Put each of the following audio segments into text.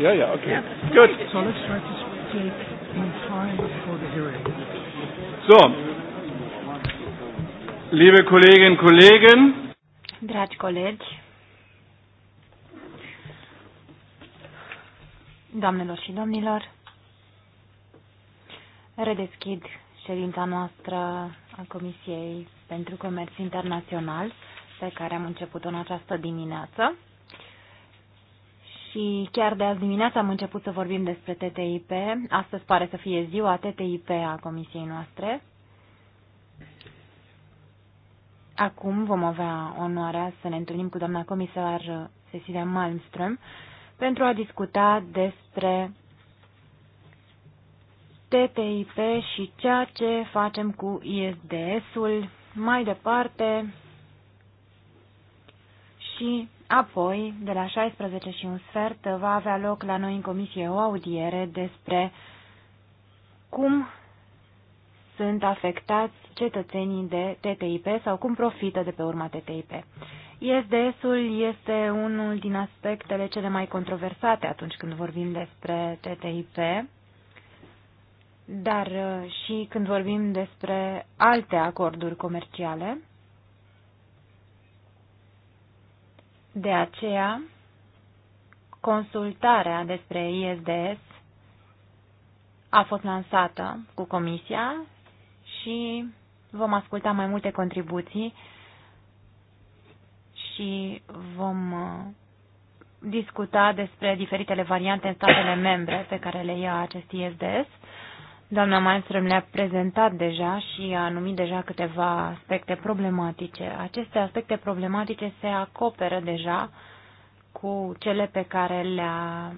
Yeah, yeah, okay. Yeah. Good. So let's try to take in time for the hearing. So. Liebe Kolleginnen und Kollegen. Dragi colegi. Doamnelor și domnilor. Redeschid ședința noastră a Comisiei pentru Comerț Internațional pe care am început-o în această dimineață și chiar de azi dimineața am început să vorbim despre TTIP. Astăzi pare să fie ziua TTIP a comisiei noastre. Acum vom avea onoarea să ne întâlnim cu doamna comisar Cecilia Malmström pentru a discuta despre TTIP și ceea ce facem cu ISDS-ul mai departe și Apoi, de la 16 și un sfert, va avea loc la noi în comisie o audiere despre cum sunt afectați cetățenii de TTIP sau cum profită de pe urma TTIP. ISDS-ul este unul din aspectele cele mai controversate atunci când vorbim despre TTIP, dar uh, și când vorbim despre alte acorduri comerciale. De aceea, consultarea despre ISDS a fost lansată cu Comisia și vom asculta mai multe contribuții și vom uh, discuta despre diferitele variante în statele membre pe care le ia acest ISDS Doamna Malmström le-a prezentat deja și a numit deja câteva aspecte problematice. Aceste aspecte problematice se acoperă deja cu cele pe care le-a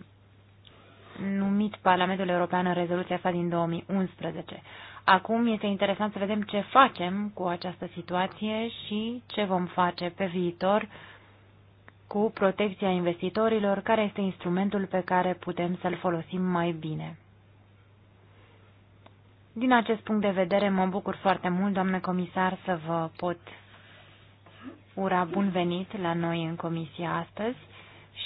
numit Parlamentul European în rezoluția sa din 2011. Acum este interesant să vedem ce facem cu această situație și ce vom face pe viitor cu protecția investitorilor, care este instrumentul pe care putem să-l folosim mai bine. Din acest punct de vedere, mă bucur foarte mult, doamnă comisar, să vă pot ura bun venit la noi în comisie astăzi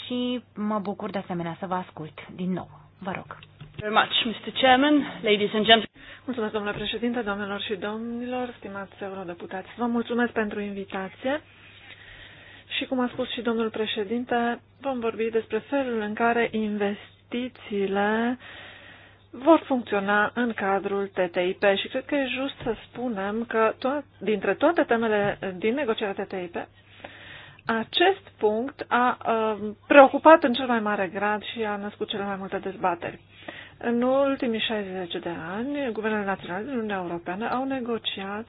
și mă bucur de asemenea să vă ascult din nou. Vă rog. Very much, Mr. Chairman, ladies and gentlemen. Mulțumesc, domnule președinte, doamnelor și domnilor, stimați eurodeputați. Vă mulțumesc pentru invitație. Și cum a spus și domnul președinte, vom vorbi despre felul în care investițiile uh, vor funcționa în cadrul TTIP și cred că e just să spunem că to- dintre toate temele din negocierea TTIP, acest punct a uh, preocupat în cel mai mare grad și a născut cele mai multe dezbateri. În ultimii 60 de ani, guvernele naționale din Uniunea Europeană au negociat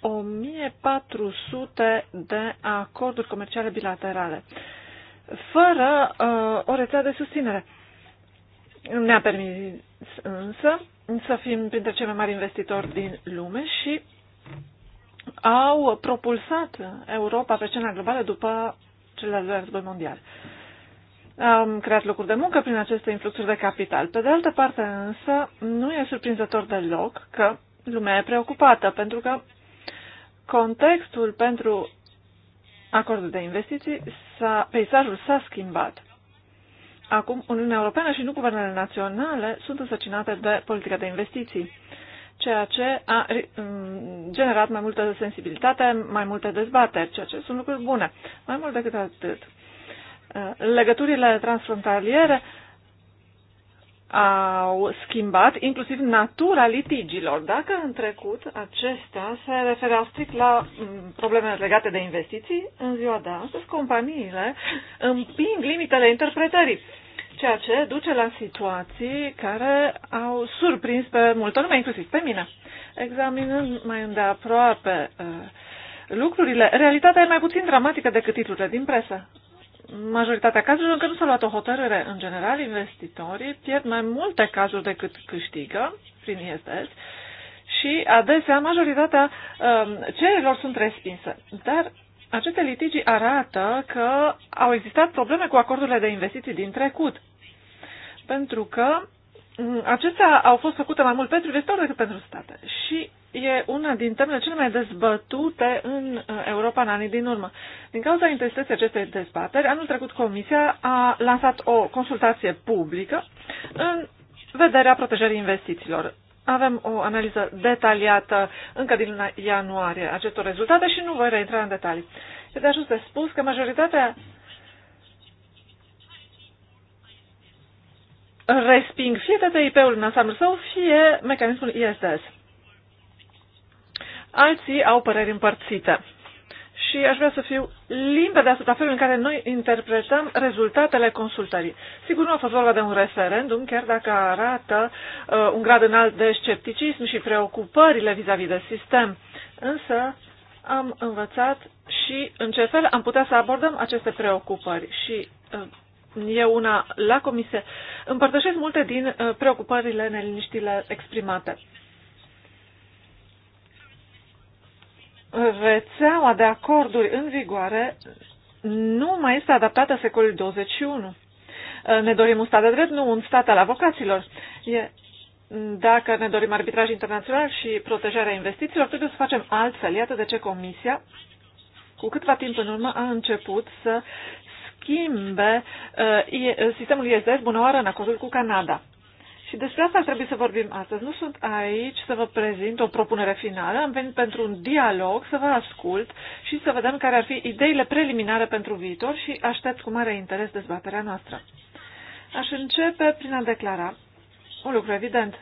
1400 de acorduri comerciale bilaterale, fără uh, o rețea de susținere. Ne-a permis însă să fim printre cei mai mari investitori din lume și au propulsat Europa pe scena globală după cel de-al doilea război mondial. Am creat locuri de muncă prin aceste influxuri de capital. Pe de altă parte însă, nu e surprinzător deloc că lumea e preocupată, pentru că contextul pentru acordul de investiții, s-a, peisajul s-a schimbat. Acum, Uniunea Europeană și nu guvernele naționale sunt însăcinate de politica de investiții, ceea ce a mm, generat mai multă sensibilitate, mai multe dezbateri, ceea ce sunt lucruri bune. Mai mult decât atât, eh, legăturile transfrontaliere au schimbat inclusiv natura litigilor. Dacă în trecut acestea se refereau strict la mm, probleme legate de investiții, în ziua de astăzi companiile împing limitele interpretării, ceea ce duce la situații care au surprins pe multă lume, inclusiv pe mine. Examinând mai îndeaproape uh, lucrurile, realitatea e mai puțin dramatică decât titlurile din presă majoritatea cazurilor când nu s-a luat o hotărâre. În general, investitorii pierd mai multe cazuri decât câștigă prin ISDS și adesea majoritatea um, cererilor sunt respinse. Dar aceste litigi arată că au existat probleme cu acordurile de investiții din trecut, pentru că Mm, acestea au fost făcute mai mult pentru viitor decât pentru state. Și e una din temele cele mai dezbătute în uh, Europa în anii din urmă. Din cauza intensității acestei dezbateri, anul trecut Comisia a lansat o consultație publică în vederea protejării investițiilor. Avem o analiză detaliată încă din ianuarie acestor rezultate și nu voi reintra în detalii. E de ajuns de spus că majoritatea resping fie TTIP-ul în ansamblu său, fie mecanismul ISDS. Alții au păreri împărțite. Și aș vrea să fiu limpede asupra felului în care noi interpretăm rezultatele consultării. Sigur, nu a fost vorba de un referendum, chiar dacă arată uh, un grad înalt de scepticism și preocupările vis-a-vis -vis de sistem. Însă am învățat și în ce fel am putea să abordăm aceste preocupări. Și uh, eu una la comisie împărtășesc multe din uh, preocupările, neliniștile exprimate. Rețeaua de acorduri în vigoare nu mai este adaptată secolului 21. Uh, ne dorim un stat de drept, nu un stat al avocaților. E, dacă ne dorim arbitraj internațional și protejarea investițiilor, trebuie să facem altfel. Iată de ce Comisia, cu câtva timp în urmă, a început să schimbe uh, uh, sistemul ISDS bunăoară în acordul cu Canada. Și despre asta ar trebui să vorbim astăzi. Nu sunt aici să vă prezint o propunere finală, am venit pentru un dialog, să vă ascult și să vedem care ar fi ideile preliminare pentru viitor și aștept cu mare interes dezbaterea noastră. Aș începe prin a declara un lucru evident.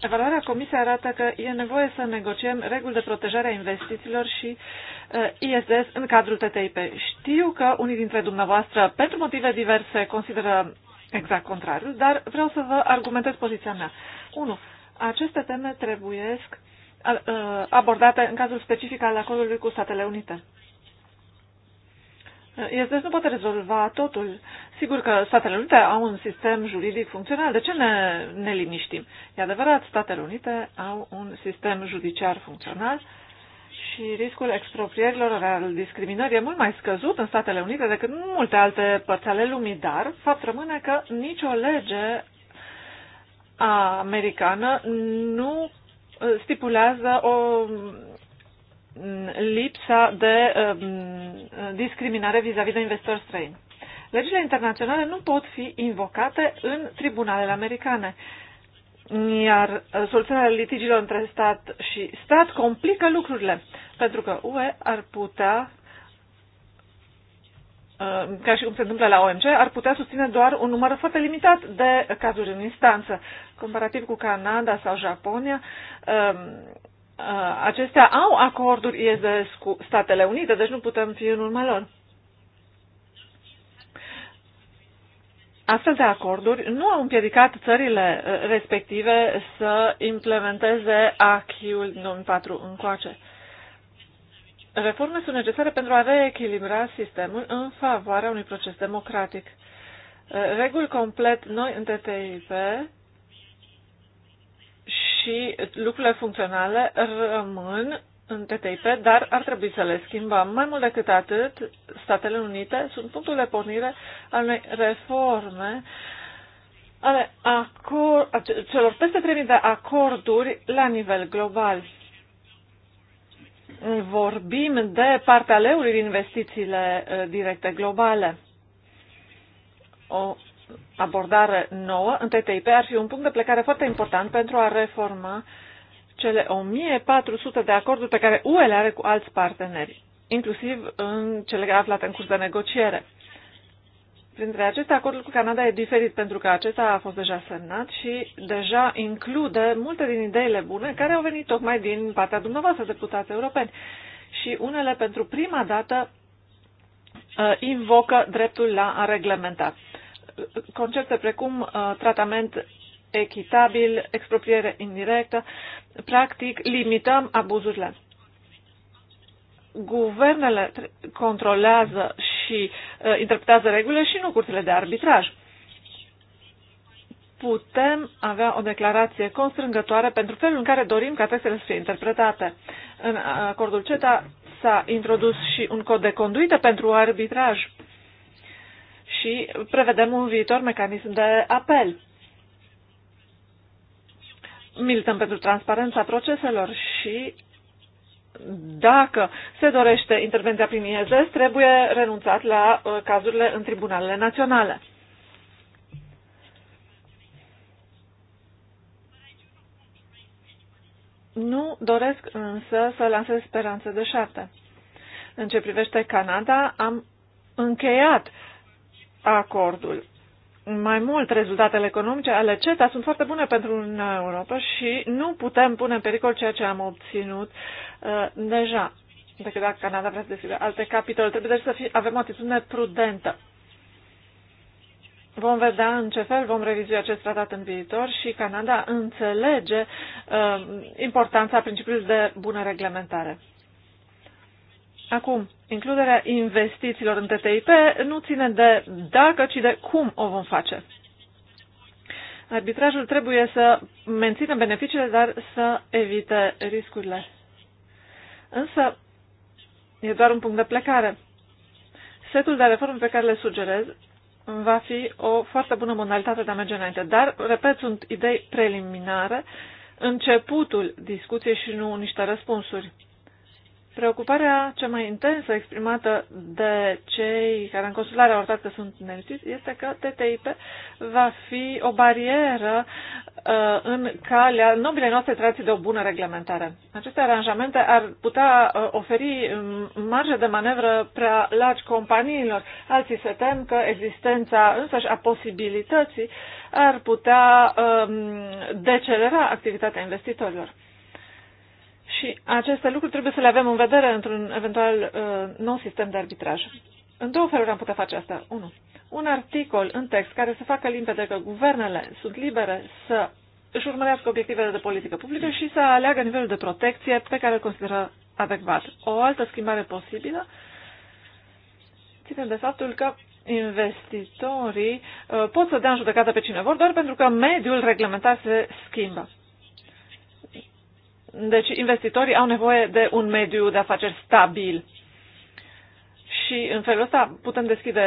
Evaluarea Comisiei arată că e nevoie să negociem reguli de protejare a investițiilor și uh, ISS în cadrul TTIP. Știu că unii dintre dumneavoastră, pentru motive diverse, consideră exact contrariul, dar vreau să vă argumentez poziția mea. 1. Aceste teme trebuie uh, abordate în cazul specific al acordului cu Statele Unite. Uh, ISS nu poate rezolva totul Sigur că Statele Unite au un sistem juridic funcțional. De ce ne, ne liniștim? E adevărat, Statele Unite au un sistem judiciar funcțional și riscul exproprierilor al discriminării e mult mai scăzut în Statele Unite decât în multe alte părți ale lumii, dar fapt rămâne că nicio lege americană nu uh, stipulează o mm, lipsa de uh, mm, discriminare vis-a-vis -vis de investitori străini. Legile internaționale nu pot fi invocate în tribunalele americane, iar soluționarea litigiilor între stat și stat complică lucrurile, pentru că UE ar putea uh, ca și cum se întâmplă la OMC, ar putea susține doar un număr foarte limitat de cazuri în instanță. Comparativ cu Canada sau Japonia, um, uh, acestea au acorduri ISDS cu Statele Unite, deci nu putem fi în urma lor. Astfel de acorduri nu au împiedicat țările uh, respective să implementeze acquis-ul 2004 încoace. Reforme sunt necesare pentru a reechilibra sistemul în favoarea unui proces democratic. Uh, reguli complet noi în TTIP și lucrurile funcționale rămân în TTIP, dar ar trebui să le schimbăm. Mai mult decât atât, Statele Unite sunt punctul de pornire al unei reforme ale celor peste 3000 de acorduri la nivel global. Vorbim de partea leului din investițiile uh, directe globale. O abordare nouă în TTIP ar fi un punct de plecare foarte important pentru a reforma uh, cele 1400 de acorduri pe care UE le are cu alți parteneri, inclusiv în cele aflate în curs de negociere. Printre aceste acorduri cu Canada e diferit pentru că acesta a fost deja semnat și deja include multe din ideile bune care au venit tocmai din partea dumneavoastră, deputați europeni. Și unele pentru prima dată uh, invocă dreptul la a reglementa. Concepte precum uh, tratament echitabil, expropriere indirectă. Practic, limităm abuzurile. Guvernele controlează și uh, interpretează regulile și nu curțile de arbitraj putem avea o declarație constrângătoare pentru felul în care dorim ca textele să fie interpretate. În uh, acordul CETA s-a introdus și un cod de conduită pentru arbitraj și prevedem un viitor mecanism de apel milităm pentru transparența proceselor și dacă se dorește intervenția prin IEZS, trebuie renunțat la uh, cazurile în tribunalele naționale. Nu doresc însă să lansez speranțe de șarte. În ce privește Canada, am încheiat acordul mai mult rezultatele economice ale CETA sunt foarte bune pentru Uniunea Europa și nu putem pune în pericol ceea ce am obținut uh, deja. Decât dacă Canada vrea să deschidă alte capitole. Trebuie deci să fi, avem o atitudine prudentă. Vom vedea în ce fel vom revizui acest tratat în viitor și Canada înțelege uh, importanța principiului de bună reglementare. Acum, includerea investițiilor în TTIP nu ține de dacă, ci de cum o vom face. Arbitrajul trebuie să mențină beneficiile, dar să evite riscurile. Însă, e doar un punct de plecare. Setul de reforme pe care le sugerez va fi o foarte bună modalitate de a merge înainte, dar, repet, sunt idei preliminare, începutul discuției și nu niște răspunsuri. Preocuparea cea mai intensă exprimată de cei care în consulare au arătat că sunt nemțiți este că TTIP va fi o barieră uh, în calea nobilei noastre trații de o bună reglementare. Aceste aranjamente ar putea uh, oferi um, marge de manevră prea largi companiilor. Alții se tem că existența însăși a posibilității ar putea uh, decelera activitatea investitorilor. Și aceste lucruri trebuie să le avem în vedere într-un eventual uh, nou sistem de arbitraj. În două feluri am putea face asta. Unu, un articol în text care să facă limpede că guvernele sunt libere să își urmărească obiectivele de politică publică și să aleagă nivelul de protecție pe care îl consideră adecvat. O altă schimbare posibilă ține de faptul că investitorii uh, pot să dea în judecată pe cine vor doar pentru că mediul reglementar se schimbă. Deci investitorii au nevoie de un mediu de afaceri stabil. Și în felul ăsta putem deschide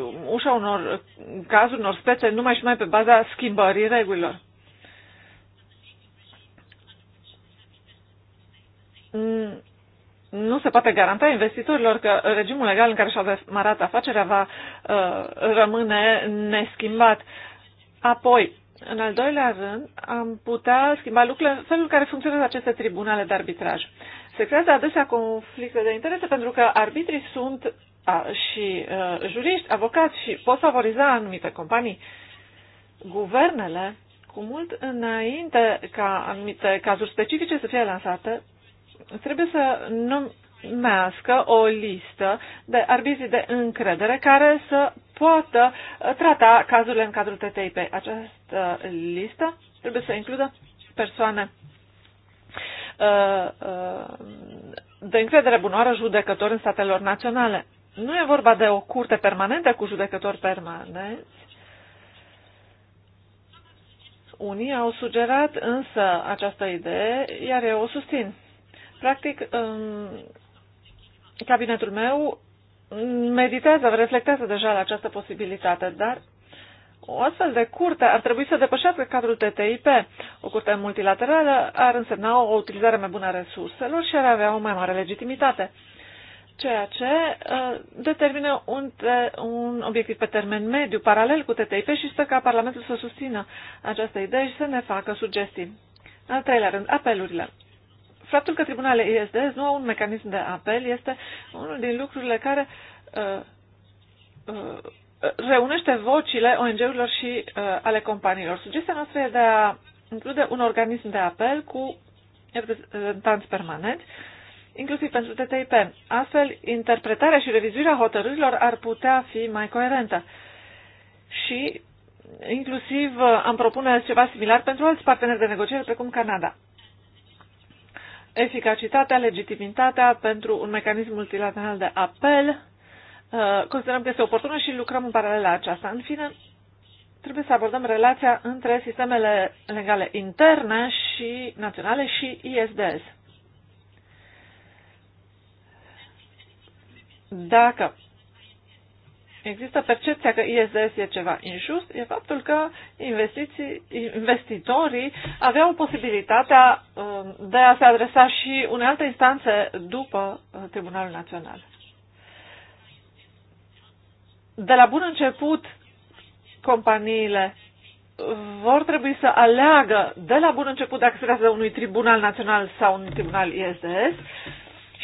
uh, ușa unor cazuri, unor spețe, numai și numai pe baza schimbării regulilor. Nu se poate garanta investitorilor că regimul legal în care și-au demarat afacerea va uh, rămâne neschimbat. Apoi, în al doilea rând, am putea schimba lucrurile, felul în care funcționează aceste tribunale de arbitraj. Se creează adesea conflicte de interese pentru că arbitrii sunt a, și a, juriști, avocați și pot favoriza anumite companii. Guvernele, cu mult înainte ca anumite cazuri specifice să fie lansate, trebuie să numească o listă de arbitri de încredere care să poată uh, trata cazurile în cadrul TTIP. Această listă trebuie să includă persoane uh, uh, de încredere bunoară judecători în statelor naționale. Nu e vorba de o curte permanentă cu judecători permanenți. Unii au sugerat însă această idee, iar eu o susțin. Practic, cabinetul meu meditează, reflectează deja la această posibilitate, dar o astfel de curte ar trebui să depășească cadrul TTIP. O curte multilaterală ar însemna o utilizare mai bună a resurselor și ar avea o mai mare legitimitate, ceea ce uh, determină un, te, un obiectiv pe termen mediu, paralel cu TTIP și stă ca Parlamentul să susțină această idee și să ne facă sugestii. Al treilea rând, apelurile faptul că tribunalele ISDS nu au un mecanism de apel este unul din lucrurile care uh, uh, reunește vocile ONG-urilor și uh, ale companiilor. Sugestia noastră e de a include un organism de apel cu reprezentanți permanenți, inclusiv pentru TTIP. Astfel, interpretarea și revizuirea hotărârilor ar putea fi mai coerentă. Și inclusiv uh, am propune ceva similar pentru alți parteneri de negociere, precum Canada eficacitatea, legitimitatea pentru un mecanism multilateral de apel. Uh, considerăm că este oportună și lucrăm în paralel la aceasta. În fine, trebuie să abordăm relația între sistemele legale interne și naționale și ISDS. Dacă există percepția că ISDS e ceva injust, e faptul că investitorii aveau posibilitatea um, de a se adresa și unei alte instanțe după uh, Tribunalul Național. De la bun început, companiile vor trebui să aleagă de la bun început dacă se creează unui tribunal național sau unui tribunal ISDS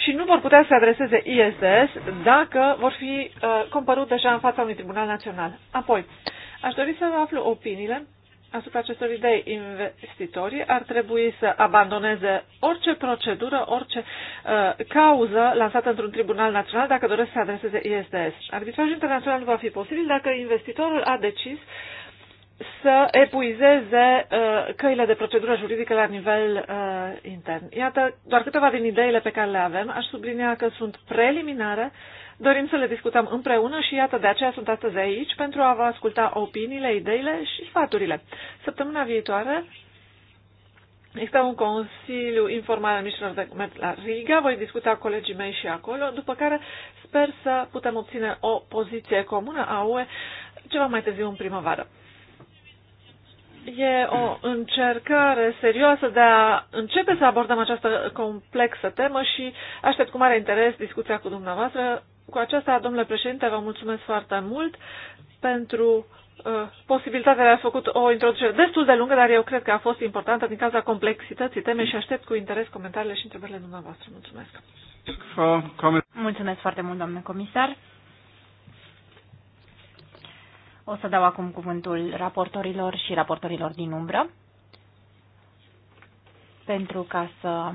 și nu vor putea să se adreseze ISS dacă vor fi uh, compărut deja în fața unui tribunal național. Apoi, aș dori să vă aflu opiniile asupra acestor idei. Investitorii ar trebui să abandoneze orice procedură, orice uh, cauză lansată într-un tribunal național dacă doresc să se adreseze ISDS. Arbitrajul internațional nu va fi posibil dacă investitorul a decis uh, să epuizeze uh, căile de procedură juridică la nivel uh, intern. Iată doar câteva din ideile pe care le avem. Aș sublinia că sunt preliminare, dorim să le discutăm împreună și iată de aceea sunt astăzi aici pentru a vă asculta opiniile, ideile și sfaturile. Săptămâna viitoare este un consiliu informal al mișilor de comerț la Riga, voi discuta cu colegii mei și acolo, după care sper să putem obține o poziție comună a UE ceva mai târziu în primăvară. E o încercare serioasă de a începe să abordăm această complexă temă și aștept cu mare interes discuția cu dumneavoastră. Cu aceasta, domnule președinte, vă mulțumesc foarte mult pentru uh, posibilitatea de a făcut o introducere destul de lungă, dar eu cred că a fost importantă din cauza complexității temei și aștept cu interes comentariile și întrebările dumneavoastră. Mulțumesc! Mulțumesc foarte mult, domnule comisar! O să dau acum cuvântul raportorilor și raportorilor din umbră pentru ca să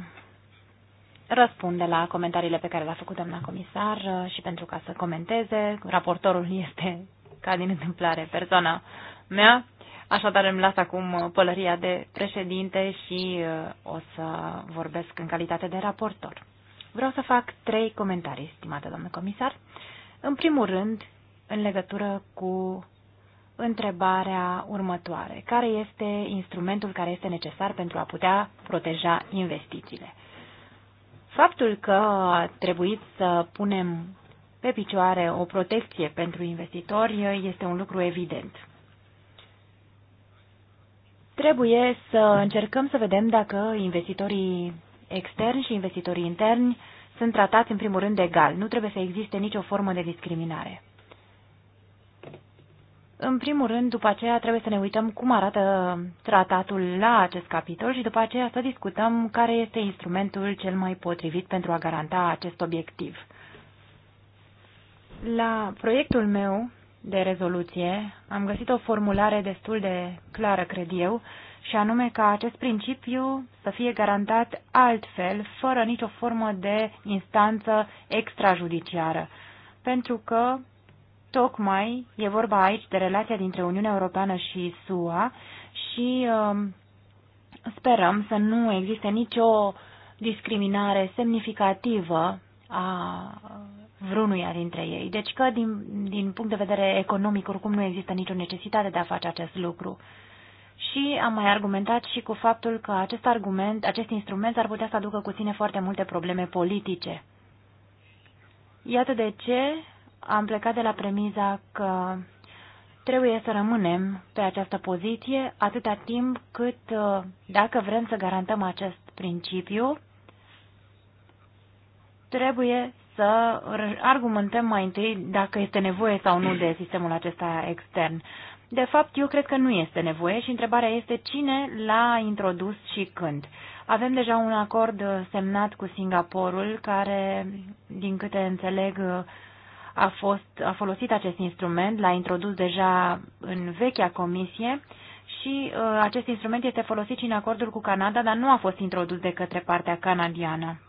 răspunde la comentariile pe care le-a făcut doamna comisar uh, și pentru ca să comenteze. Raportorul este, ca din întâmplare, persoana mea. Așadar îmi las acum pălăria de președinte și uh, o să vorbesc în calitate de raportor. Vreau să fac trei comentarii, stimată doamnă comisar. În primul rând, în legătură cu întrebarea următoare. Care este instrumentul care este necesar pentru a putea proteja investițiile? Faptul că a trebuit să punem pe picioare o protecție pentru investitori este un lucru evident. Trebuie să încercăm să vedem dacă investitorii externi și investitorii interni sunt tratați în primul rând egal. Nu trebuie să existe nicio formă de discriminare. În primul rând, după aceea trebuie să ne uităm cum arată tratatul la acest capitol și după aceea să discutăm care este instrumentul cel mai potrivit pentru a garanta acest obiectiv. La proiectul meu de rezoluție am găsit o formulare destul de clară, cred eu, și anume ca acest principiu să fie garantat altfel, fără nicio formă de instanță extrajudiciară, pentru că tocmai e vorba aici de relația dintre Uniunea Europeană și SUA și um, sperăm să nu existe nicio discriminare semnificativă a vreunuia dintre ei. Deci că din, din punct de vedere economic oricum nu există nicio necesitate de a face acest lucru. Și am mai argumentat și cu faptul că acest argument, acest instrument ar putea să aducă cu sine foarte multe probleme politice. Iată de ce am plecat de la premiza că trebuie să rămânem pe această poziție atâta timp cât, uh, dacă vrem să garantăm acest principiu, trebuie să argumentăm mai întâi dacă este nevoie sau nu de sistemul acesta extern. De fapt, eu cred că nu este nevoie și întrebarea este cine l-a introdus și când. Avem deja un acord semnat cu Singaporul care, din câte înțeleg, uh, a, fost, a folosit acest instrument, l-a introdus deja în vechea comisie și uh, acest instrument este folosit și în acordul cu Canada, dar nu a fost introdus de către partea canadiană.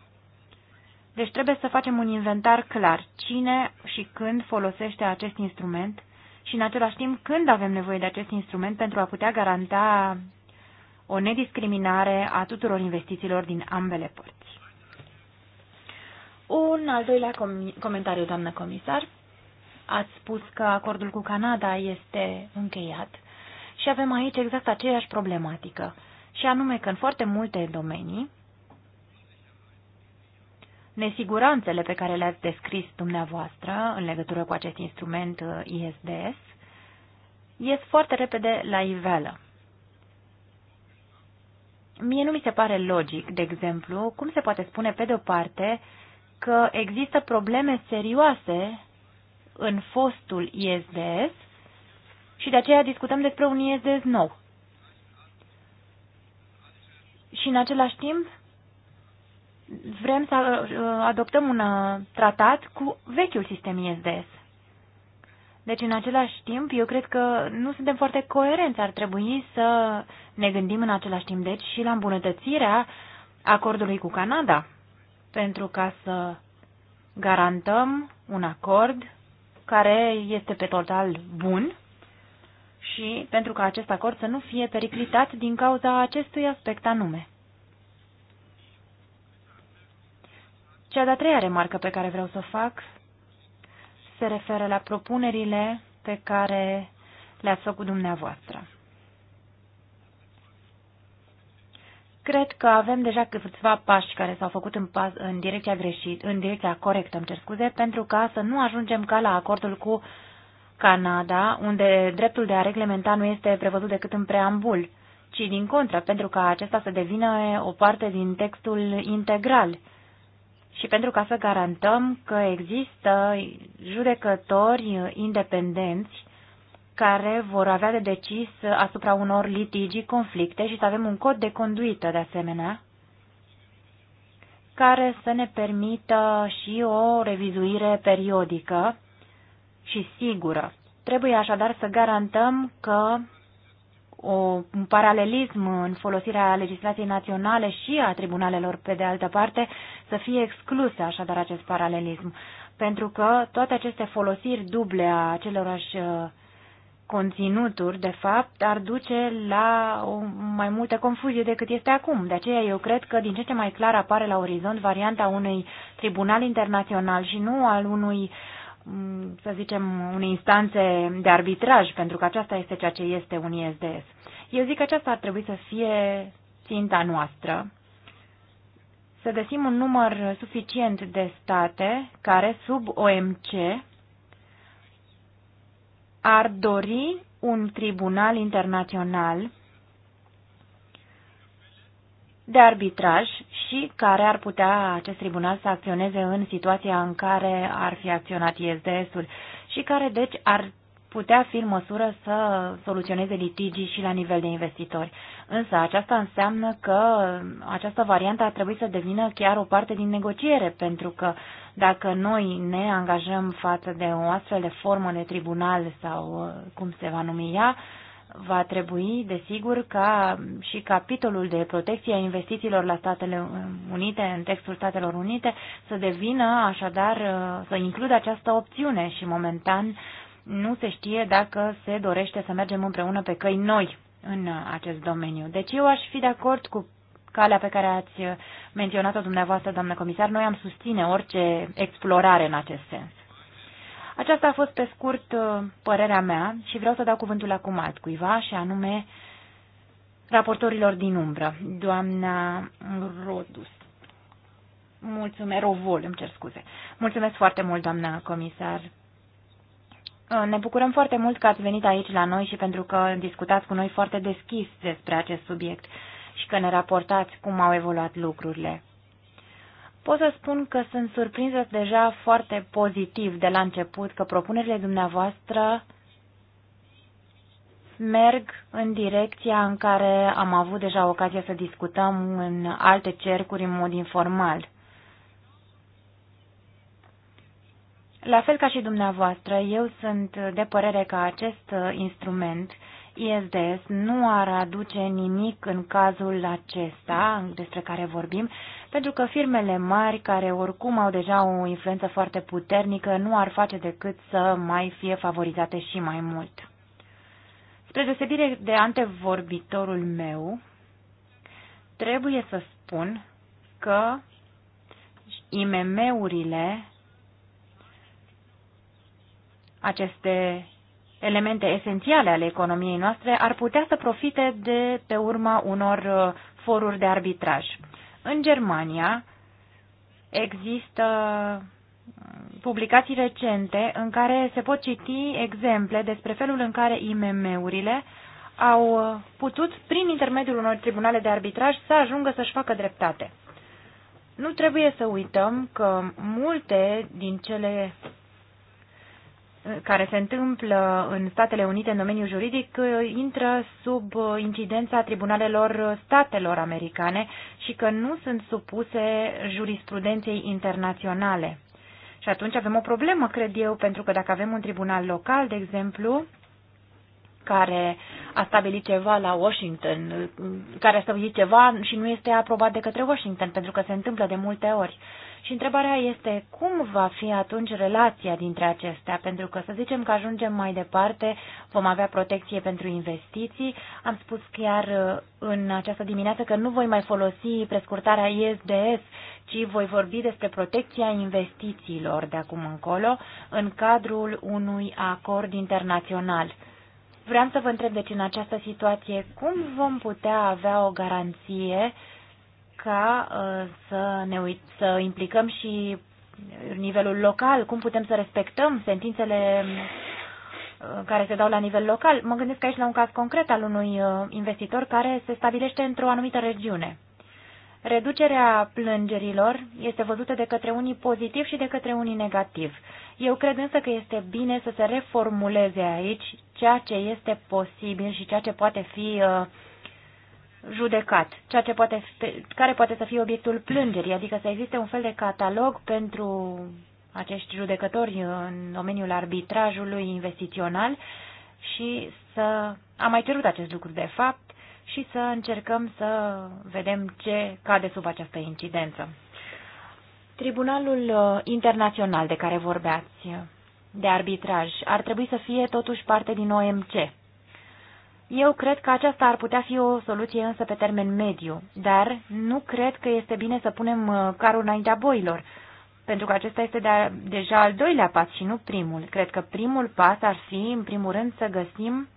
Deci trebuie să facem un inventar clar cine și când folosește acest instrument și în același timp când avem nevoie de acest instrument pentru a putea garanta o nediscriminare a tuturor investițiilor din ambele părți. Un al doilea com comentariu, doamnă comisar. Ați spus că acordul cu Canada este încheiat și avem aici exact aceeași problematică, și anume că în foarte multe domenii nesiguranțele pe care le-ați descris dumneavoastră în legătură cu acest instrument uh, ISDS ies foarte repede la iveală. Mie nu mi se pare logic, de exemplu, cum se poate spune pe de-o parte că există probleme serioase în fostul ISDS și de aceea discutăm despre un ISDS nou. Și în același timp vrem să uh, adoptăm un uh, tratat cu vechiul sistem ISDS. Deci, în același timp, eu cred că nu suntem foarte coerenți. Ar trebui să ne gândim în același timp, deci, și la îmbunătățirea acordului cu Canada pentru ca să garantăm un acord care este pe total bun și pentru ca acest acord să nu fie periclitat din cauza acestui aspect anume. Cea de-a treia remarcă pe care vreau să o fac se referă la propunerile pe care le-ați făcut dumneavoastră. Cred că avem deja câțiva pași care s-au făcut în, pas, în direcția greșit, în direcția corectă, îmi cer scuze, pentru ca să nu ajungem ca la acordul cu Canada, unde dreptul de a reglementa nu este prevăzut decât în preambul, ci din contră, pentru ca acesta să devină o parte din textul integral și pentru ca să garantăm că există judecători independenți care vor avea de decis asupra unor litigii, conflicte și să avem un cod de conduită de asemenea care să ne permită și o revizuire periodică și sigură. Trebuie așadar să garantăm că o, un paralelism în folosirea legislației naționale și a tribunalelor, pe de altă parte, să fie exclus, așadar acest paralelism. Pentru că toate aceste folosiri duble a acelorași uh, conținuturi, de fapt, ar duce la o mai multă confuzie decât este acum. De aceea eu cred că din ce ce mai clar apare la orizont varianta unui tribunal internațional și nu al unui, mm, să zicem, unei instanțe de arbitraj, pentru că aceasta este ceea ce este un ISDS. Eu zic că aceasta ar trebui să fie ținta noastră, să găsim un număr suficient de state care, sub OMC, ar dori un tribunal internațional de arbitraj și care ar putea acest tribunal să acționeze în situația în care ar fi acționat ISDS-ul și care deci ar putea fi în măsură să soluționeze litigii și la nivel de investitori. Însă aceasta înseamnă că această variantă ar trebui să devină chiar o parte din negociere, pentru că dacă noi ne angajăm față de o astfel de formă de tribunal sau uh, cum se va numi ea, va trebui, desigur, ca și capitolul de protecție a investițiilor la Statele Unite, în textul Statelor Unite, să devină, așadar, uh, să includă această opțiune și, momentan, nu se știe dacă se dorește să mergem împreună pe căi noi în acest domeniu. Deci eu aș fi de acord cu calea pe care ați menționat-o dumneavoastră, doamnă comisar. Noi am susține orice explorare în acest sens. Aceasta a fost pe scurt uh, părerea mea și vreau să dau cuvântul acum altcuiva și anume raportorilor din umbră, doamna Rodus. Mulțumesc, Rovol, îmi cer scuze. Mulțumesc foarte mult, doamna comisar, Uh, ne bucurăm foarte mult că ați venit aici la noi și pentru că discutați cu noi foarte deschis despre acest subiect și că ne raportați cum au evoluat lucrurile. Pot să spun că sunt surprinsă deja foarte pozitiv de la început că propunerile dumneavoastră merg în direcția în care am avut deja ocazia să discutăm în alte cercuri în mod informal. La fel ca și dumneavoastră, eu sunt de părere că acest uh, instrument ISDS nu ar aduce nimic în cazul acesta despre care vorbim, pentru că firmele mari, care oricum au deja o influență foarte puternică, nu ar face decât să mai fie favorizate și mai mult. Spre deosebire de antevorbitorul meu, trebuie să spun că IMM-urile aceste elemente esențiale ale economiei noastre ar putea să profite de pe urma unor uh, foruri de arbitraj. În Germania există uh, publicații recente în care se pot citi exemple despre felul în care IMM-urile au uh, putut, prin intermediul unor tribunale de arbitraj, să ajungă să-și facă dreptate. Nu trebuie să uităm că multe din cele care se întâmplă în Statele Unite în domeniul juridic intră sub incidența tribunalelor statelor americane și că nu sunt supuse jurisprudenței internaționale. Și atunci avem o problemă, cred eu, pentru că dacă avem un tribunal local, de exemplu, care a stabilit ceva la Washington, care a stabilit ceva și nu este aprobat de către Washington, pentru că se întâmplă de multe ori. Uh, și întrebarea este cum va fi atunci relația dintre acestea, pentru că să zicem că ajungem mai departe, vom avea protecție pentru investiții. Am spus chiar uh, în această dimineață că nu voi mai folosi prescurtarea ISDS, ci voi vorbi despre protecția investițiilor de acum încolo în cadrul unui acord internațional. Vreau să vă întreb, deci, în această situație, cum vom putea avea o garanție uh, ca uh, să ne uit, să implicăm și nivelul local, cum putem să respectăm sentințele uh, care se dau la nivel local. Mă gândesc aici la un caz concret al unui uh, investitor care se stabilește într-o anumită regiune. Reducerea plângerilor este văzută de către unii pozitiv și de către unii negativ. Eu cred însă că este bine să se reformuleze aici ceea ce este posibil și ceea ce poate fi uh, judecat, ceea ce poate, care poate să fie obiectul plângerii, adică să existe un fel de catalog pentru acești judecători în domeniul arbitrajului investițional și să am mai cerut acest lucru de fapt și să încercăm să vedem ce cade sub această incidență. Tribunalul uh, internațional de care vorbeați, de arbitraj, ar trebui să fie totuși parte din OMC. Eu cred că aceasta ar putea fi o soluție însă pe termen mediu, dar nu cred că este bine să punem uh, carul înaintea boilor, pentru că acesta este de deja al doilea pas și nu primul. Cred că primul pas ar fi, în primul rând, să găsim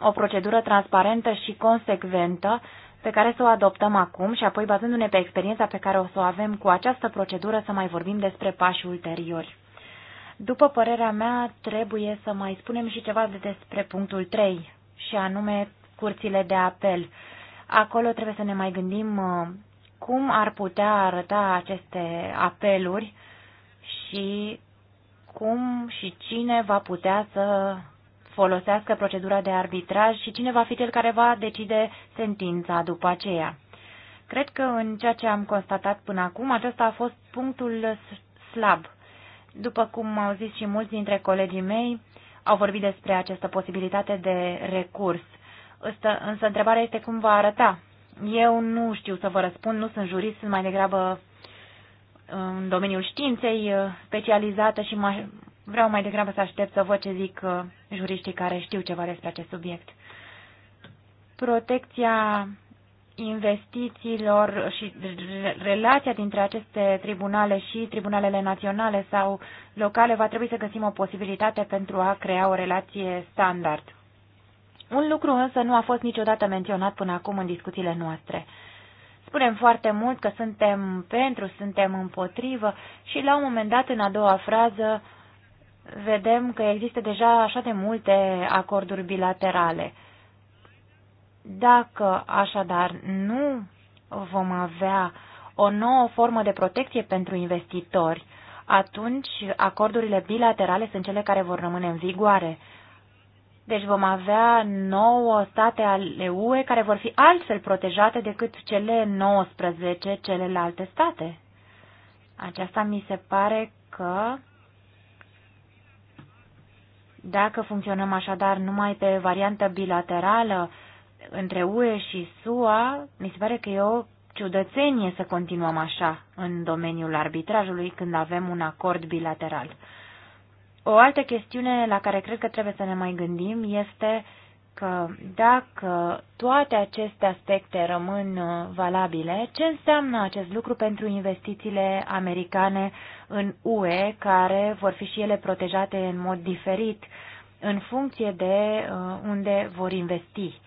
o procedură transparentă și consecventă pe care să o adoptăm acum și apoi, bazându-ne pe experiența pe care o să o avem cu această procedură, să mai vorbim despre pași ulteriori. După părerea mea, trebuie să mai spunem și ceva despre punctul 3, și anume curțile de apel. Acolo trebuie să ne mai gândim uh, cum ar putea arăta aceste apeluri și cum și cine va putea să folosească procedura de arbitraj și cine va fi cel care va decide sentința după aceea. Cred că în ceea ce am constatat până acum, acesta a fost punctul slab după cum au zis și mulți dintre colegii mei, au vorbit despre această posibilitate de recurs. Însă întrebarea este cum va arăta. Eu nu știu să vă răspund, nu sunt jurist, sunt mai degrabă în domeniul științei uh, specializată și mai, vreau mai degrabă să aștept să văd ce zic uh, juriștii care știu ceva despre acest subiect. Protecția investițiilor și relația dintre aceste tribunale și tribunalele naționale sau locale, va trebui să găsim o posibilitate pentru a crea o relație standard. Un lucru însă nu a fost niciodată menționat până acum în discuțiile noastre. Spunem foarte mult că suntem pentru, suntem împotrivă și la un moment dat, în a doua frază, vedem că există deja așa de multe acorduri bilaterale. Dacă așadar nu vom avea o nouă formă de protecție pentru investitori, atunci acordurile bilaterale sunt cele care vor rămâne în vigoare. Deci vom avea nouă state ale UE care vor fi altfel protejate decât cele 19 celelalte state. Aceasta mi se pare că dacă funcționăm așadar numai pe variantă bilaterală, între UE și SUA, mi se pare că e o ciudățenie să continuăm așa în domeniul arbitrajului când avem un acord bilateral. O altă chestiune la care cred că trebuie să ne mai gândim este că dacă toate aceste aspecte rămân uh, valabile, ce înseamnă acest lucru pentru investițiile americane în UE, care vor fi și ele protejate în mod diferit în funcție de uh, unde vor investi?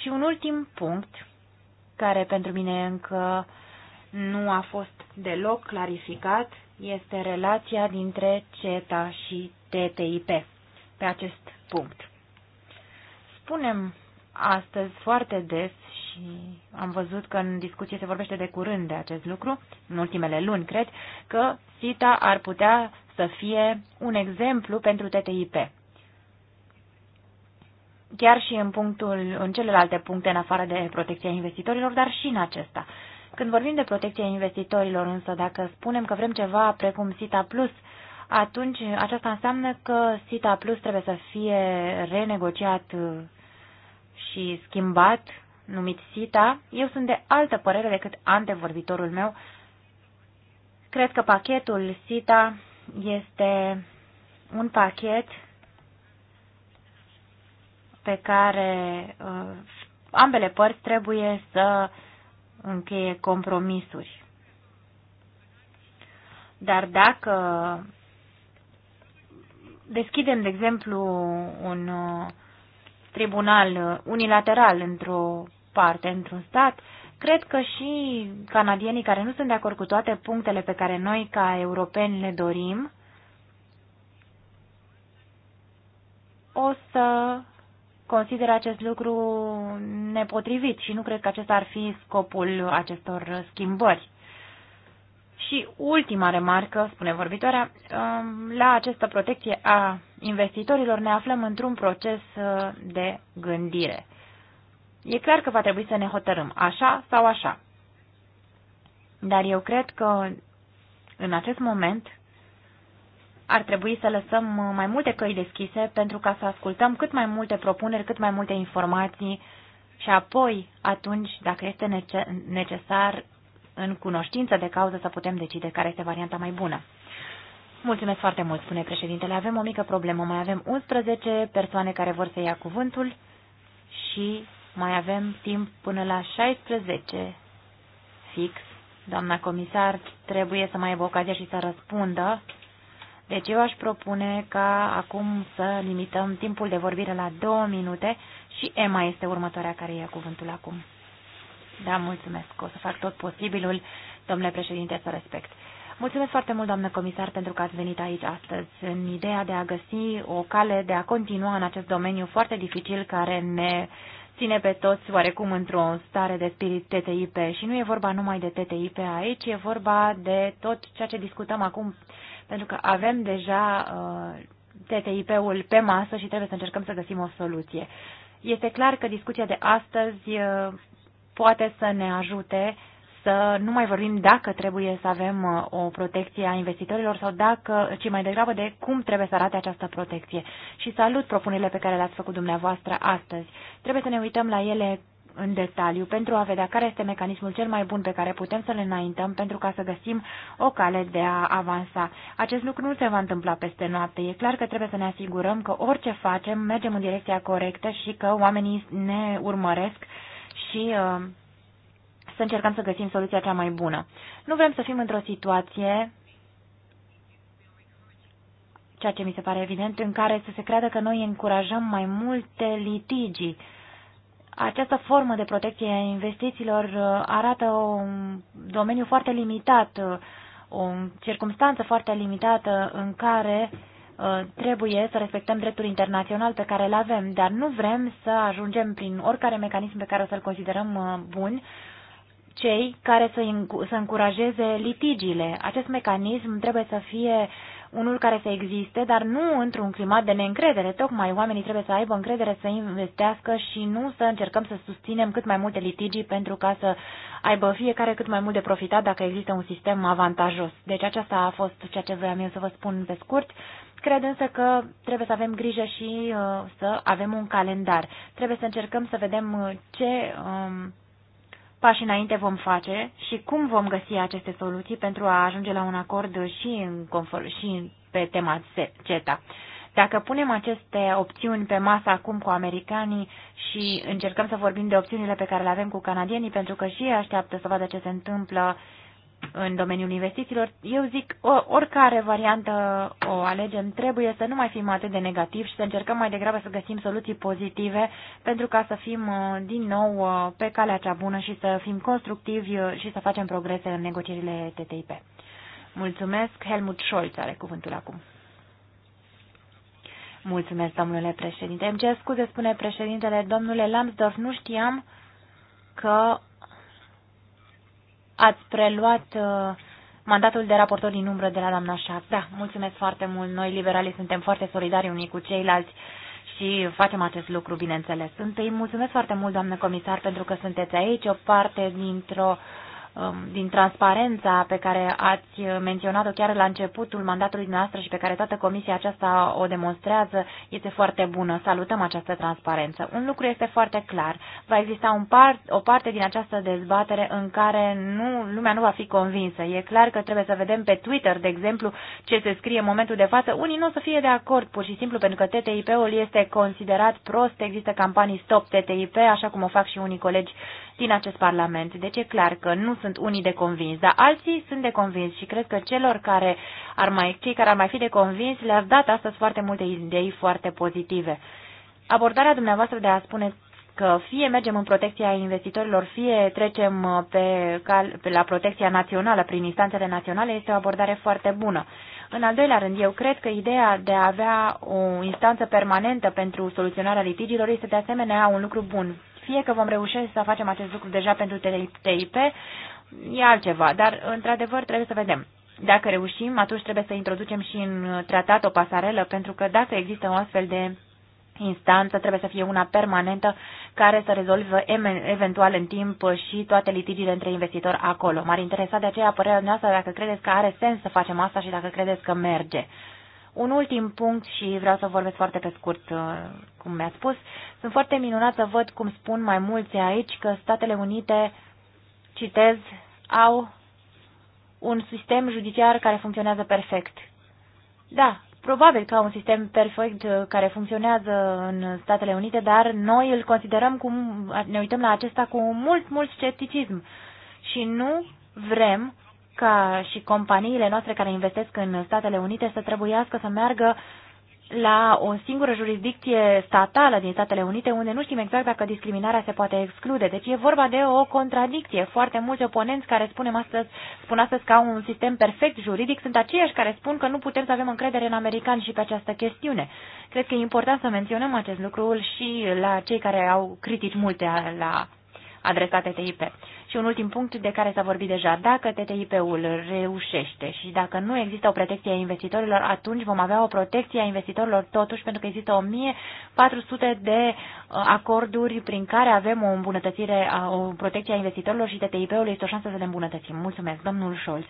Și un ultim punct, care pentru mine încă nu a fost deloc clarificat, este relația dintre CETA și TTIP pe acest punct. Spunem astăzi foarte des și am văzut că în discuție se vorbește de curând de acest lucru, în ultimele luni, cred, că Ceta ar putea să fie un exemplu pentru TTIP chiar și în, punctul, în celelalte puncte, în afară de protecția investitorilor, dar și în acesta. Când vorbim de protecția investitorilor, însă, dacă spunem că vrem ceva precum SITA Plus, atunci aceasta înseamnă că SITA Plus trebuie să fie renegociat uh, și schimbat, numit SITA. Eu sunt de altă părere decât antevorbitorul meu. Cred că pachetul SITA este un pachet pe care uh, ambele părți trebuie să încheie compromisuri. Dar dacă deschidem, de exemplu, un uh, tribunal unilateral într-o parte, într-un stat, cred că și canadienii care nu sunt de acord cu toate punctele pe care noi, ca europeni, le dorim, o să consideră acest lucru nepotrivit și nu cred că acesta ar fi scopul acestor schimbări. Și ultima remarcă, spune vorbitoarea, um, la această protecție a investitorilor ne aflăm într-un proces uh, de gândire. E clar că va trebui să ne hotărâm așa sau așa. Dar eu cred că în acest moment ar trebui să lăsăm uh, mai multe căi deschise pentru ca să ascultăm cât mai multe propuneri, cât mai multe informații și apoi, atunci, dacă este necesar, în cunoștință de cauză să putem decide care este varianta mai bună. Mulțumesc foarte mult, spune președintele. Avem o mică problemă. Mai avem 11 persoane care vor să ia cuvântul și mai avem timp până la 16 fix. Doamna comisar trebuie să mai aibă ocazia și să răspundă deci eu aș propune ca acum să limităm timpul de vorbire la două minute și Emma este următoarea care ia cuvântul acum. Da, mulțumesc. O să fac tot posibilul, domnule președinte, să respect. Mulțumesc foarte mult, doamnă comisar, pentru că ați venit aici astăzi în ideea de a găsi o cale de a continua în acest domeniu foarte dificil care ne ține pe toți oarecum într-o stare de spirit TTIP și nu e vorba numai de TTIP aici, e vorba de tot ceea ce discutăm acum pentru că avem deja uh, TTIP-ul pe masă și trebuie să încercăm să găsim o soluție. Este clar că discuția de astăzi uh, poate să ne ajute să nu mai vorbim dacă trebuie să avem uh, o protecție a investitorilor sau dacă, ci mai degrabă de cum trebuie să arate această protecție. Și salut propunerile pe care le-ați făcut dumneavoastră astăzi. Trebuie să ne uităm la ele în detaliu pentru a vedea care este mecanismul cel mai bun pe care putem să le înaintăm pentru ca să găsim o cale de a avansa. Acest lucru nu se va întâmpla peste noapte. E clar că trebuie să ne asigurăm că orice facem, mergem în direcția corectă și că oamenii ne urmăresc și uh, să încercăm să găsim soluția cea mai bună. Nu vrem să fim într-o situație ceea ce mi se pare evident, în care să se creadă că noi încurajăm mai multe litigii uh, această formă de protecție a investițiilor uh, arată un domeniu foarte limitat, uh, o circumstanță foarte limitată în care uh, trebuie să respectăm dreptul internațional pe care îl avem, dar nu vrem să ajungem prin oricare mecanism pe care o să-l considerăm bun cei care să încurajeze litigiile. Acest mecanism trebuie să fie uh, unul care să existe, dar nu într-un climat de neîncredere. Tocmai oamenii trebuie să aibă încredere să investească și nu să încercăm să susținem cât mai multe litigii pentru ca să aibă fiecare cât mai mult de profitat dacă există un sistem avantajos. Deci aceasta a fost ceea ce vreau eu să vă spun pe scurt. Cred însă că trebuie să avem grijă și uh, să avem un calendar. Trebuie să încercăm să vedem uh, ce um, pași înainte vom face și cum vom găsi aceste soluții pentru a ajunge la un acord și, în confort, și pe tema CETA. Dacă punem aceste opțiuni pe masă acum cu americanii și încercăm să vorbim de opțiunile pe care le avem cu canadienii, pentru că și ei așteaptă să vadă ce se întâmplă uh, în domeniul investițiilor, eu zic o, oricare variantă o alegem, trebuie să nu mai fim atât de negativ și să încercăm mai degrabă să găsim soluții pozitive pentru ca să fim uh, din nou uh, pe calea cea bună și să fim constructivi uh, și să facem progrese în negocierile TTIP. Mulțumesc. Helmut Scholz are cuvântul acum. Mulțumesc, domnule președinte. Îmi cer scuze, spune președintele, domnule Lambsdorff, nu știam că ați preluat uh, mandatul de raportor din umbră de la doamna Șac. Da, mulțumesc foarte mult. Noi, liberalii, suntem foarte solidari unii cu ceilalți și facem acest lucru, bineînțeles. Întâi, mulțumesc foarte mult, doamnă comisar, pentru că sunteți aici, o parte dintr-o uh, Um, din transparența pe care ați menționat-o chiar la începutul mandatului noastră și pe care toată comisia aceasta o demonstrează, este foarte bună. Salutăm această transparență. Un lucru este foarte clar. Va exista un part, o parte din această dezbatere în care nu, lumea nu va fi convinsă. E clar că trebuie să vedem pe Twitter, de exemplu, ce se scrie în momentul de față. Unii nu o să fie de acord, pur și simplu, pentru că TTIP-ul este considerat prost. Există campanii Stop TTIP, așa cum o fac și unii colegi din acest Parlament. Deci e clar că nu sunt unii de convins, dar alții sunt de convins și cred că celor care ar mai, cei care ar mai fi de convins le-ați dat astăzi foarte multe idei foarte pozitive. Abordarea dumneavoastră de a spune că fie mergem în protecția investitorilor, fie trecem uh, pe, cal, pe la protecția națională, prin instanțele naționale, este o abordare foarte bună. În al doilea rând, eu cred că ideea de a avea o instanță permanentă pentru soluționarea litigilor este de asemenea un lucru bun. Fie că vom reuși să facem acest lucru deja pentru TIP, e altceva, dar într-adevăr trebuie să vedem. Dacă reușim, atunci trebuie să introducem și în tratat o pasarelă, pentru că dacă există o astfel de instanță, trebuie să fie una permanentă care să rezolvă eventual în timp și toate litigiile între investitori acolo. M-ar interesa de aceea părerea noastră dacă credeți că are sens să facem asta și dacă credeți că merge. Un ultim punct și vreau să vorbesc foarte pe scurt, uh, cum mi-a spus. Sunt foarte minunat să văd cum spun mai mulți aici că Statele Unite citez, au un sistem judiciar care funcționează perfect. Da, probabil că au un sistem perfect uh, care funcționează în Statele Unite, dar noi îl considerăm cu, ne uităm la acesta cu mult, mult scepticism și nu vrem ca și companiile noastre care investesc în Statele Unite să trebuiască să meargă la o singură jurisdicție statală din Statele Unite, unde nu știm exact dacă discriminarea se poate exclude. Deci e vorba de o contradicție. Foarte mulți oponenți care spunem astăzi, spun astăzi că au un sistem perfect juridic sunt aceiași care spun că nu putem să avem încredere în americani și pe această chestiune. Cred că e important să menționăm acest lucru și la cei care au critici multe la adresate TIP. Și un ultim punct de care s-a vorbit deja, dacă TTIP-ul reușește și dacă nu există o protecție a investitorilor, atunci vom avea o protecție a investitorilor totuși, pentru că există 1400 de uh, acorduri prin care avem o îmbunătățire, o protecție a investitorilor și TTIP-ul este o șansă să le îmbunătățim. Mulțumesc, domnul Scholz.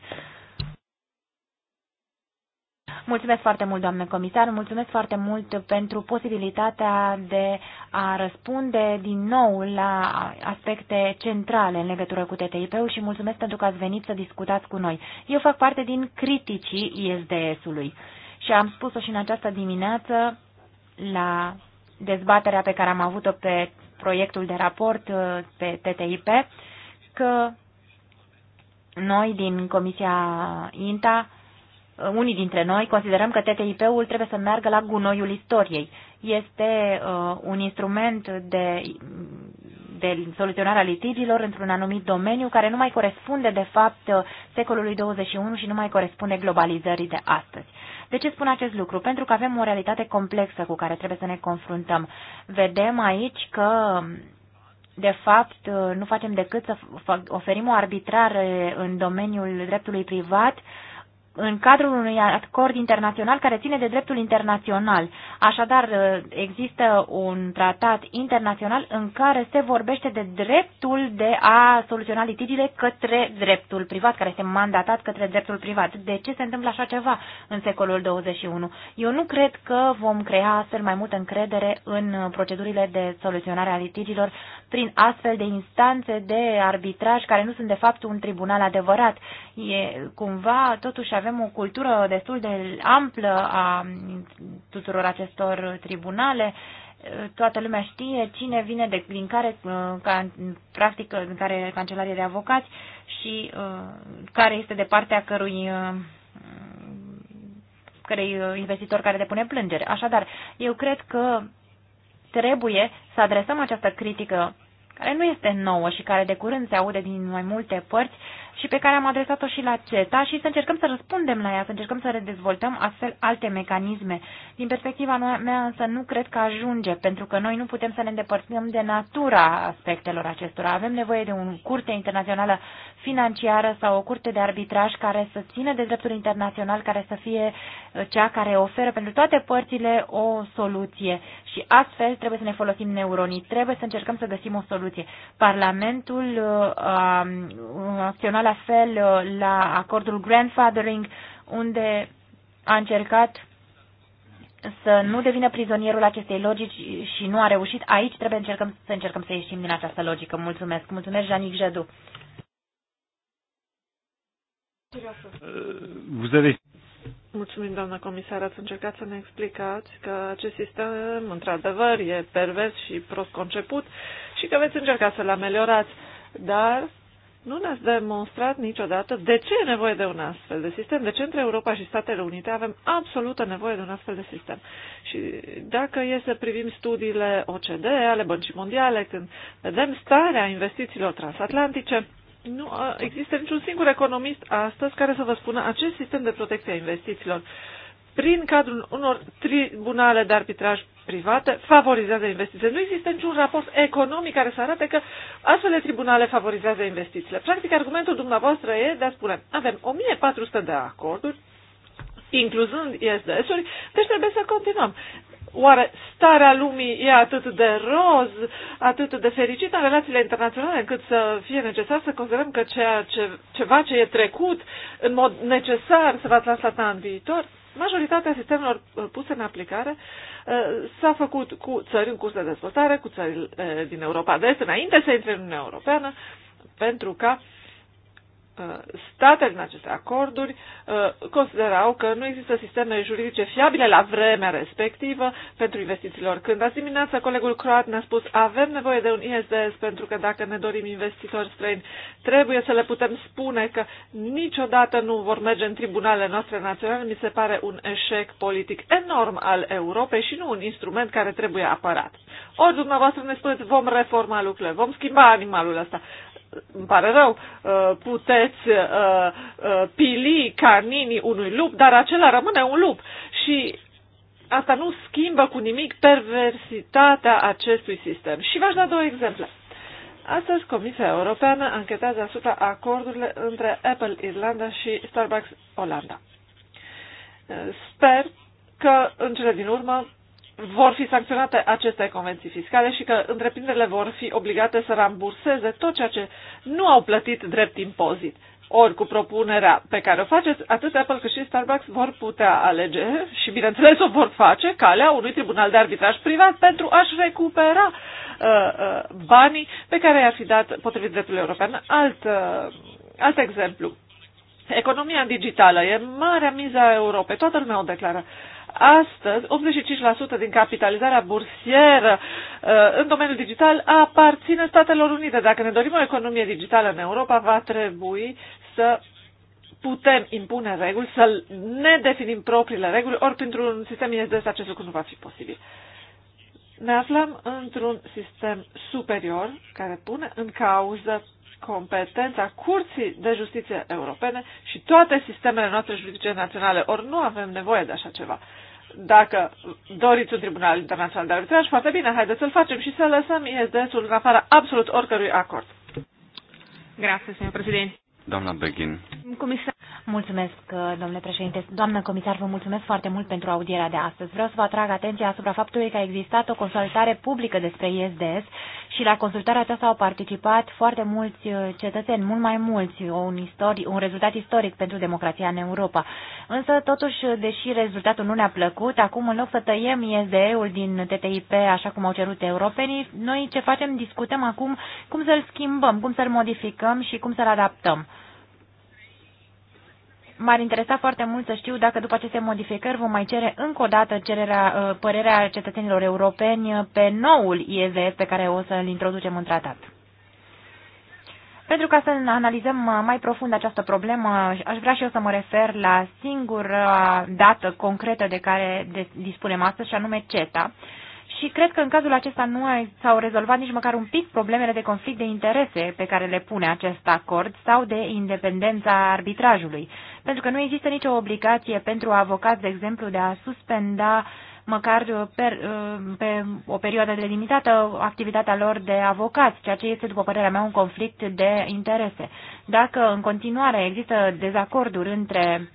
Mulțumesc foarte mult, doamnă comisar, mulțumesc foarte mult pentru posibilitatea de a răspunde din nou la aspecte centrale în legătură cu TTIP-ul și mulțumesc pentru că ați venit să discutați cu noi. Eu fac parte din criticii ISDS-ului și am spus-o și în această dimineață la dezbaterea pe care am avut-o pe proiectul de raport uh, pe TTIP că noi din Comisia INTA Uh, unii dintre noi considerăm că TTIP-ul trebuie să meargă la gunoiul istoriei. Este uh, un instrument de, de soluționare a litigiilor într-un anumit domeniu care nu mai corespunde, de fapt, uh, secolului 21 și nu mai corespunde globalizării de astăzi. De ce spun acest lucru? Pentru că avem o realitate complexă cu care trebuie să ne confruntăm. Vedem aici că de fapt, uh, nu facem decât să oferim o arbitrare în domeniul dreptului privat uh, în cadrul unui acord internațional care ține de dreptul internațional. Așadar, uh, există un tratat internațional în care se vorbește de dreptul de a soluționa litigiile către dreptul privat, care este mandatat către dreptul privat. De ce se întâmplă așa ceva în secolul 21? Eu nu cred că vom crea astfel mai multă încredere în procedurile de soluționare a litigilor prin astfel de instanțe de arbitraj care nu sunt de fapt un tribunal adevărat e, cumva totuși avem o cultură destul de amplă a tuturor acestor tribunale. Toată lumea știe cine vine de, din care uh, ca, practică, din care cancelarie de avocați și uh, care este de partea cărui uh, cărei uh, investitor care depune plângere. Așadar, eu cred că trebuie să adresăm această critică care nu este nouă și care de curând se aude din mai multe părți, și pe care am adresat-o și la CETA și să încercăm să răspundem la ea, să încercăm să redezvoltăm astfel alte mecanisme. Din perspectiva mea însă nu cred că ajunge, pentru că noi nu putem să ne îndepărtăm de natura aspectelor acestora. Avem nevoie de un curte internațională financiară sau o curte de arbitraj care să țină de dreptul internațional, care să fie uh, cea care oferă pentru toate părțile o soluție. Și astfel trebuie să ne folosim neuronii, trebuie să încercăm să găsim o soluție. Parlamentul uh, acțional la fel uh, la acordul grandfathering, unde a încercat să nu devină prizonierul acestei logici și nu a reușit. Aici trebuie încercăm, să încercăm să ieșim din această logică. Mulțumesc. Mulțumesc, Janic Jedu. Uh, Mulțumim, doamna comisar. Ați încercat să ne explicați că acest sistem, într-adevăr, e pervers și prost conceput și că veți încerca să-l ameliorați. Dar nu ne-ați demonstrat niciodată de ce e nevoie de un astfel de sistem, de ce între Europa și Statele Unite avem absolută nevoie de un astfel de sistem. Și dacă e să privim studiile OCD, ale Băncii Mondiale, când vedem starea investițiilor transatlantice, nu există niciun singur economist astăzi care să vă spună acest sistem de protecție a investițiilor prin cadrul unor tribunale de arbitraj private, favorizează investițiile. Nu există niciun raport economic care să arate că astfel de tribunale favorizează investițiile. Practic, argumentul dumneavoastră e de a spune, avem 1400 de acorduri, incluzând ISDS-uri, deci trebuie să continuăm. Oare starea lumii e atât de roz, atât de fericită în relațiile internaționale, încât să fie necesar să considerăm că ceea ce, ceva ce e trecut în mod necesar se va translata în viitor? Majoritatea sistemelor uh, puse în aplicare uh, s-a făcut cu țări în curs de dezvoltare, cu țări uh, din Europa de Est, înainte să intre în Uniunea Europeană, pentru ca uh, Uh, statele din aceste acorduri uh, considerau că nu există sisteme juridice fiabile la vremea respectivă pentru investițiilor. Când azi dimineața colegul croat ne-a spus avem nevoie de un ISDS pentru că dacă ne dorim investitori străini, trebuie să le putem spune că niciodată nu vor merge în tribunalele noastre naționale, mi se pare un eșec politic enorm al Europei și nu un instrument care trebuie apărat. Ori dumneavoastră ne spuneți vom reforma lucrurile, vom schimba animalul ăsta, îmi pare rău, uh, puteți uh, uh, pili carninii unui lup, dar acela rămâne un lup. Și asta nu schimbă cu nimic perversitatea acestui sistem. Și v-aș da două exemple. Astăzi, Comisia Europeană anchetează asupra acordurile între Apple Irlanda și Starbucks Olanda. Sper că, în cele din urmă, vor fi sancționate aceste convenții fiscale și că întreprinderile vor fi obligate să ramburseze tot ceea ce nu au plătit drept impozit. Ori cu propunerea pe care o faceți, atât Apple cât și Starbucks vor putea alege și, bineînțeles, o vor face calea unui tribunal de arbitraj privat pentru a-și recupera uh, uh, banii pe care i-ar fi dat potrivit dreptului european. Alt, uh, alt exemplu. Economia digitală e marea miza a Europei. Toată lumea o declară. Uh, Astăzi, 85% din capitalizarea bursieră uh, în domeniul digital aparține Statelor Unite. Dacă ne dorim o economie digitală în Europa, va trebui să putem impune reguli, să ne definim propriile reguli, ori printr-un sistem ISDS acest lucru nu va fi posibil. Ne aflăm într-un sistem superior care pune în cauză competența Curții de Justiție Europene și toate sistemele noastre juridice naționale. Ori nu avem nevoie de așa ceva. Dacă doriți un tribunal internațional de arbitraj, foarte bine, haideți să-l facem și să lăsăm ISDS-ul în afara absolut oricărui acord. Grazie, signor Presidente. Doamna Beghin. Comisar. Mulțumesc, domnule președinte. Doamnă comisar, vă mulțumesc foarte mult pentru audierea de astăzi. Vreau să vă atrag atenția asupra faptului că a existat o consultare publică despre ISDS și la consultarea aceasta au participat foarte mulți uh, cetățeni, mult mai mulți, un, istoric, un rezultat istoric pentru democrația în Europa. Însă, totuși, deși rezultatul nu ne-a plăcut, acum, în loc să tăiem ISDE-ul din TTIP, așa cum au cerut europenii, noi ce facem? Discutăm acum cum să-l schimbăm, cum să-l modificăm și cum să-l adaptăm. M-ar interesa foarte mult să știu dacă după aceste modificări vom mai cere încă o dată cererea, uh, părerea cetățenilor europeni pe noul IEV pe care o să-l introducem în tratat. Pentru ca să analizăm uh, mai profund această problemă, aș vrea și eu să mă refer la singura dată concretă de care dispunem astăzi, și anume CETA, și cred că în cazul acesta nu s-au rezolvat nici măcar un pic problemele de conflict de interese pe care le pune acest acord sau de independența arbitrajului. Pentru că nu există nicio obligație pentru avocați, de exemplu, de a suspenda măcar per, pe o perioadă delimitată activitatea lor de avocați, ceea ce este, după părerea mea, un conflict de interese. Dacă în continuare există dezacorduri între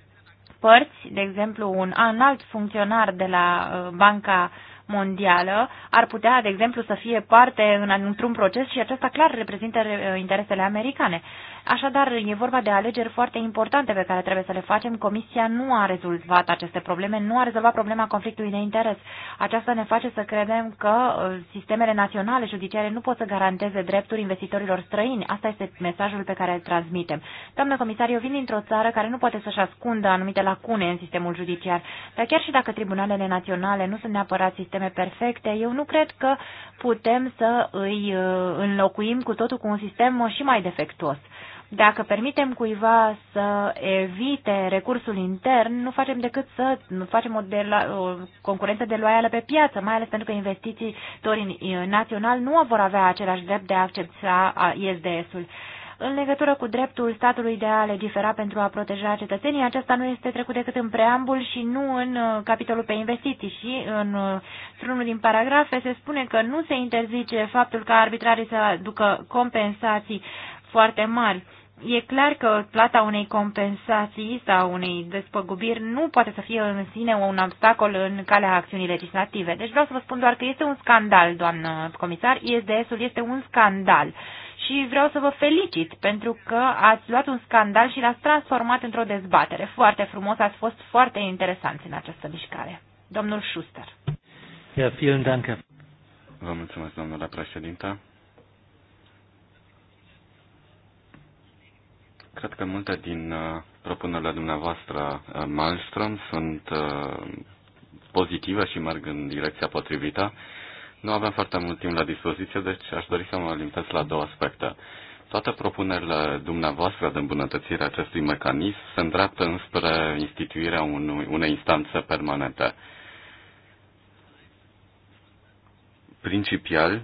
părți, de exemplu un, un alt funcționar de la uh, Banca mondială ar putea, de exemplu, să fie parte în, într-un proces și acesta clar reprezintă uh, interesele americane. Așadar, e vorba de alegeri foarte importante pe care trebuie să le facem. Comisia nu a rezolvat aceste probleme, nu a rezolvat problema conflictului de interes. Aceasta ne face să credem că uh, sistemele naționale judiciare nu pot să garanteze drepturi investitorilor străini. Asta este mesajul pe care îl transmitem. Doamnă comisar, eu vin dintr-o țară care nu poate să-și ascundă anumite lacune în sistemul judiciar, dar chiar și dacă tribunalele naționale nu sunt neapărat sisteme perfecte, eu nu cred că putem să îi uh, înlocuim cu totul cu un sistem și mai defectuos. Dacă permitem cuiva să evite recursul intern, nu facem decât să facem o, la, o concurență loială pe piață, mai ales pentru că investitorii naționali nu vor avea același drept de a accepta ISDS-ul. În legătură cu dreptul statului de a legifera pentru a proteja cetățenii, acesta nu este trecut decât în preambul și nu în uh, capitolul pe investiții și în uh, unul din paragrafe se spune că nu se interzice faptul ca arbitrarii să aducă compensații foarte mari. E clar că plata unei compensații sau unei despăgubiri nu poate să fie în sine un obstacol în calea acțiunii legislative. Deci vreau să vă spun doar că este un scandal, doamnă comisar, ISDS-ul este un scandal. Și vreau să vă felicit pentru că ați luat un scandal și l-ați transformat într-o dezbatere. Foarte frumos, ați fost foarte interesanți în această mișcare. Domnul Schuster. Ja, vielen Dank. Vă mulțumesc, domnule președinte. Cred că multe din uh, propunerile dumneavoastră, uh, Malmström, sunt uh, pozitive și merg în direcția potrivită. Nu avem foarte mult timp la dispoziție, deci aș dori să mă limitez la două aspecte. Toate propunerile dumneavoastră de îmbunătățire a acestui mecanism se îndreaptă înspre instituirea unui, unei instanțe permanente. Principial,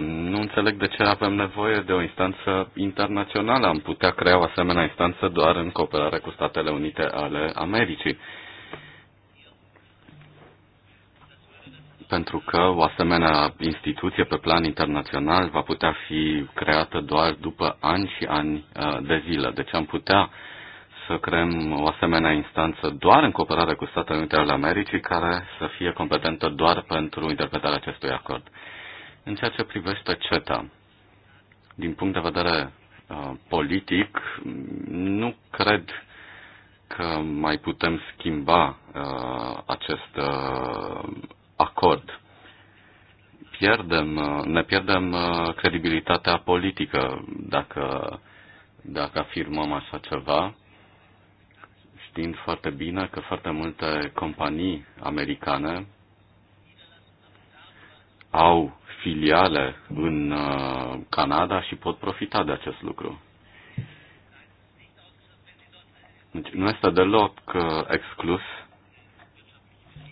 nu înțeleg de ce avem nevoie de o instanță internațională. Am putea crea o asemenea instanță doar în cooperare cu Statele Unite ale Americii. Pentru că o asemenea instituție pe plan internațional va putea fi creată doar după ani și ani uh, de zile. Deci am putea să creăm o asemenea instanță doar în cooperare cu Statele Unite ale Americii, care să fie competentă doar pentru interpretarea acestui acord. În ceea ce privește CETA, din punct de vedere uh, politic, nu cred că mai putem schimba uh, acest uh, acord. Pierdem, uh, ne pierdem uh, credibilitatea politică dacă, dacă afirmăm așa ceva, știind foarte bine că foarte multe companii americane au filiale în uh, Canada și pot profita de acest lucru. Deci nu este deloc uh, exclus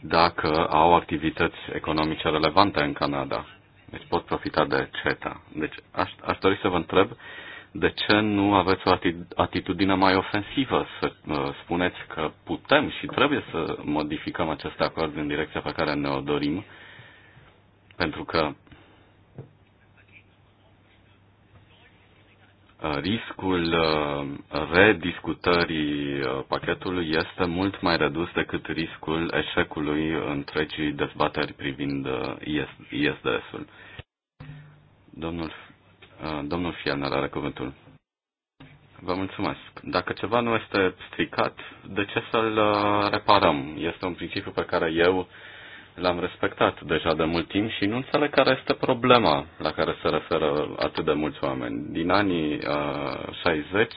dacă au activități economice relevante în Canada. Deci pot profita de CETA. Deci aș, aș dori să vă întreb de ce nu aveți o atitudine mai ofensivă să uh, spuneți că putem și trebuie să modificăm acest acord în direcția pe care ne-o dorim, pentru că Uh, riscul uh, rediscutării uh, pachetului este mult mai redus decât riscul eșecului întregii dezbateri privind ISDS-ul. Domnul, domnul Fielner are cuvântul. Vă mulțumesc. Dacă ceva nu este stricat, de ce să-l reparăm? Este un principiu pe care eu l-am respectat deja de mult timp și nu înțeleg care este problema la care se referă atât de mulți oameni. Din anii uh, 60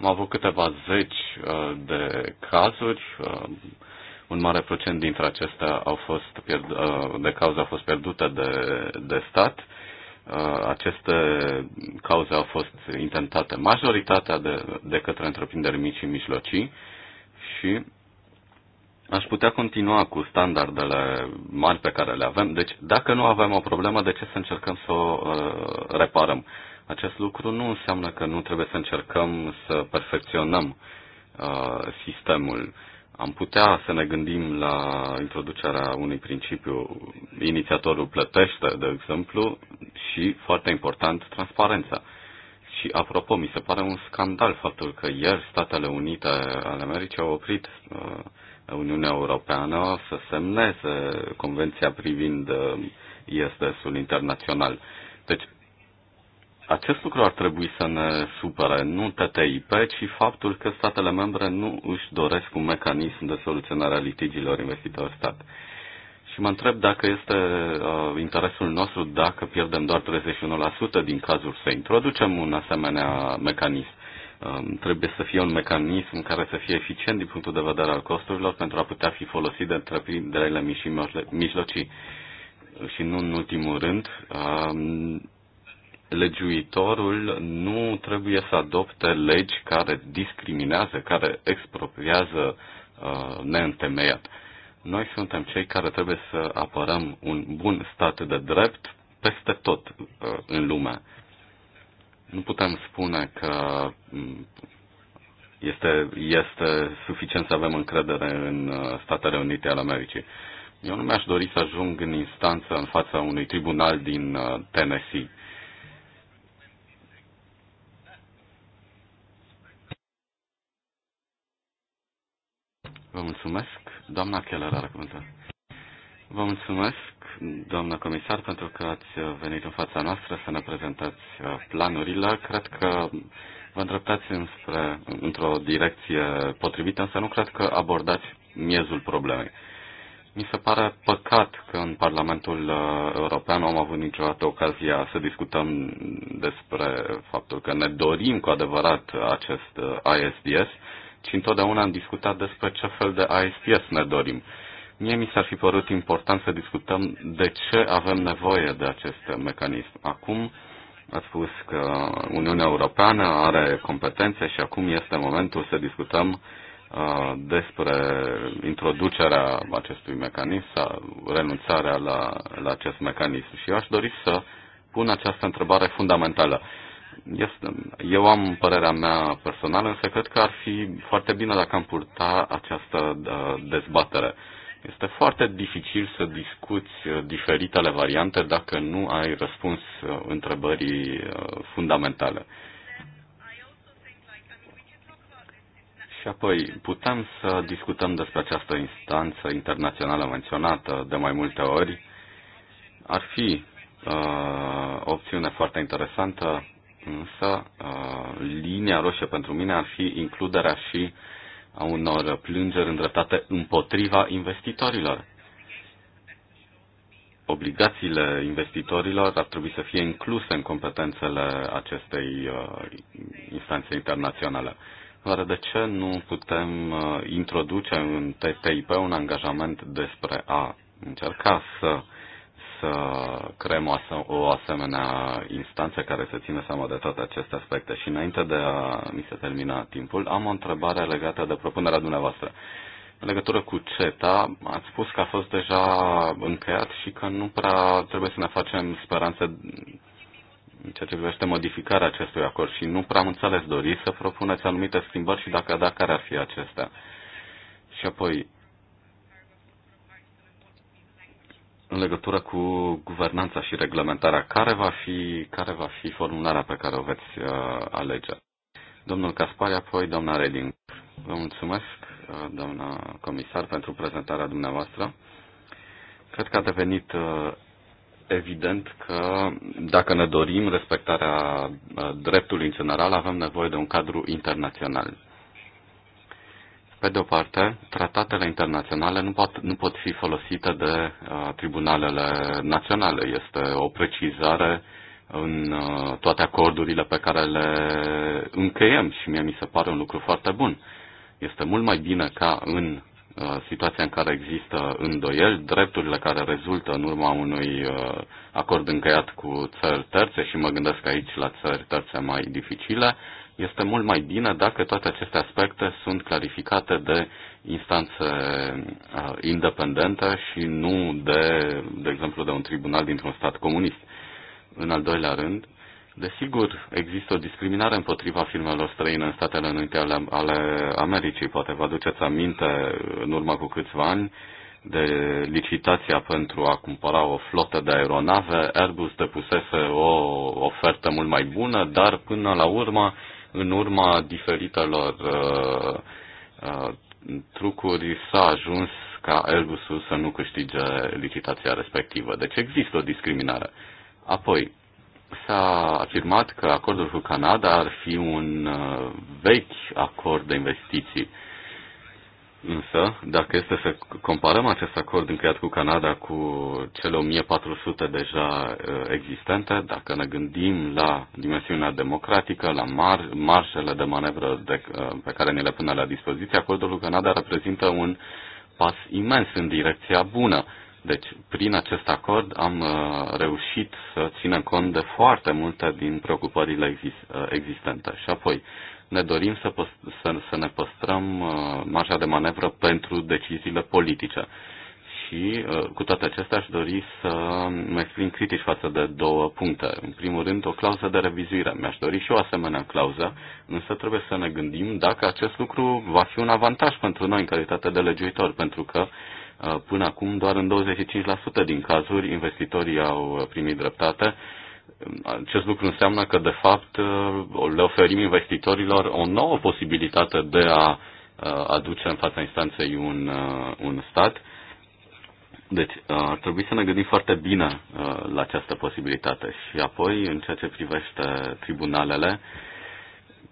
am avut câteva zeci uh, de cazuri, uh, un mare procent dintre acestea au fost pierd, uh, de cauze au fost pierdute de, de stat. Uh, aceste cauze au fost intentate majoritatea de, de către întreprinderi mici și mijlocii și Aș putea continua cu standardele mari pe care le avem. Deci, dacă nu avem o problemă, de ce să încercăm să o uh, reparăm? Acest lucru nu înseamnă că nu trebuie să încercăm să perfecționăm uh, sistemul. Am putea să ne gândim la introducerea unui principiu, inițiatorul plătește, de exemplu, și, foarte important, transparența. Și apropo, mi se pare un scandal faptul că ieri Statele Unite ale Americii au oprit uh, Uniunea Europeană să semneze convenția privind uh, ISDS-ul internațional. Deci, acest lucru ar trebui să ne supere, nu TTIP, ci faptul că statele membre nu își doresc un mecanism de soluționare a litigiilor investitor-stat. Și mă întreb dacă este uh, interesul nostru dacă pierdem doar 31% din cazuri să introducem un asemenea mecanism. Uh, trebuie să fie un mecanism care să fie eficient din punctul de vedere al costurilor pentru a putea fi folosit de întreprinderile mici și mijlocii. Și nu în ultimul rând, uh, legiuitorul nu trebuie să adopte legi care discriminează, care expropiază uh, neîntemeiat. Uh, noi suntem cei care trebuie să apărăm un bun stat de drept peste tot uh, în lume. Nu putem spune că mm, este, este suficient să avem încredere în uh, Statele Unite ale Americii. Eu nu mi-aș dori să ajung în instanță în fața unui tribunal din uh, Tennessee. Vă mulțumesc. Doamna Keller are cuvântul. Vă mulțumesc, doamnă comisar, pentru că ați venit în fața noastră să ne prezentați uh, planurile. Cred că vă îndreptați înspre, într-o direcție potrivită, însă nu cred că abordați miezul problemei. Mi se pare păcat că în Parlamentul uh, European nu am avut niciodată ocazia să discutăm despre faptul că ne dorim cu adevărat acest uh, ISDS ci întotdeauna am discutat despre ce fel de ISPS ne dorim. Mie mi s-ar fi părut important să discutăm de ce avem nevoie de acest mecanism. Acum ați spus că Uniunea Europeană are competențe și acum este momentul să discutăm uh, despre introducerea acestui mecanism sau renunțarea la, la acest mecanism. Și eu aș dori să pun această întrebare fundamentală. Uh, este, eu am părerea mea personală, însă cred că ar fi foarte bine dacă am purta această da, dezbatere. Este foarte dificil să discuți uh, diferitele variante dacă nu ai răspuns uh, întrebării uh, fundamentale. Și apoi, putem să discutăm despre această instanță internațională menționată de mai multe ori. Ar fi uh, o opțiune foarte interesantă Însă, uh, linia roșie pentru mine ar fi includerea și a unor plângeri îndreptate împotriva investitorilor. Obligațiile investitorilor ar trebui să fie incluse în competențele acestei uh, instanțe internaționale. Oare de ce nu putem uh, introduce în TTIP un angajament despre a încerca să să creăm o, asem- o asemenea instanță care să țină seama de toate aceste aspecte. Și înainte de a mi se termina timpul, am o întrebare legată de propunerea dumneavoastră. În legătură cu CETA, ați spus că a fost deja încheiat și că nu prea trebuie să ne facem speranțe în ceea ce privește modificarea acestui acord și nu prea am înțeles doriți să propuneți anumite schimbări și dacă da, care ar fi acestea. Și apoi, în legătură cu guvernanța și reglementarea. Care va fi, care va fi formularea pe care o veți uh, alege? Domnul Caspari, apoi doamna Reding. Vă mulțumesc, uh, doamna comisar, pentru prezentarea dumneavoastră. Cred că a devenit uh, evident că dacă ne dorim respectarea uh, dreptului în general, avem nevoie de un cadru internațional. Pe de o parte, tratatele internaționale nu pot, nu pot fi folosite de uh, tribunalele naționale. Este o precizare în uh, toate acordurile pe care le încheiem și mie mi se pare un lucru foarte bun. Este mult mai bine ca în uh, situația în care există îndoieli, drepturile care rezultă în urma unui uh, acord încheiat cu țări terțe și mă gândesc aici la țări terțe mai dificile, este mult mai bine dacă toate aceste aspecte sunt clarificate de instanțe uh, independente și nu de, de exemplu, de un tribunal dintr-un stat comunist. În al doilea rând, Desigur, există o discriminare împotriva firmelor străine în Statele Unite ale, ale Americii. Poate vă aduceți aminte, în urmă cu câțiva ani, de licitația pentru a cumpăra o flotă de aeronave. Airbus depusese o ofertă mult mai bună, dar până la urmă în urma diferitelor uh, uh, trucuri s-a ajuns ca Airbusul să nu câștige licitația respectivă. Deci există o discriminare. Apoi, s-a afirmat că acordul cu Canada ar fi un uh, vechi acord de investiții. Uh, Însă, dacă este să comparăm acest acord încheiat cu Canada cu cele 1400 deja ă, existente, dacă ne gândim la dimensiunea democratică, la mar- marșele de manevră de, ă, pe care ne le pune la dispoziție, acordul cu Canada reprezintă un pas imens în direcția bună. Deci, prin acest acord am ă, reușit să ținem cont de foarte multe din preocupările exist- existente. Și apoi, ne dorim să, să, să ne păstrăm uh, marja de manevră pentru deciziile politice. Și uh, cu toate acestea aș dori să mă exprim critic față de două puncte. În primul rând, o clauză de revizuire. Mi-aș dori și o asemenea clauză, însă trebuie să ne gândim dacă acest lucru va fi un avantaj pentru noi în calitate de legiuitor, pentru că uh, până acum doar în 25% din cazuri investitorii au primit dreptate acest lucru înseamnă că, de fapt, le oferim investitorilor o nouă posibilitate de a aduce în fața instanței un, un stat. Deci, ar trebui să ne gândim foarte bine uh, la această posibilitate. Și apoi, în ceea ce privește tribunalele,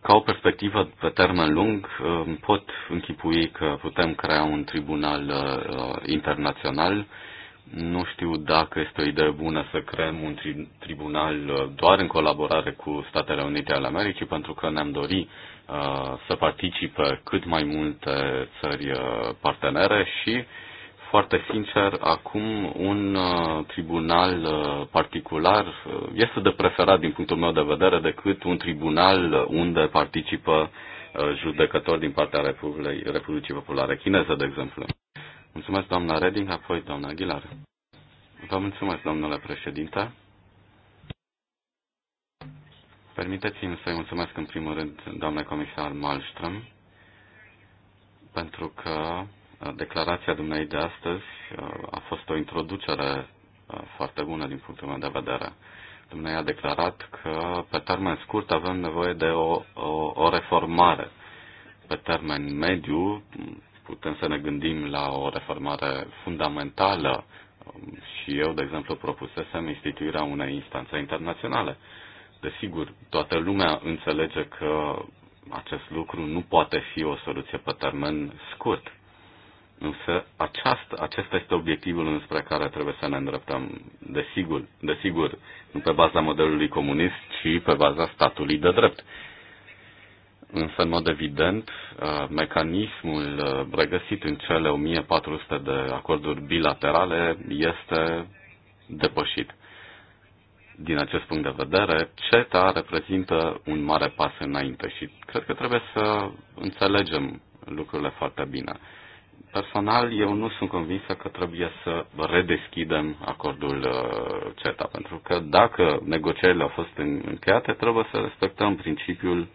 ca o perspectivă pe termen lung, um, pot închipui că putem crea un tribunal uh, internațional nu știu dacă este o idee bună să creăm un tri- tribunal uh, doar în colaborare cu Statele Unite ale Americii, pentru că ne-am dorit uh, să participe cât mai multe țări uh, partenere și, foarte sincer, acum un uh, tribunal uh, particular uh, este de preferat din punctul meu de vedere decât un tribunal unde participă uh, judecători din partea Republicii Populare Chineze, de exemplu. Mulțumesc, doamna Reding, apoi doamna Aguilar. Vă mulțumesc, domnule președinte. Permiteți-mi să-i mulțumesc în primul rând, doamne comisar Malmström, pentru că uh, declarația dumnei de astăzi uh, a fost o introducere uh, foarte bună din punctul meu de vedere. Dumnezeu a declarat că pe termen scurt avem nevoie de o, o, o reformare. Pe termen mediu putem să ne gândim la o reformare fundamentală um, și eu, de exemplu, propusesem instituirea unei instanțe internaționale. Desigur, toată lumea înțelege că acest lucru nu poate fi o soluție pe termen scurt. Însă aceast, acesta este obiectivul înspre care trebuie să ne îndreptăm. Desigur, desigur, nu pe baza modelului comunist, ci pe baza statului de drept. Însă, în mod evident, uh, mecanismul uh, regăsit în cele 1400 de acorduri bilaterale este depășit. Din acest punct de vedere, CETA reprezintă un mare pas înainte și cred că trebuie să înțelegem lucrurile foarte bine. Personal, eu nu sunt convinsă că trebuie să redeschidem acordul uh, CETA, pentru că dacă negocierile au fost încheiate, trebuie să respectăm principiul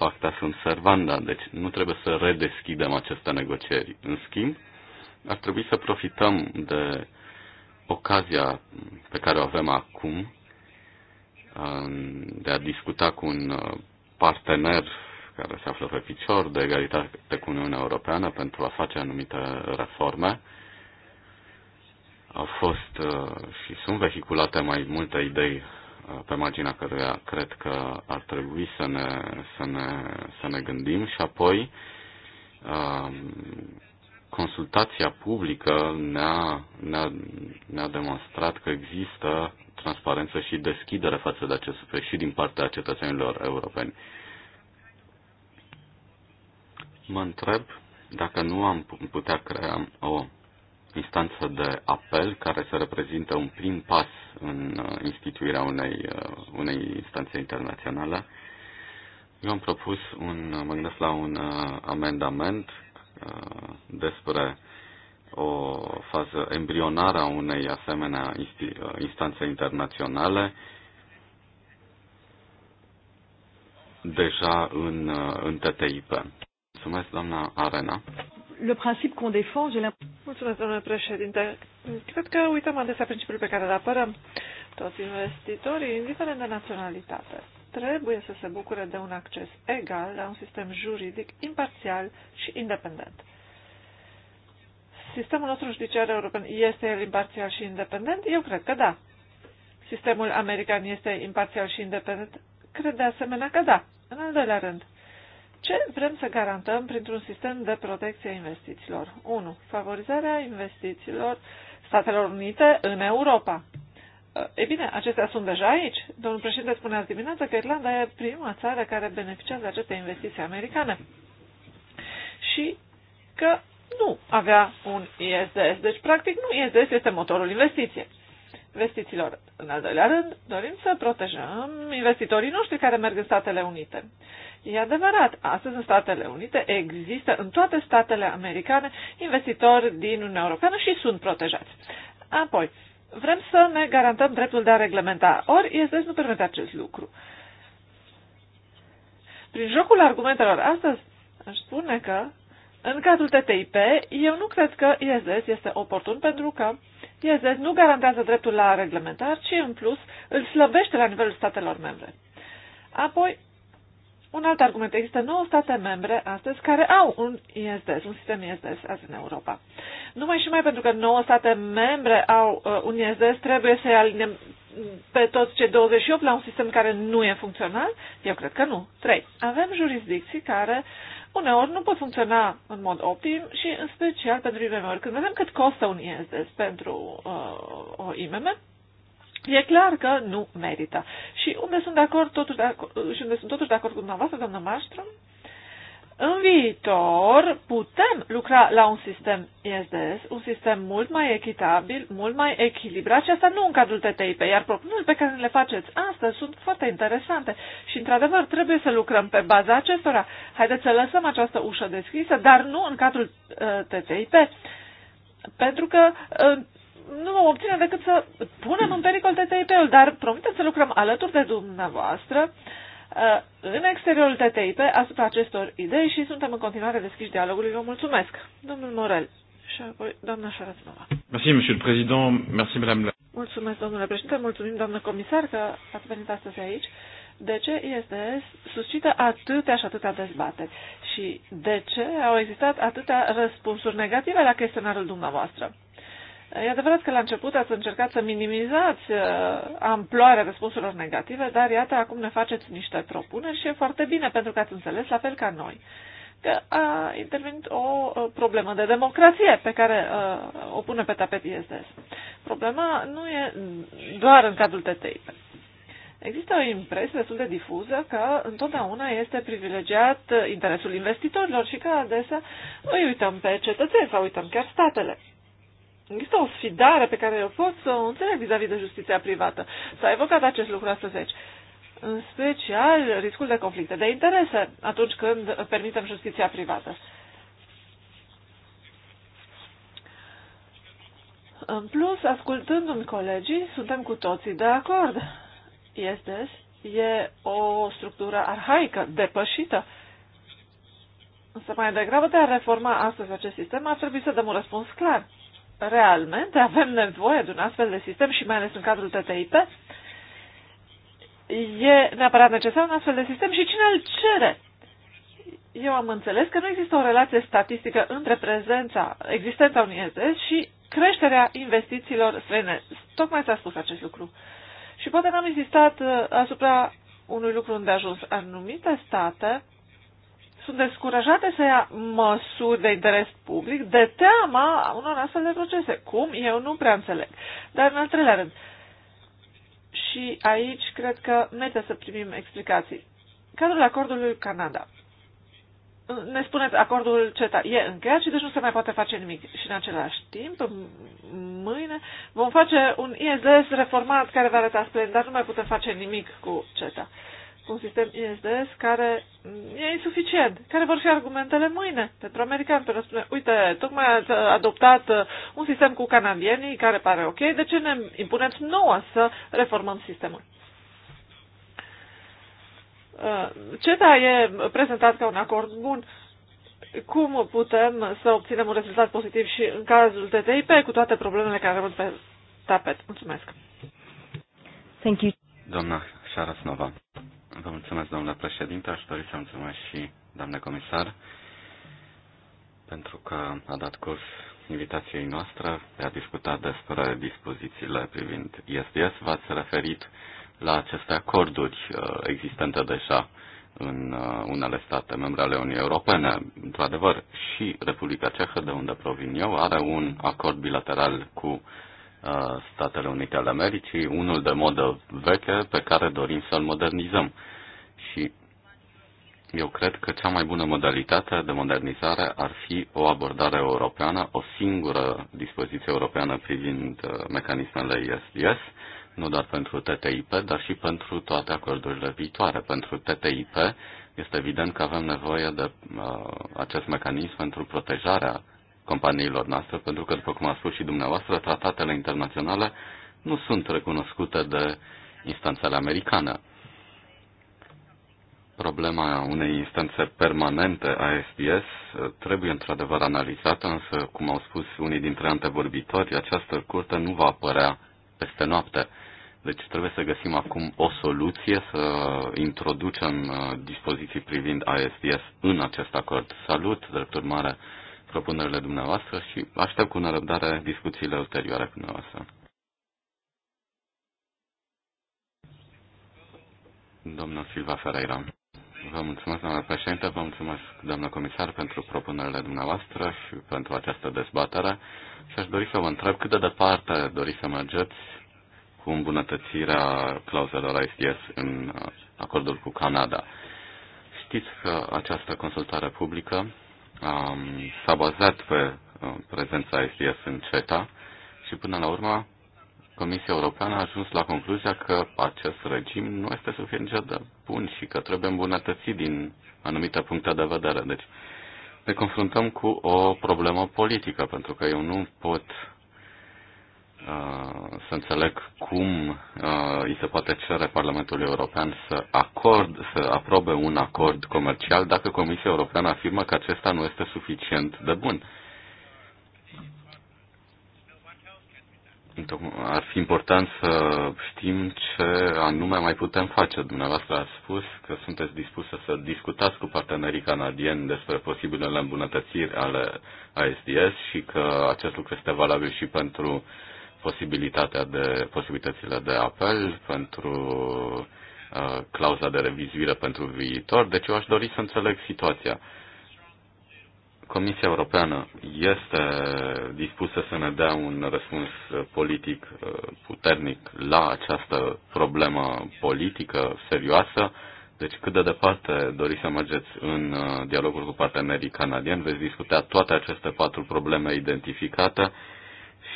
pacta sunt servanda, deci nu trebuie să redeschidem aceste negocieri. În schimb, ar trebui să profităm de ocazia pe care o avem acum de a discuta cu un partener care se află pe picior de egalitate cu Uniunea Europeană pentru a face anumite reforme. Au fost uh, și sunt vehiculate mai multe idei pe marginea căruia cred că ar trebui să ne, să ne, să ne gândim și apoi um, consultația publică ne-a, ne-a, ne-a demonstrat că există transparență și deschidere față de acest subiect și din partea cetățenilor europeni. Mă întreb dacă nu am putea crea o instanță de apel care să reprezintă un prim pas în uh, instituirea unei, uh, unei instanțe internaționale. Eu am propus un, uh, mă gândesc la un amendament despre o fază embrionară a unei asemenea instanțe internaționale, deja în, în TTIP. Mulțumesc, doamna Arena le principe qu'on défend, j'ai l'impression. Mulțumesc, domnule președinte. Cred că uităm adesea principiul pe care îl apărăm. Toți investitorii, indiferent de naționalitate, trebuie să se bucure de un acces egal la un sistem juridic imparțial și independent. Sistemul nostru judiciar european este el imparțial și independent? Eu cred că da. Sistemul american este imparțial și independent? Cred de asemenea că da. În al doilea rând, ce vrem să garantăm printr-un sistem de protecție a investițiilor? 1. Favorizarea investițiilor Statelor Unite în Europa. E bine, acestea sunt deja aici. Domnul președinte spune azi dimineață că Irlanda e prima țară care beneficiază de aceste investiții americane. Și că nu avea un ISDS. Deci, practic, nu ISDS este motorul investiției. Investițiilor. În al doilea rând, dorim să protejăm investitorii noștri care merg în Statele Unite. E adevărat, astăzi în Statele Unite există în toate statele americane investitori din Uniunea Europeană și sunt protejați. Apoi, vrem să ne garantăm dreptul de a reglementa, ori ISDS nu permite acest lucru. Prin jocul argumentelor astăzi, aș spune că în cadrul TTIP, eu nu cred că ISDS este oportun pentru că ISDS nu garantează dreptul la reglementar, ci în plus îl slăbește la nivelul statelor membre. Apoi, un alt argument. Există 9 state membre astăzi care au un ISDS, un sistem ISDS azi în Europa. Numai și mai pentru că 9 state membre au uh, un ISDS, trebuie să-i alinem pe toți cei 28 la un sistem care nu e funcțional? Eu cred că nu. 3. Avem jurisdicții care uneori nu pot funcționa în mod optim și în special pentru IMM-uri. Când vedem cât costă un ISDS pentru uh, o IMM, E clar că nu merită. Și unde sunt de acord, totuși de acord, și unde sunt totuși de acord cu dumneavoastră, doamna Maștrom, în viitor putem lucra la un sistem ISDS, un sistem mult mai echitabil, mult mai echilibrat și asta nu în cadrul TTIP, iar propunerile pe care le faceți astăzi sunt foarte interesante și, într-adevăr, trebuie să lucrăm pe baza acestora. Haideți să lăsăm această ușă deschisă, dar nu în cadrul uh, TTIP, pentru că uh, nu mă obține decât să punem în pericol TTIP-ul, dar promitem să lucrăm alături de dumneavoastră uh, în exteriorul TTIP asupra acestor idei și suntem în continuare deschiși dialogului. Vă mulțumesc. Domnul Morel și apoi doamna Șarățnova. Mulțumesc, domnule președinte. Mulțumim, doamnă comisar, că ați venit astăzi aici. De ce este suscită atâtea și atâtea dezbateri? Și de ce au existat atâtea răspunsuri negative la chestionarul dumneavoastră? E adevărat că la început ați încercat să minimizați uh, amploarea răspunsurilor negative, dar iată, acum ne faceți niște propuneri și e foarte bine, pentru că ați înțeles la fel ca noi că a intervenit o uh, problemă de democrație pe care uh, o pune pe tapet ISDS. Problema nu e doar în cadrul TTIP. Există o impresie destul de difuză că întotdeauna este privilegiat uh, interesul investitorilor și că adesea îi uităm pe cetățeni sau uităm chiar statele. Există o sfidare pe care eu pot să o înțeleg vis-a-vis -vis de justiția privată. S-a evocat acest lucru astăzi aici. În special riscul de conflicte de interese atunci când permitem justiția privată. În plus, ascultându-mi colegii, suntem cu toții de acord. Este, e o structură arhaică, depășită. Însă mai degrabă de a reforma astăzi acest sistem, ar trebui să dăm un răspuns clar realmente avem nevoie de un astfel de sistem și mai ales în cadrul TTIP, e neapărat necesar un astfel de sistem și cine îl cere? Eu am înțeles că nu există o relație statistică între prezența, existența unui ETS și creșterea investițiilor străine. Tocmai s-a spus acest lucru. Și poate n-am insistat uh, asupra unui lucru unde ajuns. Anumite state sunt descurajate să ia măsuri de interes public de teama unor astfel de procese. Cum? Eu nu prea înțeleg. Dar în al treilea rând, și aici cred că merită să primim explicații. Cadrul acordului Canada. Ne spuneți, acordul CETA e încheiat și deci nu se mai poate face nimic. Și în același timp, mâine, vom face un ISDS reformat care va arăta splendid, dar nu mai putem face nimic cu CETA. Uh, cu un sistem ISDS care e insuficient. Care vor fi argumentele mâine pentru americani? Pentru a spune, uite, tocmai ați adoptat uh, un sistem cu canadienii care pare ok, de ce ne impuneți nouă să reformăm sistemul? Uh, CETA e prezentat ca un acord bun. Cum putem să obținem un rezultat pozitiv și în cazul TTIP cu toate problemele care rămân pe tapet? Mulțumesc! Thank you. Doamna Șarasnova. Vă mulțumesc, domnule președinte. Aș dori să mulțumesc și doamne comisar pentru că a dat curs invitației noastre de a discuta despre dispozițiile privind ISDS. V-ați referit la aceste acorduri uh, existente deja în uh, unele state membre ale Uniunii Europene. Într-adevăr, și Republica Cehă, de unde provin eu, are un acord bilateral cu Statele Unite ale Americii, unul de modă veche pe care dorim să-l modernizăm. Și eu cred că cea mai bună modalitate de modernizare ar fi o abordare europeană, o singură dispoziție europeană privind uh, mecanismele ISDS, nu doar pentru TTIP, dar și pentru toate acordurile viitoare. Pentru TTIP este evident că avem nevoie de uh, acest mecanism pentru protejarea companiilor noastre, pentru că, după cum a spus și dumneavoastră, tratatele internaționale nu sunt recunoscute de instanțele americane. Problema unei instanțe permanente a SDS eh, trebuie într-adevăr analizată, însă, cum au spus unii dintre antevorbitori, această curte nu va apărea peste noapte. Deci trebuie să găsim acum o soluție să introducem eh, dispoziții privind ISDS în acest acord. Salut, drept urmare, propunerile dumneavoastră și aștept cu nerăbdare discuțiile ulterioare cu dumneavoastră. Domnul Silva Ferreira. Vă mulțumesc, doamna președinte, vă mulțumesc, doamna comisar, pentru propunerile dumneavoastră și pentru această dezbatere. Și aș dori să vă întreb cât de departe doriți să mergeți cu îmbunătățirea clauzelor ISDS în acordul cu Canada. Știți că această consultare publică um, s-a bazat pe uh, prezența SDS în CETA și până la urmă Comisia Europeană a ajuns la concluzia că acest regim nu este suficient de bun și că trebuie îmbunătățit din anumite puncte de vedere. Deci ne confruntăm cu o problemă politică, pentru că eu nu pot Uh, să înțeleg cum uh, îi se poate cere Parlamentului European să, acord, să aprobe un acord comercial dacă Comisia Europeană afirmă că acesta nu este suficient de bun. Ar fi important să știm ce anume mai putem face. Dumneavoastră a spus că sunteți dispusă să discutați cu partenerii canadieni despre posibilele îmbunătățiri ale ASDS și că acest lucru este valabil și pentru uh, posibilitatea de, posibilitățile de apel pentru uh, clauza de revizuire pentru viitor. Deci eu aș dori să înțeleg situația. Comisia Europeană este dispusă să ne dea un răspuns uh, politic uh, puternic la această problemă politică serioasă. Deci cât de departe doriți să mergeți în dialogul cu partenerii canadieni, veți discuta toate aceste patru probleme identificate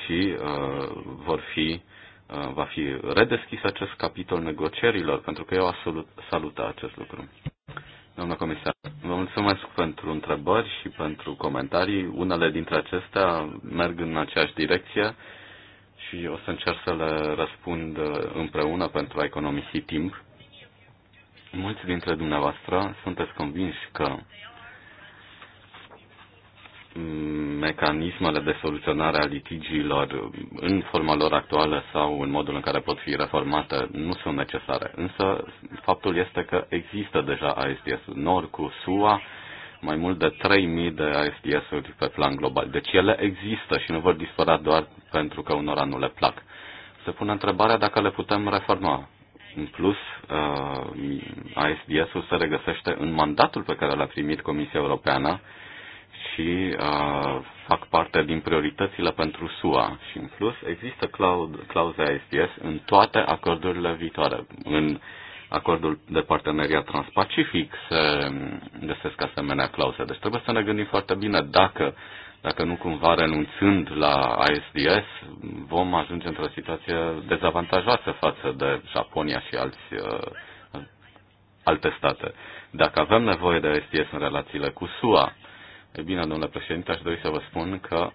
și uh, vor fi, uh, va fi redeschis acest capitol negocierilor, pentru că eu aș saluta acest lucru. Doamna comisar, vă mulțumesc pentru întrebări și pentru comentarii. Unele dintre acestea merg în aceeași direcție și o să încerc să le răspund uh, împreună pentru a economisi timp. Mulți dintre dumneavoastră sunteți convinși că mecanismele de soluționare a litigiilor în forma lor actuală sau în modul în care pot fi reformate nu sunt necesare. Însă faptul este că există deja ASDS-uri nord cu SUA, mai mult de 3.000 de ASDS-uri pe plan global. Deci ele există și nu vor dispărea doar pentru că unora nu le plac. Se pune întrebarea dacă le putem reforma. În plus, uh, ASDS-ul se regăsește în mandatul pe care l-a primit Comisia Europeană și uh, fac parte din prioritățile pentru SUA. Și în plus există clauze ISDS în toate acordurile viitoare. În acordul de parteneriat transpacific se găsesc asemenea clauze. Deci trebuie să ne gândim foarte bine dacă, dacă nu cumva renunțând la ISDS vom ajunge într-o situație dezavantajoasă față de Japonia și alți, uh, alte state. Dacă avem nevoie de STS în relațiile cu SUA, E bine, domnule președinte, aș dori să vă spun că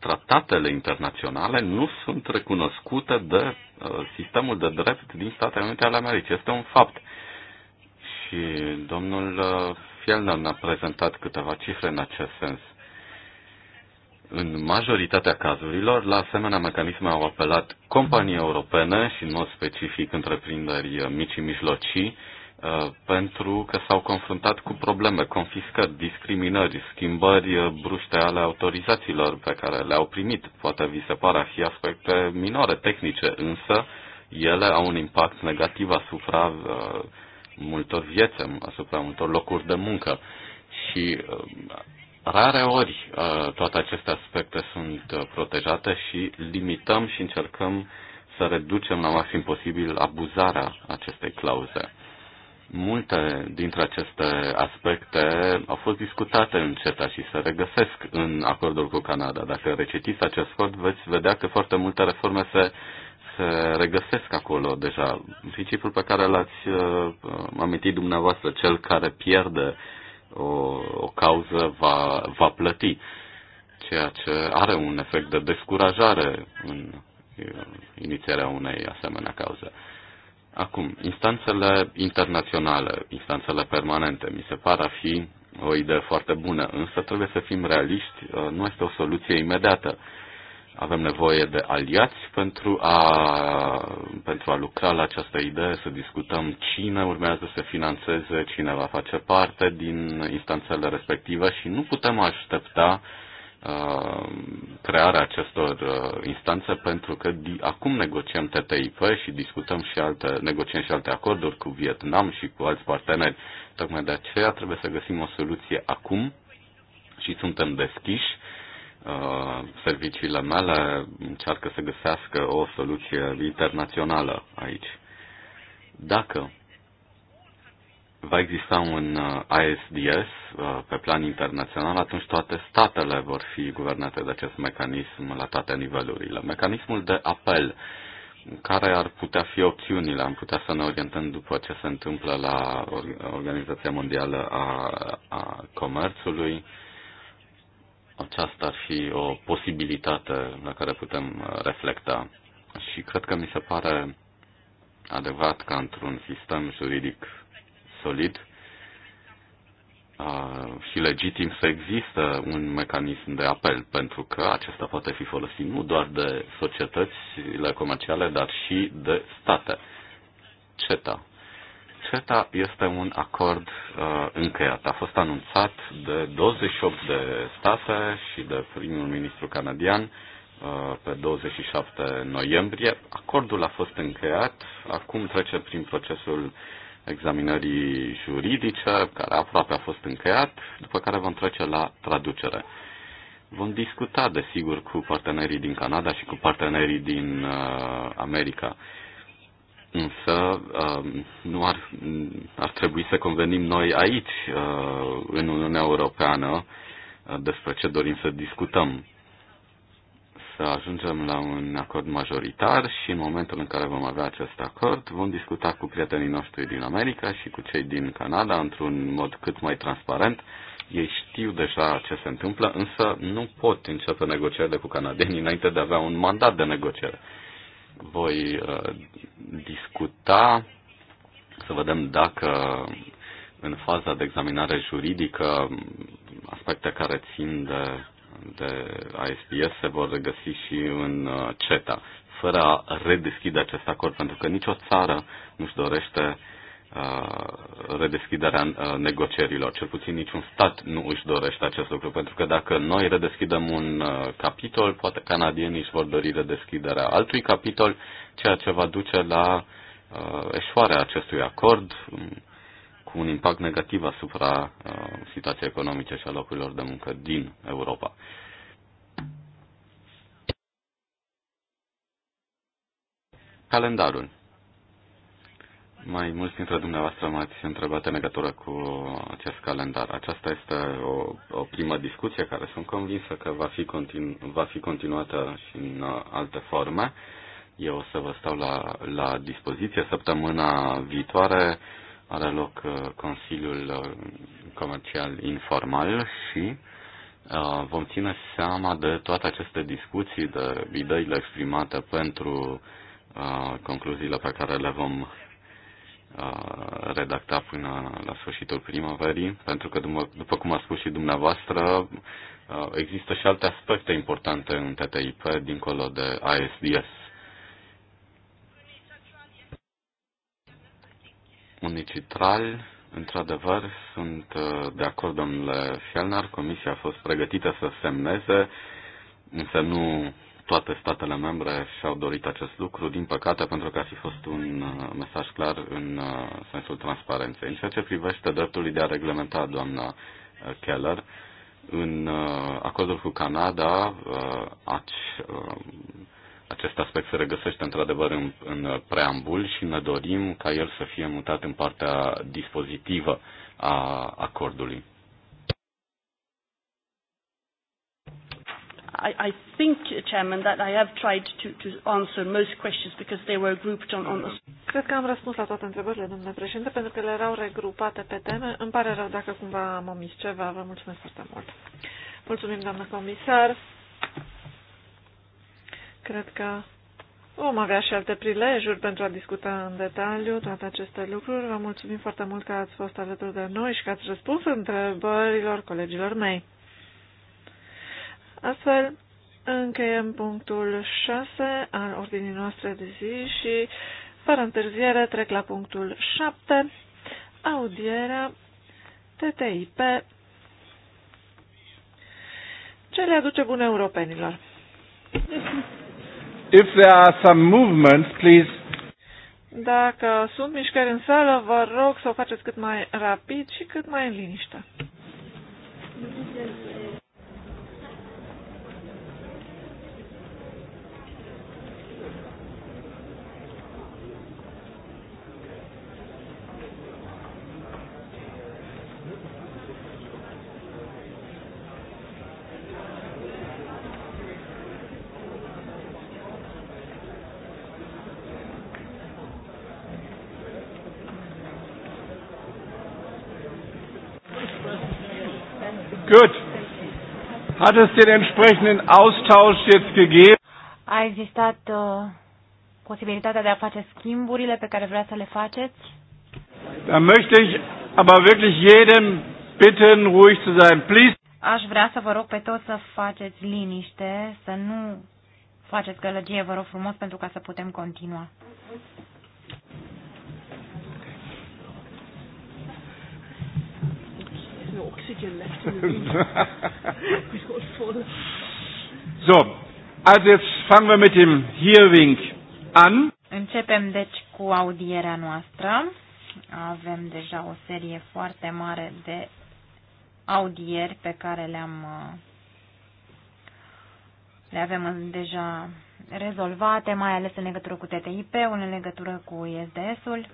tratatele internaționale nu sunt recunoscute de uh, sistemul de drept din Statele Unite ale Americii. Este un fapt. Și domnul uh, Fielner ne-a prezentat câteva cifre în acest sens. În majoritatea cazurilor, la asemenea mecanisme au apelat companii europene și, în mod specific, întreprinderi mici și mijlocii, Uh, pentru că s-au confruntat cu probleme, confiscări, discriminări, schimbări uh, bruște ale autorizațiilor pe care le-au primit. Poate vi se pare a fi aspecte minore, tehnice, însă ele au un impact negativ asupra uh, multor vieți, asupra multor locuri de muncă. Și uh, rare ori uh, toate aceste aspecte sunt uh, protejate și limităm și încercăm să reducem la maxim posibil abuzarea acestei clauze. Multe dintre aceste aspecte au fost discutate în CETA și se regăsesc în acordul cu Canada. Dacă recitiți acest acord, veți vedea că foarte multe reforme se, se regăsesc acolo deja. Principiul pe care l-ați uh, amintit dumneavoastră, cel care pierde o, o cauză va, va plăti, ceea ce are un efect de descurajare în uh, inițierea unei asemenea cauze. Acum, instanțele internaționale, instanțele permanente, mi se pare a fi o idee foarte bună, însă trebuie să fim realiști, ă, nu este o soluție imediată. Avem nevoie de aliați pentru a, pentru a lucra la această idee, să discutăm cine urmează să financeze, cine va face parte din instanțele respective și nu putem aștepta uh, Uh, crearea acestor uh, instanțe pentru că acum negociem TTIP și discutăm și alte, negociem și alte acorduri cu Vietnam și cu alți parteneri. Tocmai de aceea trebuie să găsim o soluție acum și suntem deschiși. Uh, serviciile mele încearcă să găsească o soluție internațională aici. Dacă va exista un uh, ISDS uh, pe plan internațional, atunci toate statele vor fi guvernate de acest mecanism la toate nivelurile. Mecanismul de apel, care ar putea fi opțiunile, am putea să ne orientăm după ce se întâmplă la Organizația Mondială a, a Comerțului. Aceasta ar fi o posibilitate la care putem uh, reflecta. Și cred că mi se pare adevărat că într-un sistem juridic solid și legitim să există un mecanism de apel, pentru că acesta poate fi folosit nu doar de societățile comerciale, dar și de state. CETA. CETA este un acord uh, încheiat. A fost anunțat de 28 de state și de primul ministru canadian uh, pe 27 noiembrie. Acordul a fost încheiat, acum trece prin procesul uh, examinării juridice, care aproape a fost încheiat, după care vom trece la traducere. Vom discuta, desigur, cu partenerii din Canada și cu partenerii din uh, America. Însă uh, nu ar, ar trebui să convenim noi aici, uh, în Uniunea Europeană, uh, despre ce dorim să discutăm să ajungem la un acord majoritar și în momentul în care vom avea acest acord vom discuta cu prietenii noștri din America și cu cei din Canada într-un mod cât mai transparent. Ei știu deja ce se întâmplă, însă nu pot începe negocierile cu canadienii înainte de a avea un mandat de negociere. Voi uh, discuta să vedem dacă în faza de examinare juridică aspecte care țin de de ISPS se vor regăsi și în uh, CETA, fără a redeschide acest acord, pentru că nicio țară nu-și dorește uh, redeschiderea uh, negocierilor. Cel puțin niciun stat nu își dorește acest lucru, pentru că dacă noi redeschidem un capitol, poate canadienii își vor dori redeschiderea altui capitol, ceea ce va duce la eșoarea acestui acord, cu un impact negativ asupra uh, situației economice și a locurilor de muncă din Europa. Calendarul. Mai mulți dintre dumneavoastră m-ați întrebat în legătură cu acest calendar. Aceasta este o, o primă discuție care sunt convinsă că va fi, continu, va fi continuată și în uh, alte forme. Eu o să vă stau la, la dispoziție săptămâna viitoare are loc uh, Consiliul uh, Comercial Informal și uh, vom ține seama de toate aceste discuții, de ideile exprimate pentru concluziile pe care le vom redacta până la sfârșitul primăverii, pentru că, după cum a spus și dumneavoastră, există și alte aspecte importante în TTIP, dincolo de ISDS municipal, într-adevăr, sunt uh, de acord, domnule Fielnar, Comisia a fost pregătită să semneze, însă nu toate statele membre și-au dorit acest lucru, din păcate, pentru că ar fi fost un uh, mesaj clar în uh, sensul transparenței. În ceea ce privește dreptul de a reglementa doamna Keller, în acordul cu Canada, aci, acest aspect se regăsește într-adevăr în, în preambul și ne dorim ca el să fie mutat în partea dispozitivă a acordului. I, I think, Chairman, that I have tried to, to answer most questions because they were grouped on, on... Cred că am răspuns la toate întrebările, domnule președinte, pentru că le erau regrupate pe teme. Îmi pare rău dacă cumva am omis ceva. Vă mulțumesc foarte mult. Mulțumim, doamnă comisar. Cred că vom avea și alte prilejuri pentru a discuta în detaliu toate aceste lucruri. Vă mulțumim foarte mult că ați fost alături de noi și că ați răspuns întrebărilor colegilor mei. Astfel, încheiem punctul 6 al ordinii noastre de zi și, fără întârziere, trec la punctul 7, audierea TTIP. Ce le aduce bune europenilor? if there are some movements, please. Dacă sunt mișcări în sală, vă rog să o faceți cât mai rapid și cât mai în liniște. Gut. Hat es den entsprechenden Austausch jetzt gegeben? A existat uh, posibilitatea de a face schimburile pe care vreau să le faceți? Da möchte ich aber wirklich jedem bitten, ruhig zu sein. Please. Aș vrea să vă rog pe toți să faceți liniște, să nu faceți gălăgie, vă rog frumos, pentru ca să putem continua. no oxygen left in the room. He's got full. So, also jetzt fangen wir mit dem Hearing an. Începem deci cu audierea noastră. Avem deja o serie foarte mare de audieri pe care le-am uh, le avem deja rezolvate, mai ales în legătură cu TTIP, în legătură cu ISDS-ul.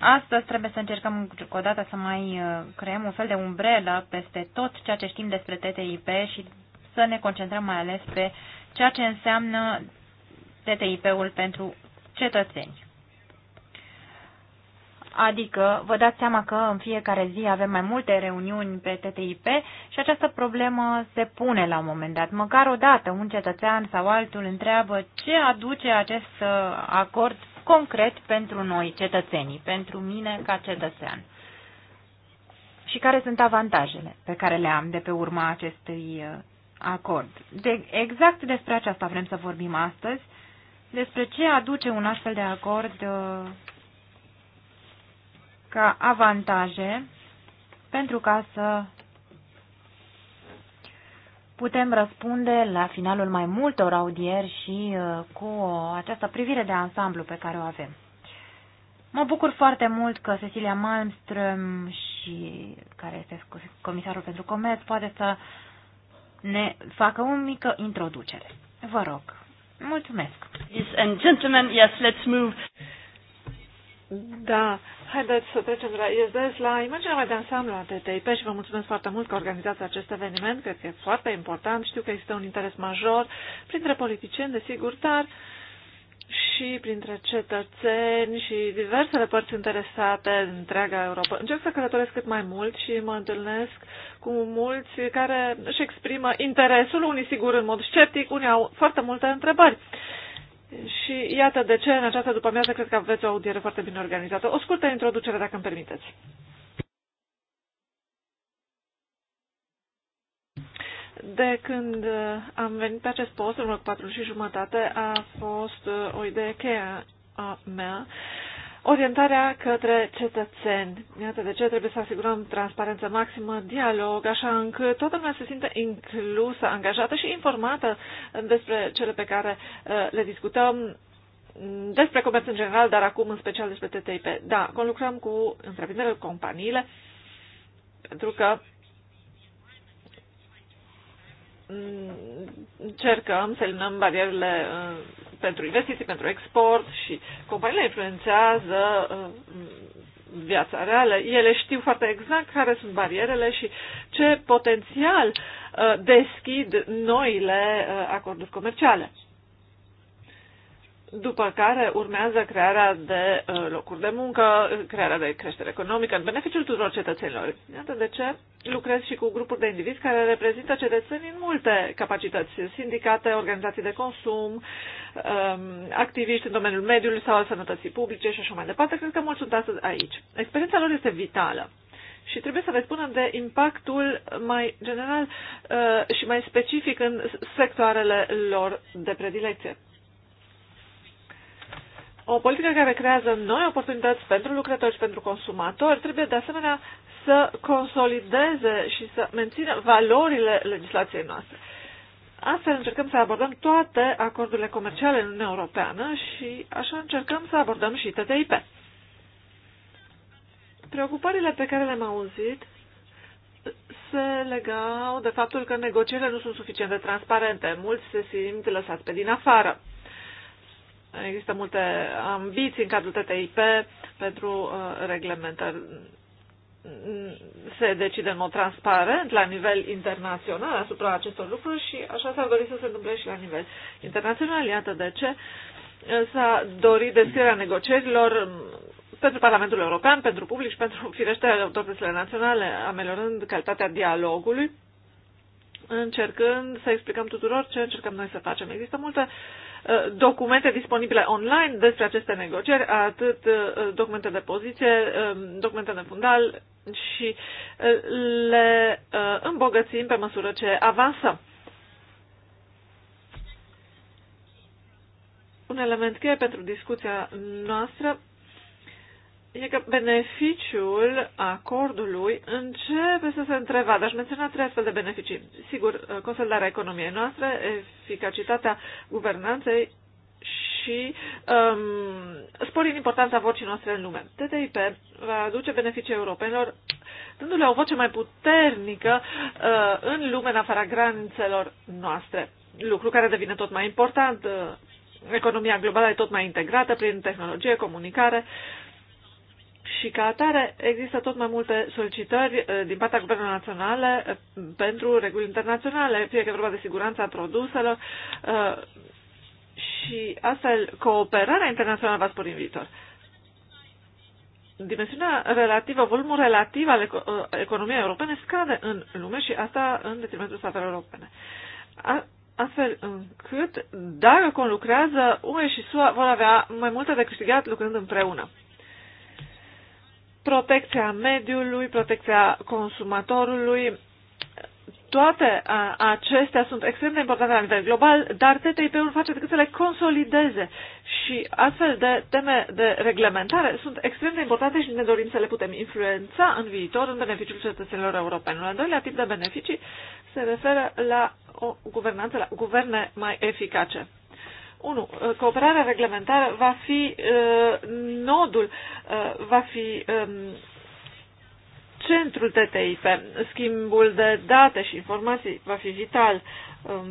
Astăzi trebuie să încercăm o dată să mai uh, creăm un fel de umbrelă peste tot ceea ce știm despre TTIP și să ne concentrăm mai ales pe ceea ce înseamnă TTIP-ul pentru cetățeni. Adică, vă dați seama că în fiecare zi avem mai multe reuniuni pe TTIP și această problemă se pune la un moment dat. Măcar o dată un cetățean sau altul întreabă ce aduce acest uh, acord concret pentru noi, cetățenii, pentru mine ca cetățean. Și care sunt avantajele pe care le am de pe urma acestui uh, acord. De, exact despre aceasta vrem să vorbim astăzi, despre ce aduce un astfel de acord uh, ca avantaje pentru ca să putem răspunde la finalul mai multor audieri și uh, cu această privire de ansamblu pe care o avem. Mă bucur foarte mult că Cecilia Malmström, și, care este comisarul pentru comerț, poate să ne facă o mică introducere. Vă rog. Mulțumesc. Ladies and gentlemen, yes, let's move. Da, haideți să trecem la ISDS la imaginea mai de ansamblu a TTIP și vă mulțumesc foarte mult că organizați acest eveniment, cred că e foarte important, știu că există un interes major printre politicieni, desigur, dar și printre cetățeni și diversele părți interesate în întreaga Europa. Încerc să călătoresc cât mai mult și mă întâlnesc cu mulți care își exprimă interesul, unii sigur în mod sceptic, unii au foarte multe întrebări. Uh, și iată de ce în această după-amiază cred că aveți o audiere foarte bine organizată. O scurtă introducere, dacă îmi permiteți. De când uh, am venit pe acest post, în urmă cu patru și jumătate, a fost uh, o idee cheia a mea orientarea către cetățeni. Iată de ce trebuie să asigurăm transparență maximă, dialog, așa încât toată lumea se simte inclusă, angajată și informată despre cele pe care uh, le discutăm despre comerț în general, dar acum în special despre TTIP. Da, conlucrăm cu întreprinderile, companiile, pentru că mm, încercăm să eliminăm barierele uh, pentru investiții, pentru export și companiile influențează uh, viața reală. Ele știu foarte exact care sunt barierele și ce potențial uh, deschid noile uh, acorduri comerciale după care urmează crearea de uh, locuri de muncă, crearea de creștere economică în beneficiul tuturor cetățenilor. Iată de ce lucrez și cu grupuri de indivizi care reprezintă cetățenii în multe capacități, sindicate, organizații de consum, um, activiști în domeniul mediului sau al sănătății publice și așa mai departe. Cred că mulți sunt astăzi aici. Experiența lor este vitală și trebuie să vă spunem de impactul mai general uh, și mai specific în sectoarele lor de predilecție. O politică care creează noi oportunități pentru lucrători și pentru consumatori trebuie de asemenea să consolideze și să mențină valorile legislației noastre. Astfel încercăm să abordăm toate acordurile comerciale în Uniunea Europeană și așa încercăm să abordăm și TTIP. Preocupările pe care le-am auzit se legau de faptul că negocierile nu sunt suficient de transparente. Mulți se simt lăsați pe din afară. Există multe ambiții în cadrul TTIP pentru uh, reglementări. Se decide în mod transparent la nivel internațional asupra acestor lucruri și așa s-ar dori să se întâmple și la nivel internațional. Iată de ce uh, s-a dorit deschiderea negocierilor um, pentru Parlamentul European, pentru public și pentru, firește, autoritățile naționale, ameliorând calitatea dialogului, încercând să explicăm tuturor ce încercăm noi să facem. Există multe Uh, documente disponibile online despre aceste negocieri, atât uh, documente de poziție, um, documente de fundal și uh, le îmbogățim pe măsură ce avansăm. Un element cheie pentru discuția noastră e că beneficiul acordului începe să se întrevadă. Aș menționa trei astfel de beneficii. Sigur, uh, consolidarea economiei noastre, eficacitatea guvernanței și um, sporind importanța vocii noastre în lume. TTIP va aduce beneficii europenilor, dându-le o voce mai puternică uh, în lume, în afara granițelor noastre. Lucru care devine tot mai important. Uh, economia globală e tot mai integrată prin tehnologie, comunicare. Uh, și ca atare există tot mai multe solicitări eh, din partea Guvernului naționale eh, pentru reguli internaționale, fie că e vorba de siguranța produselor eh, și astfel cooperarea internațională va spori în viitor. Dimensiunea relativă, volumul relativ al economiei europene scade în lume și asta în detrimentul statelor europene. Astfel încât, dacă conlucrează, UE și SUA vor avea mai multe de câștigat lucrând împreună protecția mediului, protecția consumatorului, toate acestea sunt extrem de importante la nivel global, dar TTIP-ul face decât să le consolideze și astfel de teme de reglementare sunt extrem de importante și ne dorim să le putem influența în viitor în beneficiul cetățenilor europeni. Un al doilea tip de beneficii se referă la o guvernanță, la guverne mai eficace. 1. Uh, cooperarea reglementară va fi uh, nodul, uh, va fi um, centrul TTIP. Schimbul de date și informații va fi vital. Um,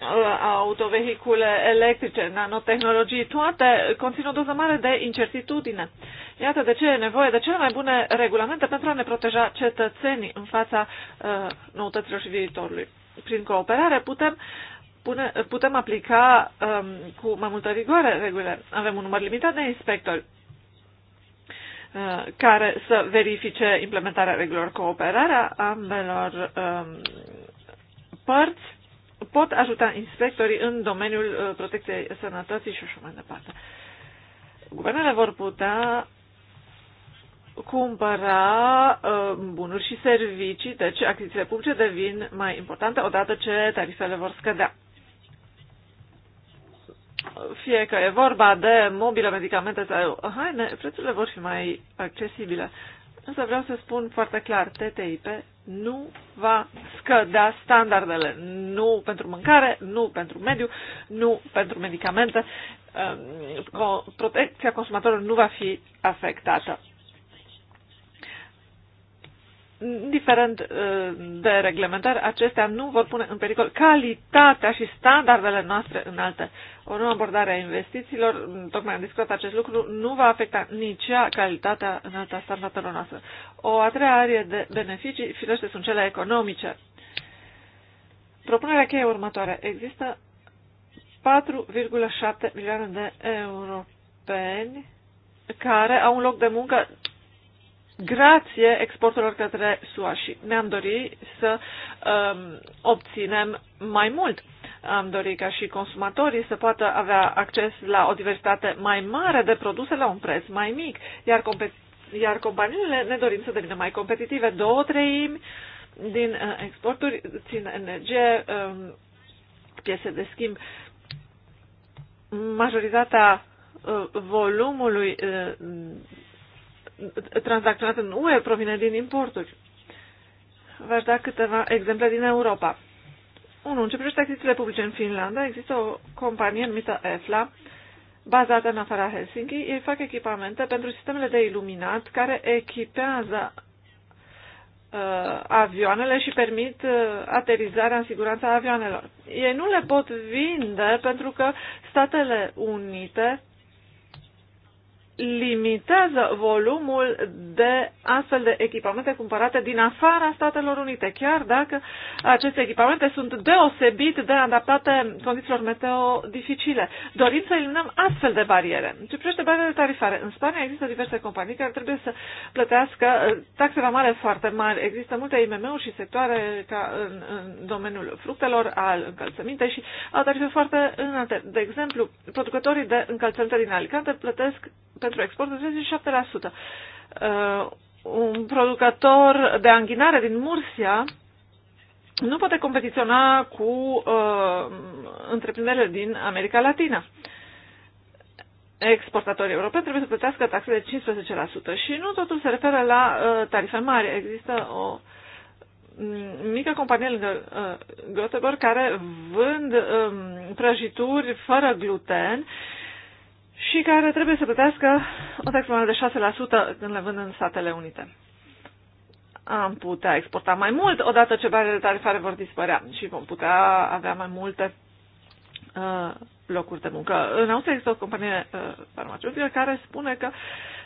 uh, autovehicule electrice, nanotehnologii, toate conțin o doză mare de incertitudine. Iată de ce e nevoie de cele mai bune regulamente pentru a ne proteja cetățenii în fața uh, noutăților și viitorului. Prin cooperare putem uh, pune, putem aplica um, cu mai multă rigoare regulile. Avem un număr limitat de inspectori uh, care să verifice implementarea regulilor, cooperarea ambelor um, părți pot ajuta inspectorii în domeniul uh, protecției sănătății și așa mai departe. Guvernele vor putea cumpăra uh, bunuri și servicii, deci achizițiile publice devin mai importante odată ce tarifele vor scădea fie că e vorba de mobile, medicamente sau haine, prețurile vor fi mai accesibile. Însă vreau să spun foarte clar, TTIP nu va scădea standardele, nu pentru mâncare, nu pentru mediu, nu pentru medicamente. Ehm, protecția consumatorilor nu va fi afectată indiferent uh, de reglementări, acestea nu vor pune în pericol calitatea și standardele noastre înalte. O nouă abordare a investițiilor, tocmai am discutat acest lucru, nu va afecta nici ea calitatea înaltă a standardelor noastre. O a treia arie de beneficii, firește, sunt cele economice. Propunerea cheie următoare. Există 4,7 milioane de europeni care au un loc de muncă grație exporturilor către SUA și ne-am dorit să um, obținem mai mult. Am dorit ca și consumatorii să poată avea acces la o diversitate mai mare de produse la un preț mai mic, iar, iar companiile ne dorim să devină mai competitive. Două treimi din uh, exporturi țin energie, um, piese de schimb. Majoritatea uh, volumului uh, tranzacționat în UE provine din importuri. V-aș da câteva exemple din Europa. 1. În ce privește achizițiile publice în Finlanda, există o companie numită EFLA, bazată în afara Helsinki. Ei fac echipamente pentru sistemele de iluminat care echipează uh, avioanele și permit uh, aterizarea în siguranța avioanelor. Ei nu le pot vinde pentru că Statele Unite limitează volumul de astfel de echipamente cumpărate din afara Statelor Unite, chiar dacă aceste echipamente sunt deosebit de adaptate condițiilor meteo dificile. Dorim să eliminăm astfel de bariere. Ce privește barierele tarifare, în Spania există diverse companii care trebuie să plătească uh, taxe vamale foarte mari. Există multe IMM-uri și sectoare ca în, în domeniul fructelor, al încălțămintei și au tarife foarte înalte. De exemplu, producătorii de încălțăminte din Alicante plătesc pe pentru export de 37%. Uh, un producător de anghinare din Mursia nu poate competiționa cu uh, întreprinderile din America Latina. Exportatorii europeni trebuie să plătească taxe de 15% și nu totul se referă la uh, tarife mari. Există o mm, mică companie lângă uh, Göteborg care vând um, prăjituri fără gluten și care trebuie să plătească o taxă mai de 6% când le vând în Statele Unite. Am putea exporta mai mult odată ce barele tarifare vor dispărea și vom putea avea mai multe uh, locuri de muncă. În Austria există o companie uh, farmaceutică care spune că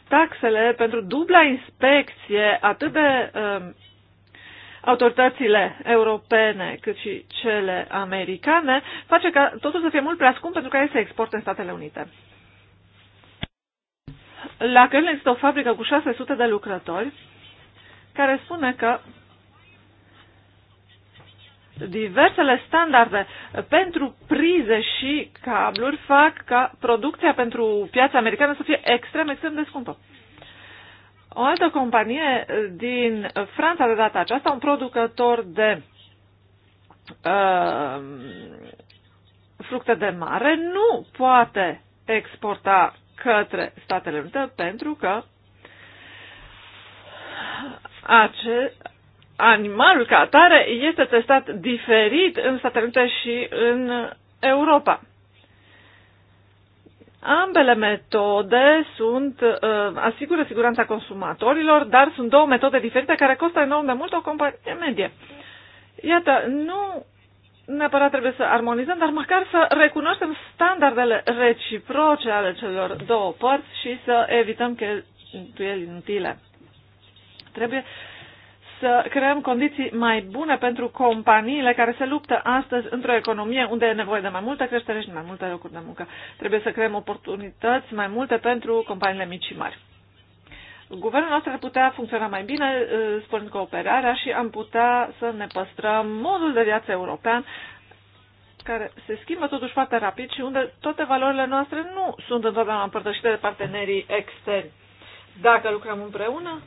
taxele pentru dubla inspecție atât de uh, autoritățile europene cât și cele americane face ca totul să fie mult prea scump pentru ca ei să exporte în Statele Unite. La Köln există o fabrică cu 600 de lucrători care spune că diversele standarde pentru prize și cabluri fac ca producția pentru piața americană să fie extrem, extrem de scumpă. O altă companie din Franța de data aceasta, un producător de uh, fructe de mare, nu poate exporta către Statele Unite pentru că ace, animalul ca atare este testat diferit în Statele Unite și în Europa. Ambele metode sunt, uh, asigură siguranța consumatorilor, dar sunt două metode diferite care costă enorm de mult o companie medie. Iată, nu neapărat trebuie să armonizăm, dar măcar să recunoaștem standardele reciproce ale celor două părți și să evităm cheltuieli inutile. Trebuie să creăm condiții mai bune pentru companiile care se luptă astăzi într-o economie unde e nevoie de mai multă creștere și mai multe locuri de muncă. Trebuie să creăm oportunități mai multe pentru companiile mici și mari guvernul nostru ar putea funcționa mai bine, uh, spunând cooperarea, și am putea să ne păstrăm modul de viață european care se schimbă totuși foarte rapid și unde toate valorile noastre nu sunt întotdeauna împărtășite de partenerii externi. Dacă lucrăm împreună,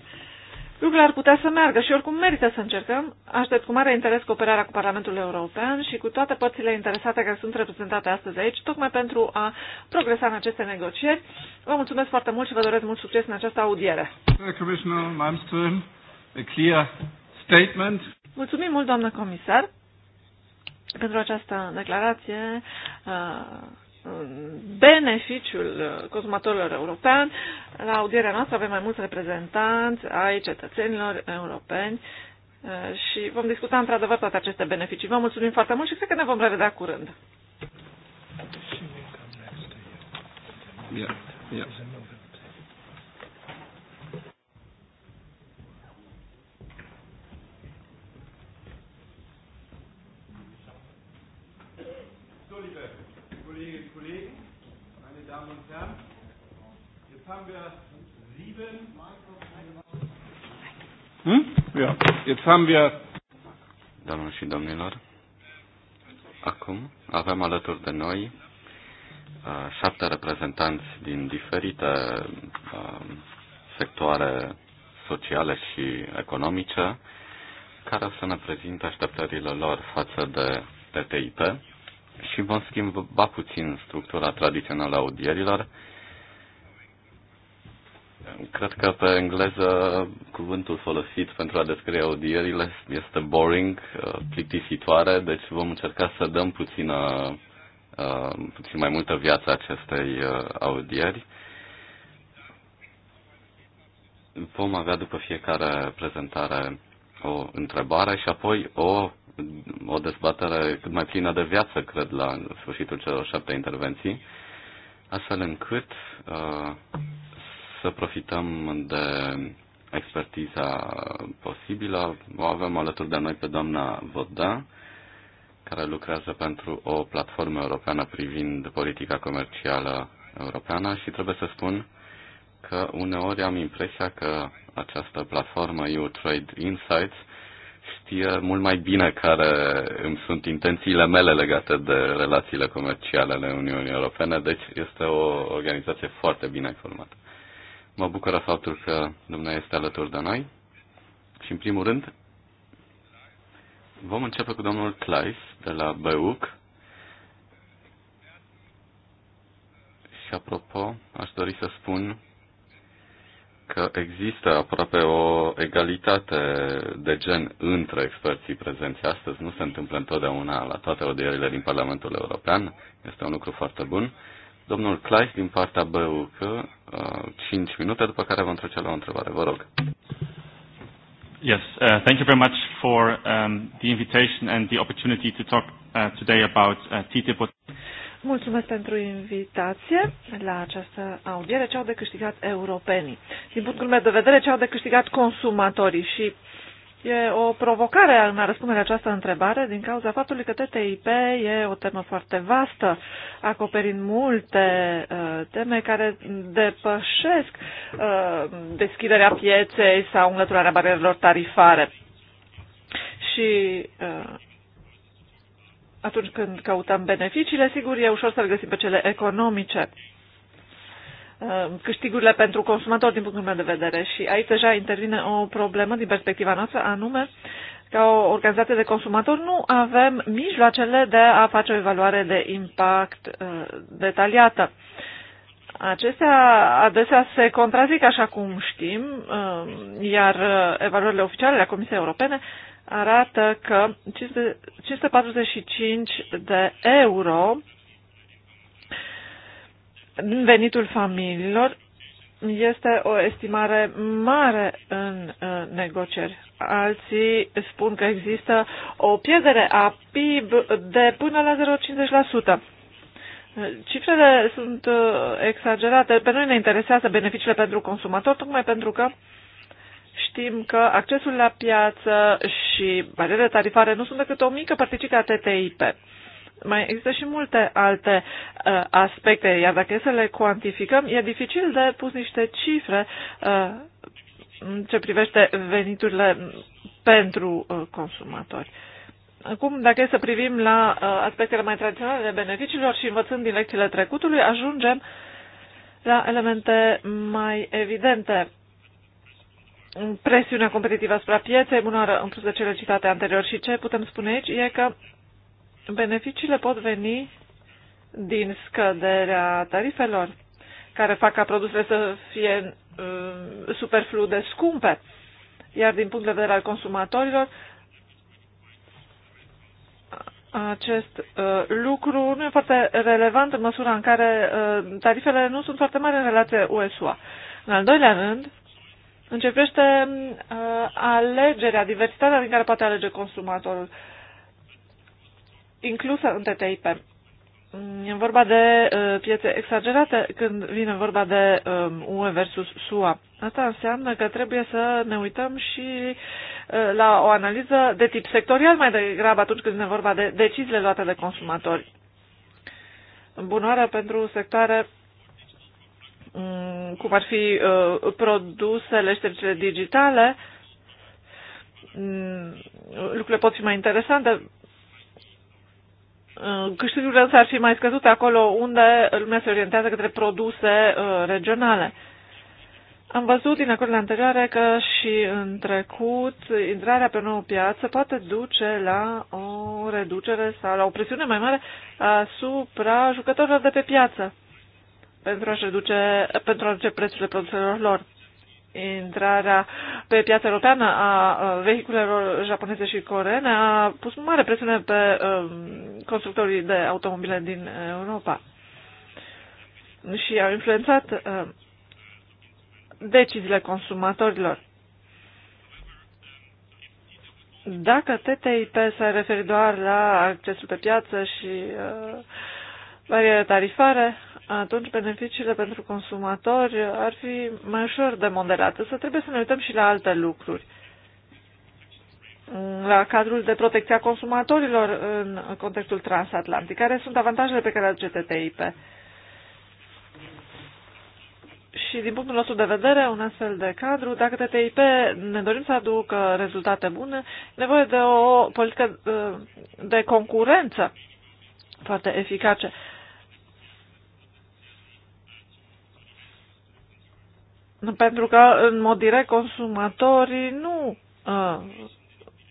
lucrurile ar putea să meargă și oricum merită să încercăm. Aștept cu mare interes cooperarea cu Parlamentul European și cu toate părțile interesate care sunt reprezentate astăzi aici, tocmai pentru a progresa în aceste negocieri. Vă mulțumesc foarte mult și vă doresc mult succes în această audiere. Mulțumim mult, doamnă comisar, pentru această declarație uh, beneficiul uh, consumatorilor europeni. La audierea noastră avem mai mulți reprezentanți ai cetățenilor europeni uh, și vom discuta într-adevăr toate aceste beneficii. Vă mulțumim foarte mult și cred că ne vom revedea curând. Yeah, yeah. Damen und Herren. Jetzt haben wir sieben. Hm? Ja, jetzt haben wir. Doamnelor și domnilor, acum avem alături de noi uh, șapte reprezentanți din diferite uh, sectoare sociale și economice care să ne prezintă așteptările lor față de TTIP și vom schimba puțin structura tradițională a audierilor. Cred că pe engleză cuvântul folosit pentru a descrie audierile este boring, uh, plictisitoare, deci vom încerca să dăm puțină, uh, puțin mai multă viață acestei uh, audieri. Vom avea după fiecare prezentare o întrebare și apoi o, o dezbatere cât mai plină de viață, cred, la sfârșitul celor șapte intervenții, astfel încât uh, să profităm de expertiza posibilă. O avem alături de noi pe doamna Voda care lucrează pentru o platformă europeană privind politica comercială europeană și trebuie să spun că uneori am impresia că această platformă EU-Trade Insights știe mult mai bine care îmi sunt intențiile mele legate de relațiile comerciale ale Uniunii Europene, deci este o organizație foarte bine informată. Mă bucură faptul că dumneavoastră este alături de noi și, în primul rând, vom începe cu domnul Kleis de la BEUC. Și, apropo, aș dori să spun că există aproape o egalitate de gen între experții prezenți astăzi. Nu se întâmplă întotdeauna la toate odierile din Parlamentul European. Este un lucru foarte bun. Domnul Clais din partea BUC, 5 uh, minute, după care vom trece la o întrebare. Vă rog. Yes, uh, thank you very much for um, the invitation and the opportunity to talk uh, today about uh, TTIP. Mulțumesc pentru invitație la această audiere. Ce au de câștigat europenii? Din punctul meu de vedere, ce au de câștigat consumatorii? Și e o provocare în a răspunde la această întrebare din cauza faptului că TTIP e o temă foarte vastă, acoperind multe uh, teme care depășesc uh, deschiderea pieței sau înlăturarea barierelor tarifare. Și uh, atunci când căutăm beneficiile, sigur, e ușor să-l găsim pe cele economice, uh, câștigurile pentru consumator din punctul meu de vedere. Și aici deja intervine o problemă din perspectiva noastră, anume, ca o organizație de consumator nu avem mijloacele de a face o evaluare de impact uh, detaliată. Acestea adesea se contrazic, așa cum știm, um, iar uh, evaluările oficiale ale Comisiei Europene arată că 545 de euro în venitul familiilor este o estimare mare în uh, negocieri. Alții spun că există o pierdere a PIB de până la Cifrele sunt uh, exagerate. Pe noi ne interesează beneficiile pentru consumator, tocmai pentru că știm că accesul la piață și barierele tarifare nu sunt decât o mică părticică a TTIP. Mai există și multe alte uh, aspecte, iar dacă e să le cuantificăm, e dificil de pus niște cifre uh, ce privește veniturile pentru uh, consumatori. Uh, Acum, dacă e să privim la uh, aspectele mai tradiționale ale beneficiilor și învățând din lecțiile trecutului, ajungem la elemente mai evidente. Presiunea competitivă asupra pieței, bună în plus de cele citate anterior. Și ce putem spune aici e că beneficiile pot veni din scăderea tarifelor, care fac ca produsele să fie uh, superflu de scumpe. Iar din punct de vedere al consumatorilor, acest uh, lucru nu e foarte relevant în măsura în care uh, tarifele nu sunt foarte mari în relație USUA. În al doilea rând, începește uh, alegerea, diversitatea din care poate alege consumatorul, inclusă în TTIP. E vorba de uh, piețe exagerate când vine vorba de um, UE versus SUA. Asta înseamnă că trebuie să ne uităm și uh, la o analiză de tip sectorial mai degrabă atunci când vine vorba de deciziile luate de consumatori. Bunoare pentru sectoare um, cum ar fi uh, produsele și digitale, um, lucrurile pot fi mai interesante Uh, câștigurile însă ar fi mai scăzute acolo unde lumea se orientează către produse uh, regionale. Am văzut din acordurile anterioare că și în trecut intrarea pe o nouă piață poate duce la o reducere sau la o presiune mai mare asupra jucătorilor de pe piață pentru a-și reduce, pentru a reduce prețurile produselor lor intrarea pe piața europeană a vehiculelor japoneze și coreene a pus mare presiune pe um, constructorii de automobile din Europa și au influențat um, deciziile consumatorilor. Dacă TTIP s-a referit doar la accesul pe piață și uh, bariere tarifare, atunci beneficiile pentru consumatori ar fi mai ușor de modelat. Să trebuie să ne uităm și la alte lucruri. La cadrul de protecție a consumatorilor în contextul transatlantic, care sunt avantajele pe care le TTIP? Și din punctul nostru de vedere, un astfel de cadru, dacă TTIP ne dorim să aducă rezultate bune, nevoie de o politică uh, de concurență foarte eficace Pentru că, în mod direct, consumatorii nu uh,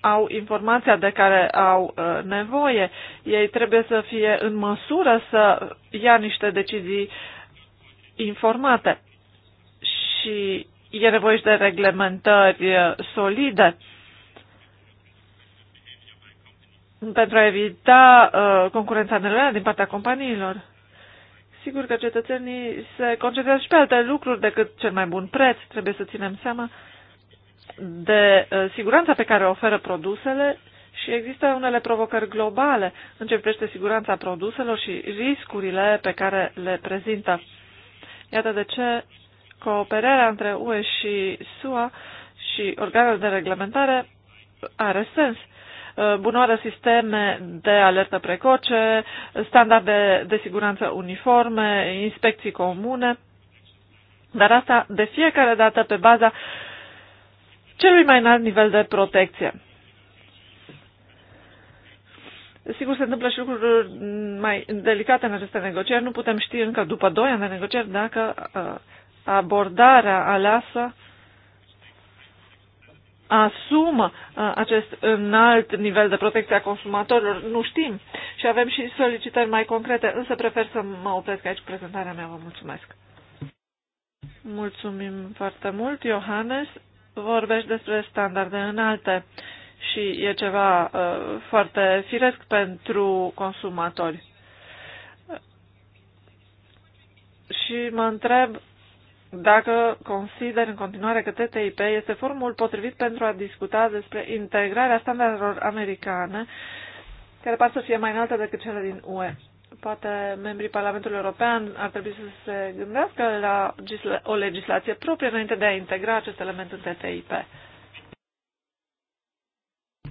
au informația de care au uh, nevoie. Ei trebuie să fie în măsură să ia niște decizii informate. Și e nevoie și de reglementări uh, solide pentru a evita uh, concurența neloială din partea companiilor. Sigur că cetățenii se concentrează și pe alte lucruri decât cel mai bun preț. Trebuie să ținem seama de uh, siguranța pe care o oferă produsele și există unele provocări globale în ce privește siguranța produselor și riscurile pe care le prezintă. Iată de ce cooperarea între UE și SUA și organele de reglementare are sens. Uh, bunoare sisteme de alertă precoce, standarde de siguranță uniforme, inspecții comune, dar asta de fiecare dată pe baza celui mai înalt nivel de protecție. Sigur, se întâmplă și lucruri mai delicate în aceste negocieri. Nu putem ști încă după doi ani de negocieri dacă uh, abordarea aleasă asumă uh, acest înalt nivel de protecție a consumatorilor, nu știm. Și avem și solicitări mai concrete, însă prefer să mă opresc aici prezentarea mea. Vă mulțumesc. Mulțumim foarte mult, Iohannes. Vorbești despre standarde înalte și e ceva uh, foarte firesc pentru consumatori. Și mă întreb dacă consider în continuare că TTIP este formul potrivit pentru a discuta despre integrarea standardelor americane, care par să fie mai înaltă decât cele din UE. Poate membrii Parlamentului European ar trebui să se gândească la o legislație proprie înainte de a integra acest element în TTIP.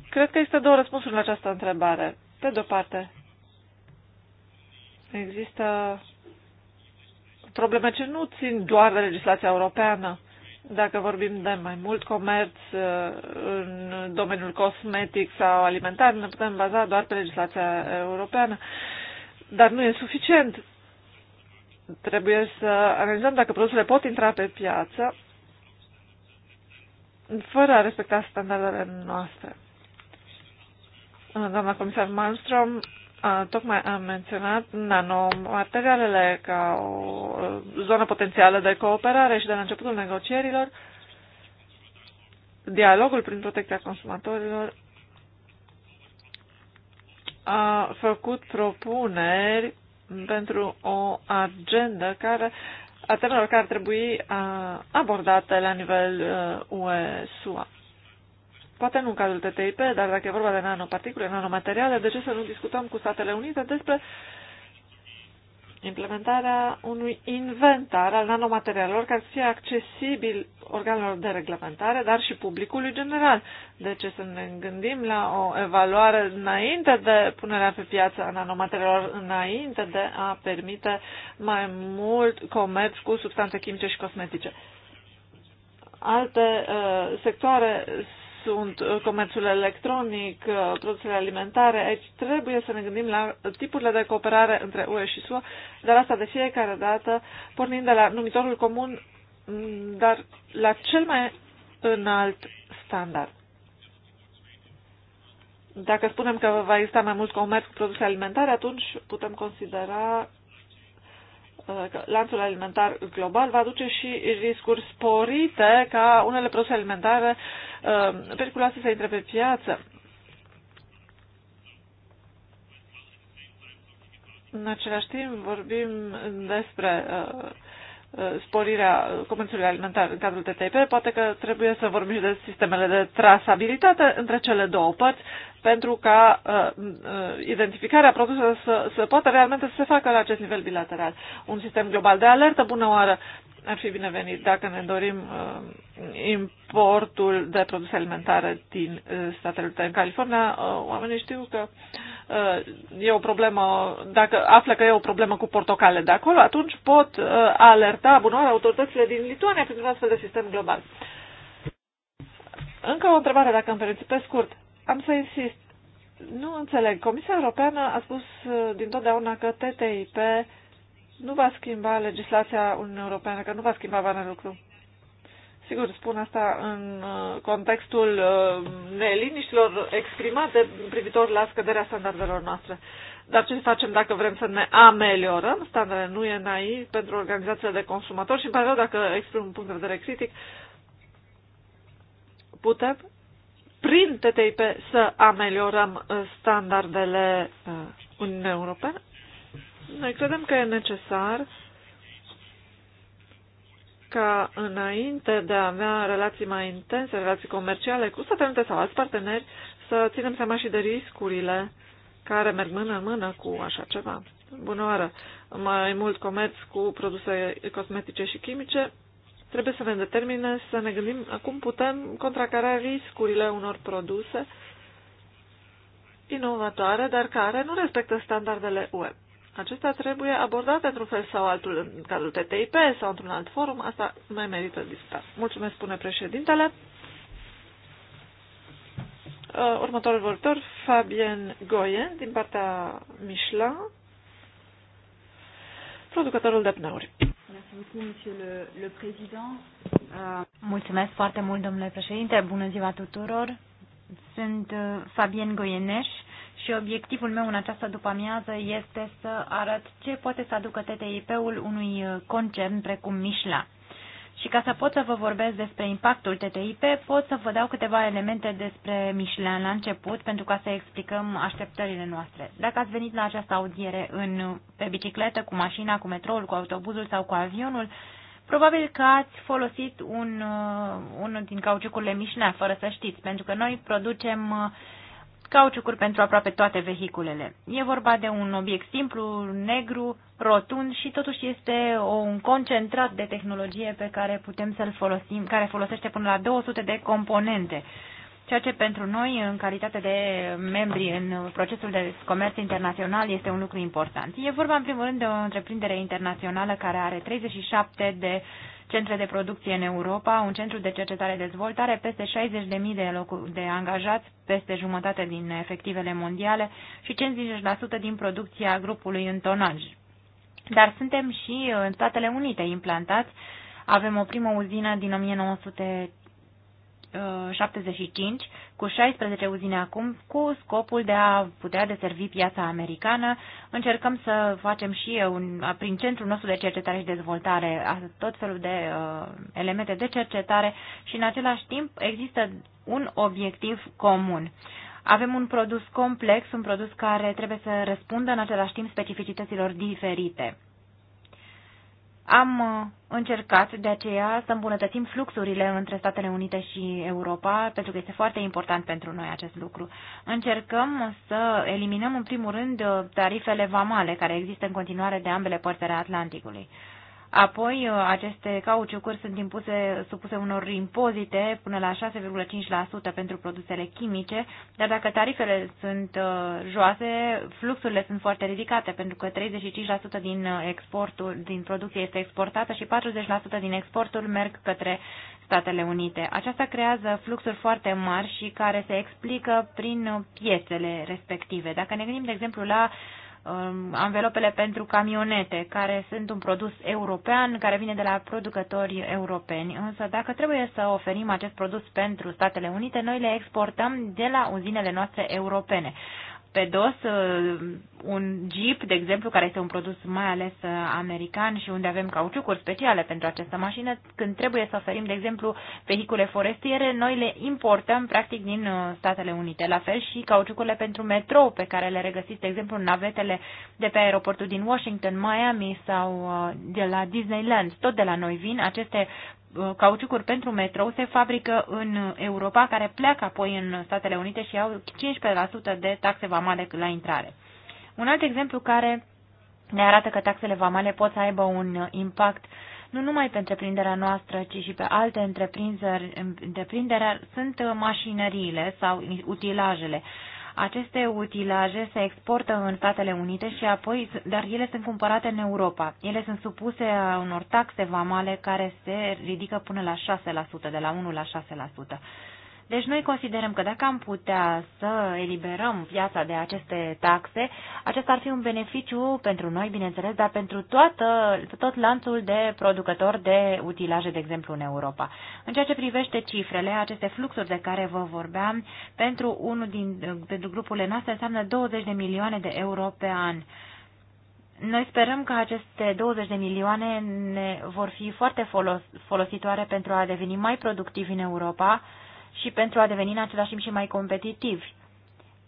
Cred că există două răspunsuri la această întrebare. Pe de-o parte, există probleme ce nu țin doar de legislația europeană. Dacă vorbim de mai mult comerț uh, în domeniul cosmetic sau alimentar, ne putem baza doar pe legislația europeană. Dar nu e suficient. Trebuie să analizăm dacă produsele pot intra pe piață fără a respecta standardele noastre. Doamna comisar Malmström Tocmai am menționat nanomaterialele ca o zonă potențială de cooperare și de la începutul negocierilor, dialogul prin protecția consumatorilor a făcut propuneri pentru o agendă care a temelor care ar trebui abordate la nivel UE-SUA. Uh, Poate nu în cadrul TTIP, dar dacă e vorba de nanoparticule, nanomateriale, de ce să nu discutăm cu Statele Unite despre implementarea unui inventar al nanomaterialelor care să fie accesibil organelor de reglementare, dar și publicului general. De ce să ne gândim la o evaluare înainte de punerea pe piață a nanomaterialelor, înainte de a permite mai mult comerț cu substanțe chimice și cosmetice? Alte uh, sectoare sunt uh, comerțul electronic, uh, produsele alimentare. Aici trebuie să ne gândim la tipurile de cooperare între UE și SUA, dar asta de fiecare dată, pornind de la numitorul comun, mm, dar la cel mai înalt standard. Dacă spunem că va exista mai mult comerț cu produse alimentare, atunci putem considera lanțul alimentar global va aduce și riscuri sporite ca unele produse alimentare uh, periculoase să intre pe piață. În același timp vorbim despre uh, uh, sporirea comerțului alimentar în cadrul TTIP, poate că trebuie să vorbim și de sistemele de trasabilitate între cele două părți, pentru ca uh, uh, identificarea produselor să, să poată realmente să se facă la acest nivel bilateral. Un sistem global de alertă, bună oară, ar fi binevenit dacă ne dorim uh, importul de produse alimentare din uh, Statele Unite. În California, uh, oamenii știu că uh, e o problemă, dacă află că e o problemă cu portocale de acolo, atunci pot uh, alerta, bună oară, autoritățile din Lituania pentru un astfel de sistem global. Încă o întrebare, dacă îmi permiți, pe scurt am să insist. Nu înțeleg. Comisia Europeană a spus uh, dintotdeauna că TTIP nu va schimba legislația Uniunii Europeană, că nu va schimba vana lucru. Sigur, spun asta în uh, contextul uh, neliniștilor exprimate privitor la scăderea standardelor noastre. Dar ce facem dacă vrem să ne ameliorăm standardele? Nu e naiv pentru organizațiile de consumatori și, în paralel, dacă exprim un punct de vedere critic, putem prin TTIP să ameliorăm uh, standardele uh, Uniunii Europene? Noi credem că e necesar ca înainte de a avea relații mai intense, relații comerciale cu Statele Unite sau alți parteneri, să ținem seama și de riscurile care merg mână în mână cu așa ceva. Bună oară! Mai mult comerț cu produse cosmetice și chimice Trebuie să ne determine să ne gândim cum putem contracara riscurile unor produse inovatoare, dar care nu respectă standardele UE. Acestea trebuie abordate într-un fel sau altul în cadrul TTIP sau într-un alt forum. Asta mai merită discutat. Mulțumesc, spune președintele. Uh, următorul vorbitor, Fabien Goyen, din partea Michelin, producătorul de pneuri. Euh, Mulțumesc foarte mult, domnule președinte. Bună ziua tuturor. Sunt uh, Fabien Goieneș și obiectivul meu în această după-amiază este să arăt ce poate să aducă TTIP-ul unui uh, concern precum Mișla. Și ca să pot să vă vorbesc despre impactul TTIP, pot să vă dau câteva elemente despre Michelin la început, pentru ca să explicăm așteptările noastre. Dacă ați venit la această audiere în, pe bicicletă, cu mașina, cu metroul, cu autobuzul sau cu avionul, probabil că ați folosit un, uh, unul din cauciucurile Michelin, fără să știți, pentru că noi producem uh, cauciucuri pentru aproape toate vehiculele. E vorba de un obiect simplu, negru, rotund și totuși este un concentrat de tehnologie pe care putem să-l folosim, care folosește până la 200 de componente. Ceea ce pentru noi, în calitate de membri în procesul de comerț internațional, este un lucru important. E vorba, în primul rând, de o întreprindere internațională care are 37 de centre de producție în Europa, un centru de cercetare-dezvoltare, peste 60.000 de, de angajați, peste jumătate din efectivele mondiale și 50% din producția grupului în tonaj. Dar suntem și în Statele Unite implantați avem o primă uzină din 1950 75 cu 16 uzine acum cu scopul de a putea deservi piața americană. Încercăm să facem și eu, prin centrul nostru de cercetare și dezvoltare tot felul de uh, elemente de cercetare și în același timp există un obiectiv comun. Avem un produs complex, un produs care trebuie să răspundă în același timp specificităților diferite. Am uh, încercat de aceea să îmbunătățim fluxurile între Statele Unite și Europa, pentru că este foarte important pentru noi acest lucru. Încercăm să eliminăm, în primul rând, tarifele vamale care există în continuare de ambele părți ale Atlanticului. Apoi, uh, aceste cauciucuri sunt impuse, supuse unor impozite până la 6,5% pentru produsele chimice, dar dacă tarifele sunt uh, joase, fluxurile sunt foarte ridicate, pentru că 35% din uh, exportul, din producție este exportată și 40% din exportul merg către Statele Unite. Aceasta creează fluxuri foarte mari și care se explică prin piețele respective. Dacă ne gândim, de exemplu, la uh, Um, anvelopele pentru camionete, care sunt un produs european, care vine de la producători europeni. Însă dacă trebuie să oferim acest produs pentru Statele Unite, noi le exportăm de la uzinele noastre europene pe dos uh, un Jeep, de exemplu, care este un produs mai ales uh, american și unde avem cauciucuri speciale pentru această mașină, când trebuie să oferim, de exemplu, vehicule forestiere, noi le importăm practic din uh, Statele Unite. La fel și cauciucurile pentru metrou pe care le regăsiți, de exemplu, în navetele de pe aeroportul din Washington, Miami sau de la Disneyland, tot de la noi vin. Aceste Uh, cauciucuri pentru metrou se fabrică în Europa, care pleacă apoi în Statele Unite și au 15% de taxe vamale la intrare. Un alt exemplu care ne arată că taxele vamale pot să aibă un impact nu numai pe întreprinderea noastră, ci și pe alte întreprinderi, întreprinderi sunt mașinăriile sau utilajele. Aceste utilaje se exportă în Statele Unite și apoi, dar ele sunt cumpărate în Europa. Ele sunt supuse a uh, unor taxe vamale care se ridică până la 6%, de la 1 la 6%. Deci noi considerăm că dacă am putea să eliberăm viața de aceste taxe, acesta ar fi un beneficiu pentru noi, bineînțeles, dar pentru toată, tot lanțul de producători de utilaje, de exemplu, în Europa. În ceea ce privește cifrele, aceste fluxuri de care vă vorbeam, pentru, unul din, pentru grupurile noastre înseamnă 20 de milioane de euro pe an. Noi sperăm că aceste 20 de milioane ne vor fi foarte folos, folositoare pentru a deveni mai productivi în Europa, și pentru a deveni în același timp și mai competitivi.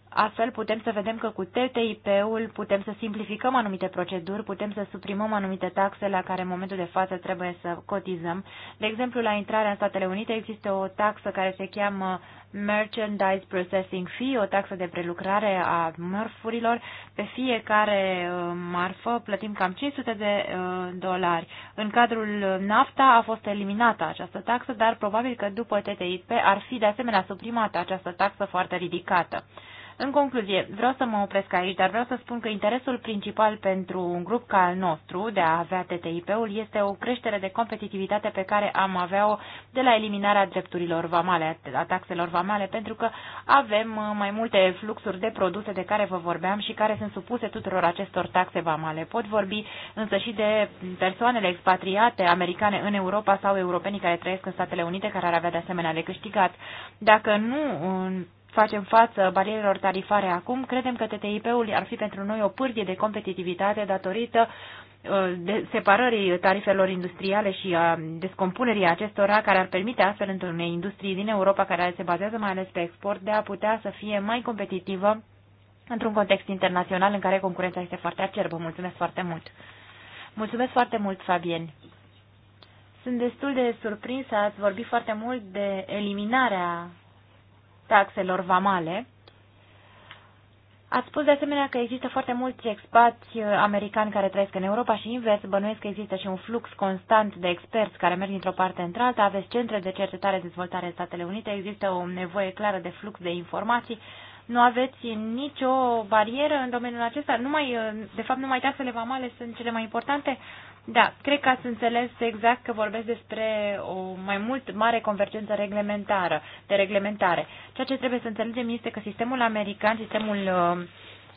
Astfel putem să vedem că cu TTIP-ul putem să simplificăm anumite proceduri, putem să suprimăm anumite taxe la care în momentul de față trebuie să cotizăm. De exemplu, la intrarea în Statele Unite există o taxă care se cheamă uh, merchandise processing fee, o taxă de prelucrare a mărfurilor. Pe fiecare uh, marfă plătim cam 500 de uh, dolari. În cadrul NAFTA a fost eliminată această taxă, dar probabil că după TTIP ar fi de asemenea suprimată această taxă foarte ridicată. În concluzie, vreau să mă opresc aici, dar vreau să spun că interesul principal pentru un grup ca al nostru de a avea TTIP-ul este o creștere de competitivitate pe care am avea-o de la eliminarea drepturilor vamale, a taxelor vamale, pentru că avem uh, mai multe fluxuri de produse de care vă vorbeam și care sunt supuse tuturor acestor taxe vamale. Pot vorbi însă și de persoanele expatriate americane în Europa sau europenii care trăiesc în Statele Unite care ar avea de asemenea de câștigat. Dacă nu facem față barierelor tarifare acum, credem că TTIP-ul ar fi pentru noi o pârghie de competitivitate datorită uh, de separării tarifelor industriale și a descompunerii acestora, care ar permite astfel într unei industrii din Europa care se bazează mai ales pe export, de a putea să fie mai competitivă într-un context internațional în care concurența este foarte acerbă. Mulțumesc foarte mult! Mulțumesc foarte mult, Fabien! Sunt destul de surprins, ați vorbit foarte mult de eliminarea taxelor vamale. Ați spus de asemenea că există foarte mulți expați uh, americani care trăiesc în Europa și invers, bănuiesc că există și un flux constant de experți care merg dintr-o parte într-alta, aveți centre de cercetare, dezvoltare în Statele Unite, există o nevoie clară de flux de informații, nu aveți nicio barieră în domeniul acesta, numai, uh, de fapt numai taxele vamale sunt cele mai importante, da, cred că ați înțeles exact că vorbesc despre o mai mult mare convergență reglementară, de reglementare. Ceea ce trebuie să înțelegem este că sistemul american, sistemul uh,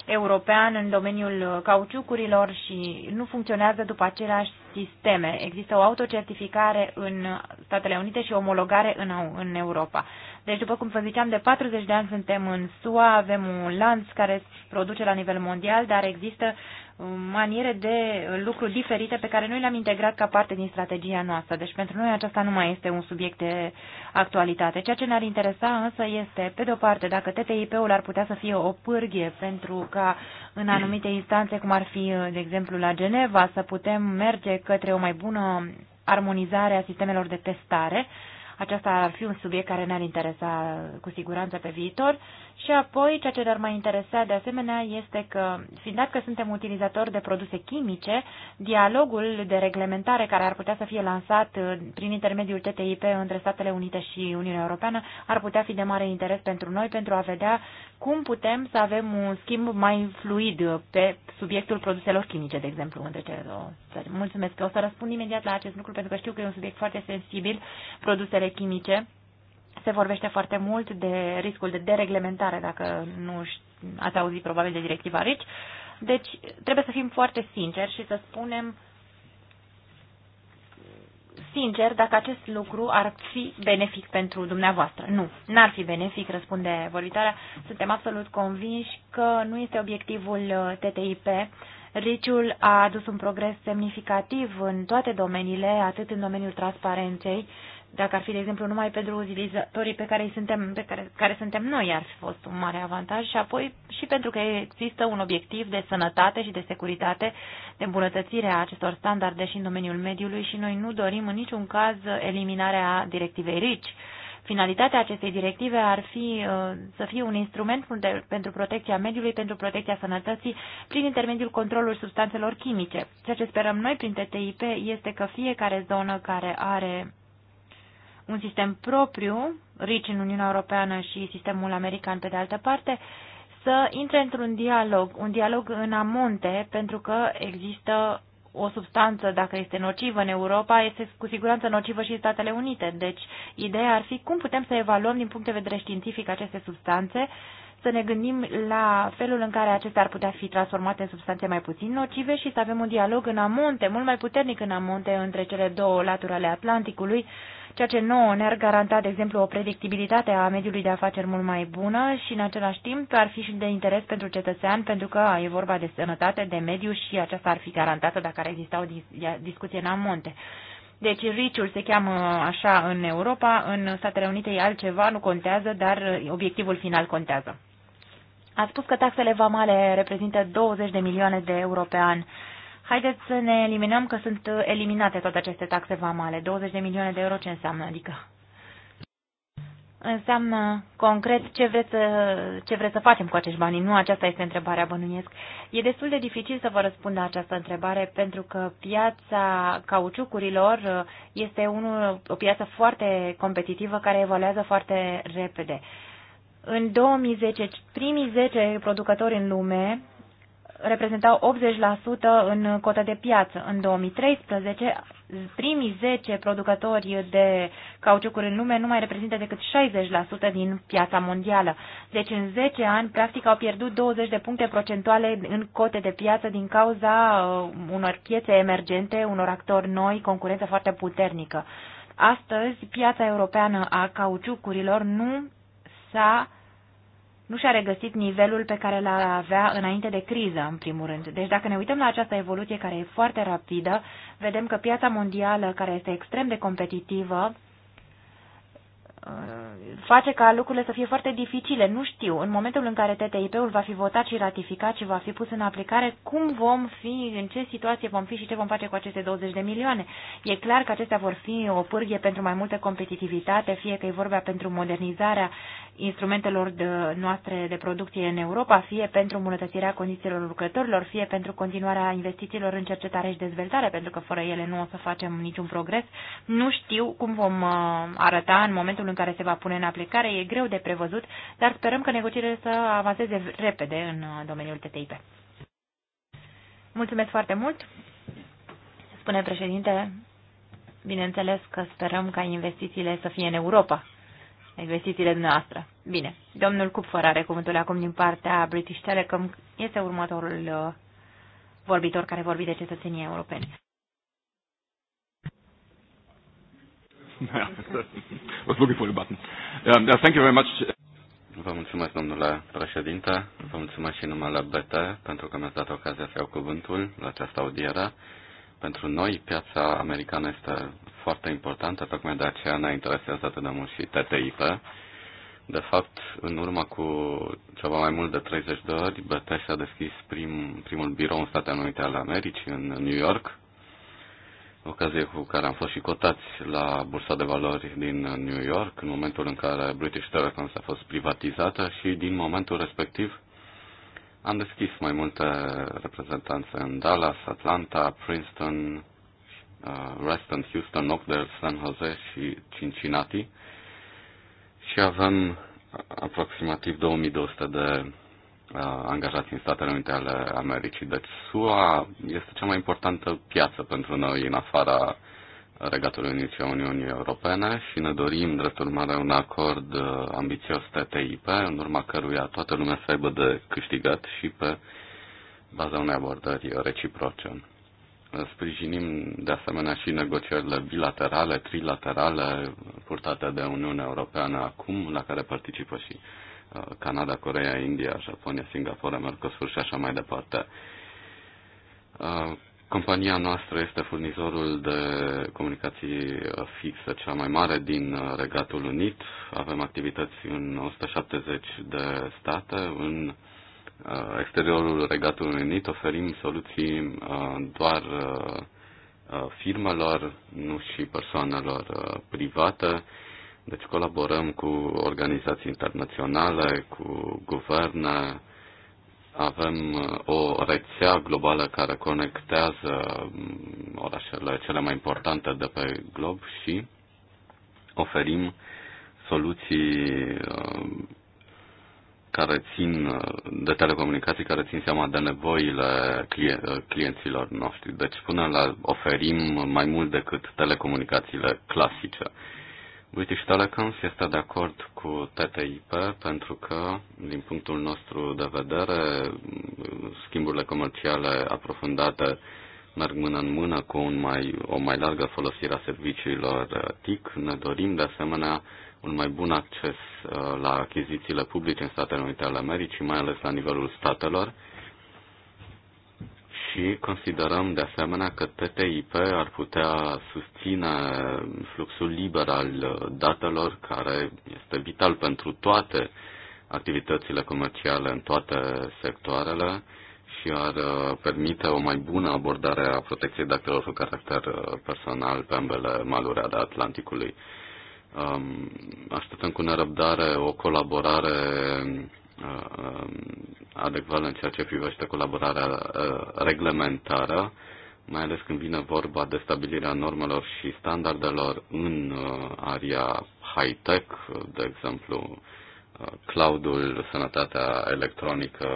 european în domeniul uh, cauciucurilor și nu funcționează după același sisteme. Există o autocertificare în Statele Unite și omologare în, în Europa. Deci, după cum vă ziceam, de 40 de ani suntem în SUA, avem un lanț care se produce la nivel mondial, dar există um, maniere de lucru diferite pe care noi le-am integrat ca parte din strategia noastră. Deci pentru noi aceasta nu mai este un subiect de actualitate. Ceea ce ne-ar interesa însă este, pe de-o parte, dacă TTIP-ul ar putea să fie o pârghie pentru ca în anumite instanțe, cum ar fi, uh, de exemplu, la Geneva, să putem merge către o mai bună armonizare a sistemelor de testare. Aceasta ar fi un subiect care ne-ar interesa cu siguranță pe viitor. Și apoi, ceea ce ne-ar mai interesa de asemenea este că, fiind dat că suntem utilizatori de produse chimice, dialogul de reglementare care ar putea să fie lansat uh, prin intermediul TTIP între Statele Unite și Uniunea Europeană ar putea fi de mare interes pentru noi pentru a vedea cum putem să avem un schimb mai fluid pe subiectul produselor chimice, de exemplu, între cele două țări. Mulțumesc că o să răspund imediat la acest lucru, pentru că știu că e un subiect foarte sensibil, produsele chimice. Se vorbește foarte mult de riscul de dereglementare, dacă nu ați auzit probabil de directiva RICI. Deci, trebuie să fim foarte sinceri și să spunem uh, sincer, dacă acest lucru ar fi benefic pentru dumneavoastră. Nu, n-ar fi benefic, răspunde vorbitoarea. Suntem absolut convinși că nu este obiectivul uh, TTIP. Riciul a adus un progres semnificativ în toate domeniile, atât în domeniul transparenței, dacă ar fi, de exemplu, numai pentru utilizatorii pe care, suntem, pe care, care suntem noi, ar fi fost un mare avantaj și apoi și pentru că există un obiectiv de sănătate și de securitate, de îmbunătățire a acestor standarde și în domeniul mediului și noi nu dorim în niciun caz eliminarea directivei RICI. Finalitatea acestei directive ar fi uh, să fie un instrument pentru protecția mediului, pentru protecția sănătății, prin intermediul controlului substanțelor chimice. Ceea ce sperăm noi prin TTIP este că fiecare zonă care are un sistem propriu, RICI în Uniunea Europeană și sistemul american pe de altă parte, să intre într-un dialog, un dialog în amonte, pentru că există o substanță, dacă este nocivă în Europa, este cu siguranță nocivă și în Statele Unite. Deci, ideea ar fi cum putem să evaluăm din punct de vedere științific aceste substanțe, să ne gândim la felul în care acestea ar putea fi transformate în substanțe mai puțin nocive și să avem un dialog în amonte, mult mai puternic în amonte, între cele două laturi ale Atlanticului, ceea ce nouă ne-ar garanta, de exemplu, o predictibilitate a mediului de afaceri mult mai bună și, în același timp, ar fi și de interes pentru cetățean, pentru că e vorba de sănătate, de mediu și aceasta ar fi garantată dacă ar exista o discuție în amonte. Deci riciul se cheamă așa în Europa, în Statele Unite e altceva, nu contează, dar obiectivul final contează. A spus că taxele vamale reprezintă 20 de milioane de euro pe an Haideți să ne eliminăm că sunt uh, eliminate toate aceste taxe vamale. 20 de milioane de euro ce înseamnă? Adică înseamnă concret ce vreți, să, uh, ce vreți să facem cu acești bani. Nu aceasta este întrebarea, bănuiesc. E destul de dificil să vă răspund la această întrebare pentru că piața cauciucurilor uh, este unul, o piață foarte competitivă care evoluează foarte repede. În 2010, primii 10 producători în lume reprezentau 80% în cotă de piață. În 2013, primii 10 producători de cauciucuri în lume nu mai reprezintă decât 60% din piața mondială. Deci în 10 ani, practic, au pierdut 20 de puncte procentuale în cote de piață din cauza uh, unor piețe emergente, unor actori noi, concurență foarte puternică. Astăzi, piața europeană a cauciucurilor nu s-a nu și-a regăsit nivelul pe care l-a avea înainte de criză, în primul rând. Deci dacă ne uităm la această evoluție care e foarte rapidă, vedem că piața mondială, care este extrem de competitivă, uh, face ca lucrurile să fie foarte dificile. Nu știu, în momentul în care TTIP-ul va fi votat și ratificat și va fi pus în aplicare, cum vom fi, în ce situație vom fi și ce vom face cu aceste 20 de milioane. E clar că acestea vor fi o pârghie pentru mai multă competitivitate, fie că e vorba pentru modernizarea instrumentelor de, noastre de producție în Europa, fie pentru îmbunătățirea condițiilor lucrătorilor, fie pentru continuarea investițiilor în cercetare și dezvoltare, pentru că fără ele nu o să facem niciun progres. Nu știu cum vom uh, arăta în momentul în care se va pune în aplicare, e greu de prevăzut, dar sperăm că negocierile să avanseze repede în uh, domeniul TTIP. Mulțumesc foarte mult, spune președinte. Bineînțeles că sperăm ca investițiile să fie în Europa investițiile noastre. Bine, domnul Cupfer are cuvântul acum din partea British Telecom. Este următorul uh, vorbitor care vorbi de cetățenie europene. Um, Vă mulțumesc, domnule președinte. Vă mulțumesc și numele BT pentru că mi-ați dat ocazia să iau cuvântul la această audiere. Pentru noi, piața americană este foarte importantă, tocmai de aceea ne interesează atât de mult și TTIP. De fapt, în urmă cu ceva mai mult de 30 de ori, BT și-a deschis prim, primul birou în Statele Unite ale Americii, în New York, ocazie cu care am fost și cotați la Bursa de Valori din New York, în momentul în care British Telecom s-a fost privatizată și din momentul respectiv am deschis mai multe reprezentanțe în Dallas, Atlanta, Princeton, uh, Reston, Houston, Oakdale, San Jose și Cincinnati și avem aproximativ 2200 de uh, angajați în Statele Unite ale Americii. Deci SUA este cea mai importantă piață pentru noi în afara Regatului Unit și a Uniunii Europene și ne dorim, drept urmare, un acord uh, ambițios TTIP, în urma căruia toată lumea să aibă de câștigat și pe baza unei abordări reciproce. Sprijinim de asemenea și negocierile bilaterale, trilaterale purtate de Uniunea Europeană acum, la care participă și uh, Canada, Coreea, India, Japonia, Singapore, Mercosur și așa mai departe uh, Compania noastră este furnizorul de comunicații fixe cea mai mare din Regatul Unit. Avem activități în 170 de state. În uh, exteriorul Regatului Unit oferim soluții uh, doar uh, firmelor, nu și persoanelor private. Deci colaborăm cu organizații internaționale, cu guverne, avem uh, o rețea globală care conectează um, orașele cele mai importante de pe glob și oferim soluții uh, care țin uh, de telecomunicații, care țin seama de nevoile clienților noștri. Deci până la oferim mai mult decât telecomunicațiile clasice. British Telecom este de acord cu TTIP pentru că, din punctul nostru de vedere, schimburile comerciale aprofundate merg mână în mână cu un mai, o mai largă folosire a serviciilor uh, TIC. Ne dorim, de asemenea, un mai bun acces uh, la achizițiile publice în Statele Unite ale Americii, mai ales la nivelul statelor și considerăm de asemenea că TTIP ar putea susține fluxul liber al uh, datelor, care este vital pentru toate activitățile comerciale în toate sectoarele și ar uh, permite o mai bună abordare a protecției datelor cu caracter uh, personal pe ambele maluri ale Atlanticului. Um, așteptăm cu nerăbdare o colaborare Uh, um, adecvat în ceea ce privește colaborarea uh, reglementară, mai ales când vine vorba de stabilirea normelor și standardelor în uh, area high-tech, de exemplu, cloudul, sănătatea electronică,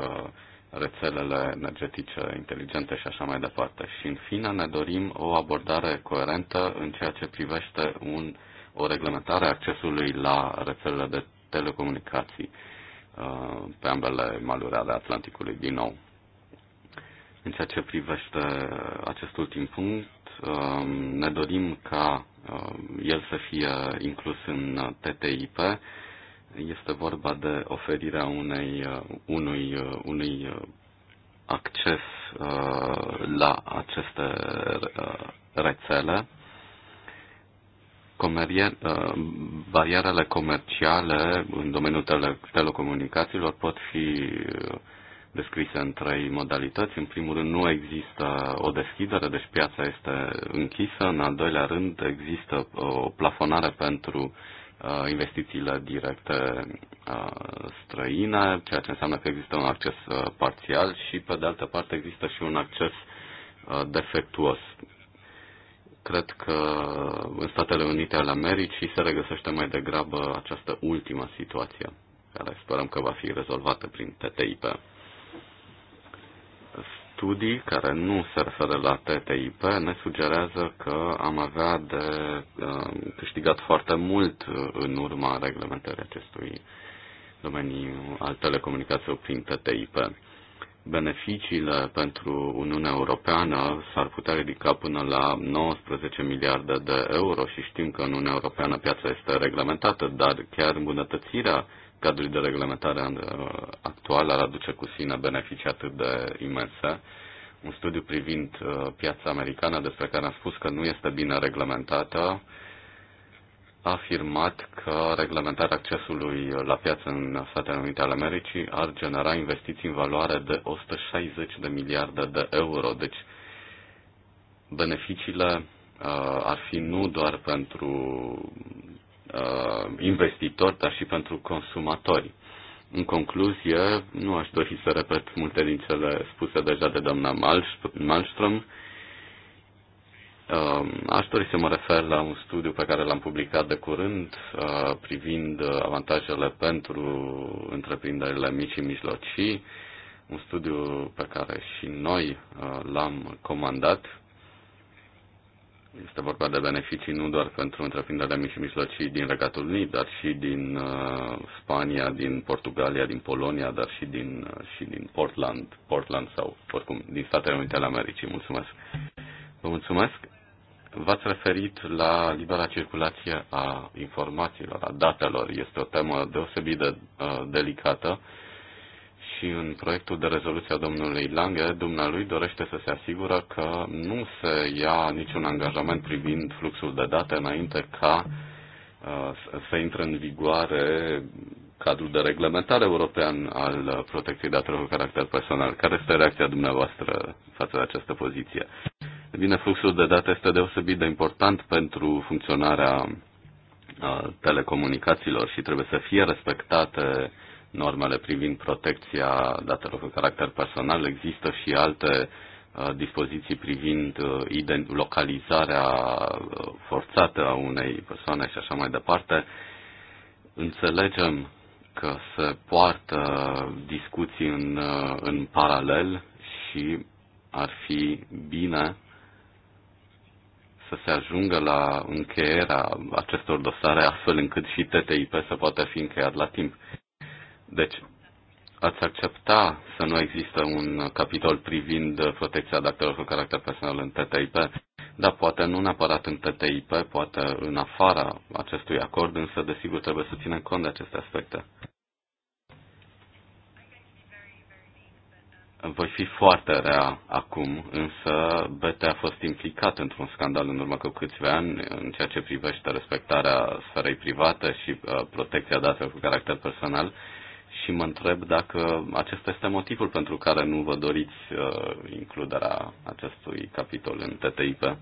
rețelele energetice inteligente și așa mai departe. Și în fine ne dorim o abordare coerentă în ceea ce privește un, o reglementare a accesului la rețelele de telecomunicații. Uh, pe ambele maluri ale Atlanticului din nou. În ceea ce privește acest ultim punct, um, ne dorim ca uh, el să fie inclus în TTIP. Este vorba de oferirea unei, uh, unui, unui acces la aceste rețele Uh, barierele comerciale în domeniul tele, telecomunicațiilor pot fi uh, descrise în trei modalități. În primul rând, nu există o deschidere, deci piața este închisă. În al doilea rând, există uh, o plafonare pentru investițiile directe străine, ceea ce înseamnă că există un acces parțial și, pe de altă parte, există și un acces defectuos cred că în Statele Unite ale Americii se regăsește mai degrabă această ultimă situație, care sperăm că va fi rezolvată prin TTIP. Studii care nu se referă la TTIP ne sugerează că am avea de uh, câștigat foarte mult în urma reglementării acestui domeniu al telecomunicațiilor prin TTIP beneficiile pentru Uniunea Europeană s-ar putea ridica până la 19 miliarde de euro și știm că în Uniunea Europeană piața este reglementată, dar chiar îmbunătățirea cadrului de reglementare uh, actual ar aduce cu sine beneficii atât de imense. Un studiu privind uh, piața americană despre care am spus că nu este bine reglementată, afirmat că reglementarea accesului la piață în Statele Unite ale Americii ar genera investiții în valoare de 160 de miliarde de euro. Deci, beneficiile uh, ar fi nu doar pentru uh, investitori, dar și pentru consumatori. În concluzie, nu aș dori să repet multe din cele spuse deja de doamna Malmström, Um, aș dori să mă refer la un studiu pe care l-am publicat de curând uh, privind avantajele pentru întreprinderile mici și mijlocii, un studiu pe care și noi uh, l-am comandat. Este vorba de beneficii nu doar pentru întreprinderile mici și mijlocii din Regatul Unit, dar și din uh, Spania, din Portugalia, din Polonia, dar și din, și din Portland, Portland sau oricum din Statele Unite ale Americii. Mulțumesc! Vă mulțumesc! V-ați referit la libera circulație a informațiilor, a datelor. Este o temă deosebit de uh, delicată și în proiectul de rezoluție a domnului Lange, dumnealui dorește să se asigură că nu se ia niciun angajament privind fluxul de date înainte ca uh, să intre în vigoare cadrul de reglementare european al protecției datelor cu caracter personal. Care este reacția dumneavoastră față de această poziție? bine, fluxul de date este deosebit de important pentru funcționarea telecomunicațiilor și trebuie să fie respectate normele privind protecția datelor cu caracter personal. Există și alte dispoziții privind localizarea forțată a unei persoane și așa mai departe. Înțelegem că se poartă discuții în, în paralel și ar fi bine să se ajungă la încheierea acestor dosare, astfel încât și TTIP să poată fi încheiat la timp. Deci, ați accepta să nu există un capitol privind protecția datelor cu caracter personal în TTIP, dar poate nu neapărat în TTIP, poate în afara acestui acord, însă desigur trebuie să ținem cont de aceste aspecte. Voi fi foarte rea acum, însă BT a fost implicat într-un scandal în urmă cu câțiva ani în ceea ce privește respectarea sferei private și uh, protecția datelor cu caracter personal și mă întreb dacă acesta este motivul pentru care nu vă doriți uh, includerea acestui capitol în TTIP. Uh,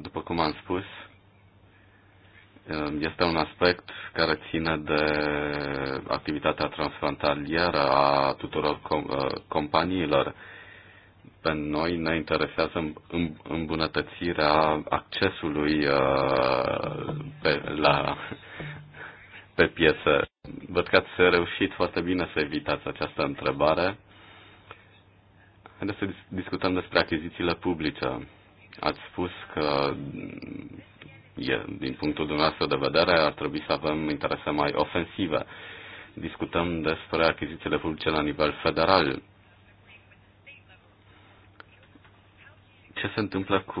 după cum am spus, este un aspect care ține de activitatea transfrontalieră a tuturor com- uh, companiilor. Pe noi ne interesează îmbunătățirea accesului uh, pe, la, pe piesă. Văd că ați reușit foarte bine să evitați această întrebare. Haideți să discutăm despre achizițiile publice. Ați spus că din punctul dumneavoastră de vedere, ar trebui să avem interese mai ofensive. Discutăm despre achizițiile publice la nivel federal. Ce se întâmplă cu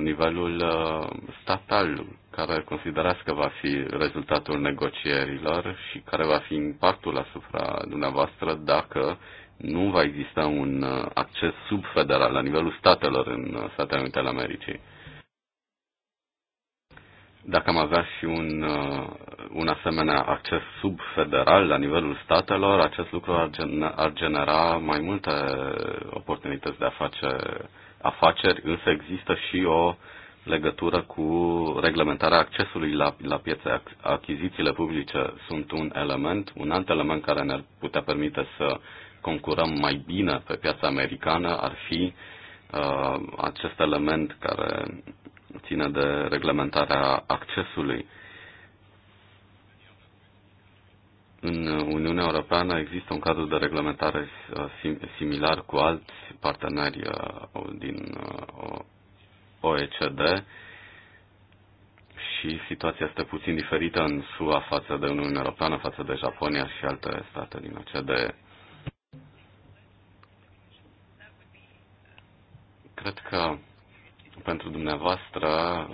nivelul uh, statal, care considerați că va fi rezultatul negocierilor și care va fi impactul asupra dumneavoastră dacă nu va exista un uh, acces subfederal la nivelul statelor în uh, Statele Unite ale Americii? dacă am avea și un, uh, un asemenea acces subfederal la nivelul statelor, acest lucru ar, gen, ar genera mai multe oportunități de a face afaceri, însă există și o legătură cu reglementarea accesului la, la piețe. Achizițiile publice sunt un element, un alt element care ne-ar putea permite să concurăm mai bine pe piața americană ar fi uh, acest element care ține de reglementarea accesului. În Uniunea Europeană există un cadru de reglementare uh, similar cu alți parteneri uh, din uh, OECD și situația este puțin diferită în SUA față de Uniunea Europeană, față de Japonia și alte state din OECD Cred că pentru dumneavoastră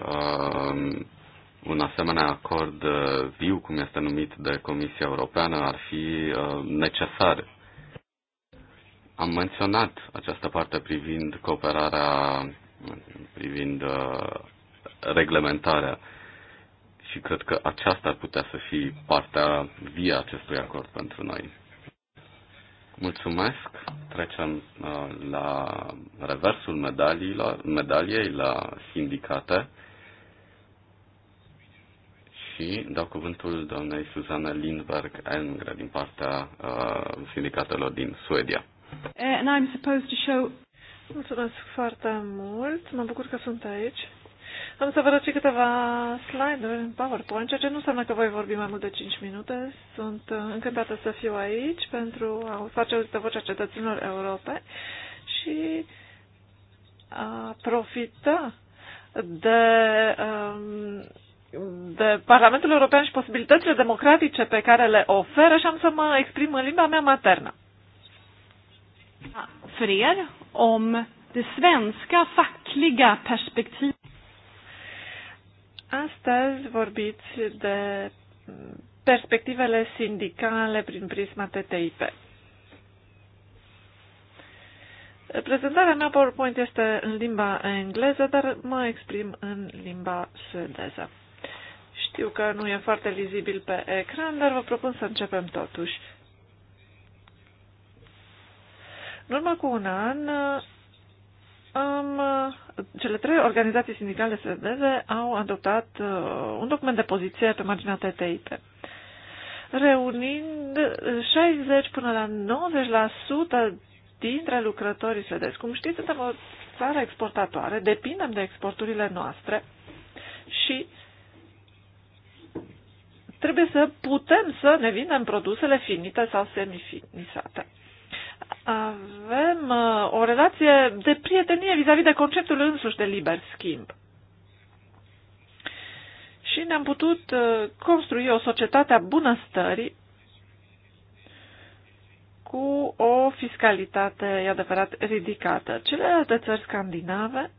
uh, un asemenea acord uh, viu, cum este numit de Comisia Europeană, ar fi uh, necesar. Am menționat această parte privind cooperarea, privind uh, reglementarea și cred că aceasta ar putea să fie partea via acestui acord pentru noi. Mulțumesc. Trecem uh, la reversul la medaliei, la sindicate. Și dau cuvântul doamnei Suzana Lindberg Engre din partea uh, sindicatelor din Suedia. And I'm supposed to show... Mulțumesc foarte mult. Mă bucur că sunt aici. Am să vă arăt și câteva slide-uri în PowerPoint, ceea ce nu înseamnă că voi vorbi mai mult de 5 minute. Sunt uh, încântată să fiu aici pentru a face auzită vocea cetățenilor Europe și a profita de, um, de Parlamentul European și posibilitățile democratice pe care le oferă și am să mă exprim în limba mea maternă. Frier om de svenska fackliga perspektiv Astăzi vorbiți de perspectivele sindicale prin prisma TTIP. Prezentarea mea PowerPoint este în limba engleză, dar mă exprim în limba suedeză. Știu că nu e foarte lizibil pe ecran, dar vă propun să începem totuși. În urmă cu un an am, uh, cele trei organizații sindicale sedeze au adoptat uh, un document de poziție pe marginea TTIP, reunind 60 până la 90% dintre lucrătorii svedezi. Cum știți, suntem o țară exportatoare, depindem de exporturile noastre și trebuie să putem să ne vindem produsele finite sau semifinisate avem uh, o relație de prietenie vis-a-vis -vis de conceptul însuși de liber schimb. Și ne-am putut uh, construi o societate a bunăstării cu o fiscalitate, e adevărat, ridicată. Celelalte țări scandinave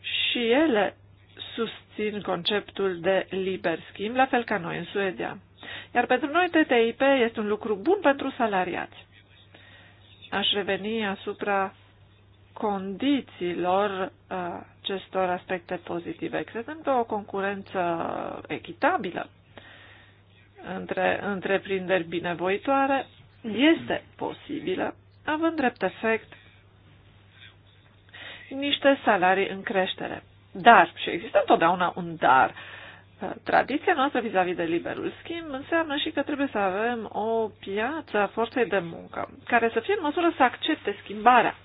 și ele susțin conceptul de liber schimb, la fel ca noi în Suedia. Iar pentru noi TTIP este un lucru bun pentru salariați. Aș reveni asupra condițiilor uh, acestor aspecte pozitive. Există o concurență echitabilă între întreprinderi binevoitoare este posibilă, având drept efect niște salarii în creștere. Dar, și există întotdeauna un dar, uh, Tradiția noastră vis-a-vis -vis de liberul schimb înseamnă și că trebuie să avem o piață a forței de muncă care să fie în măsură să accepte schimbarea.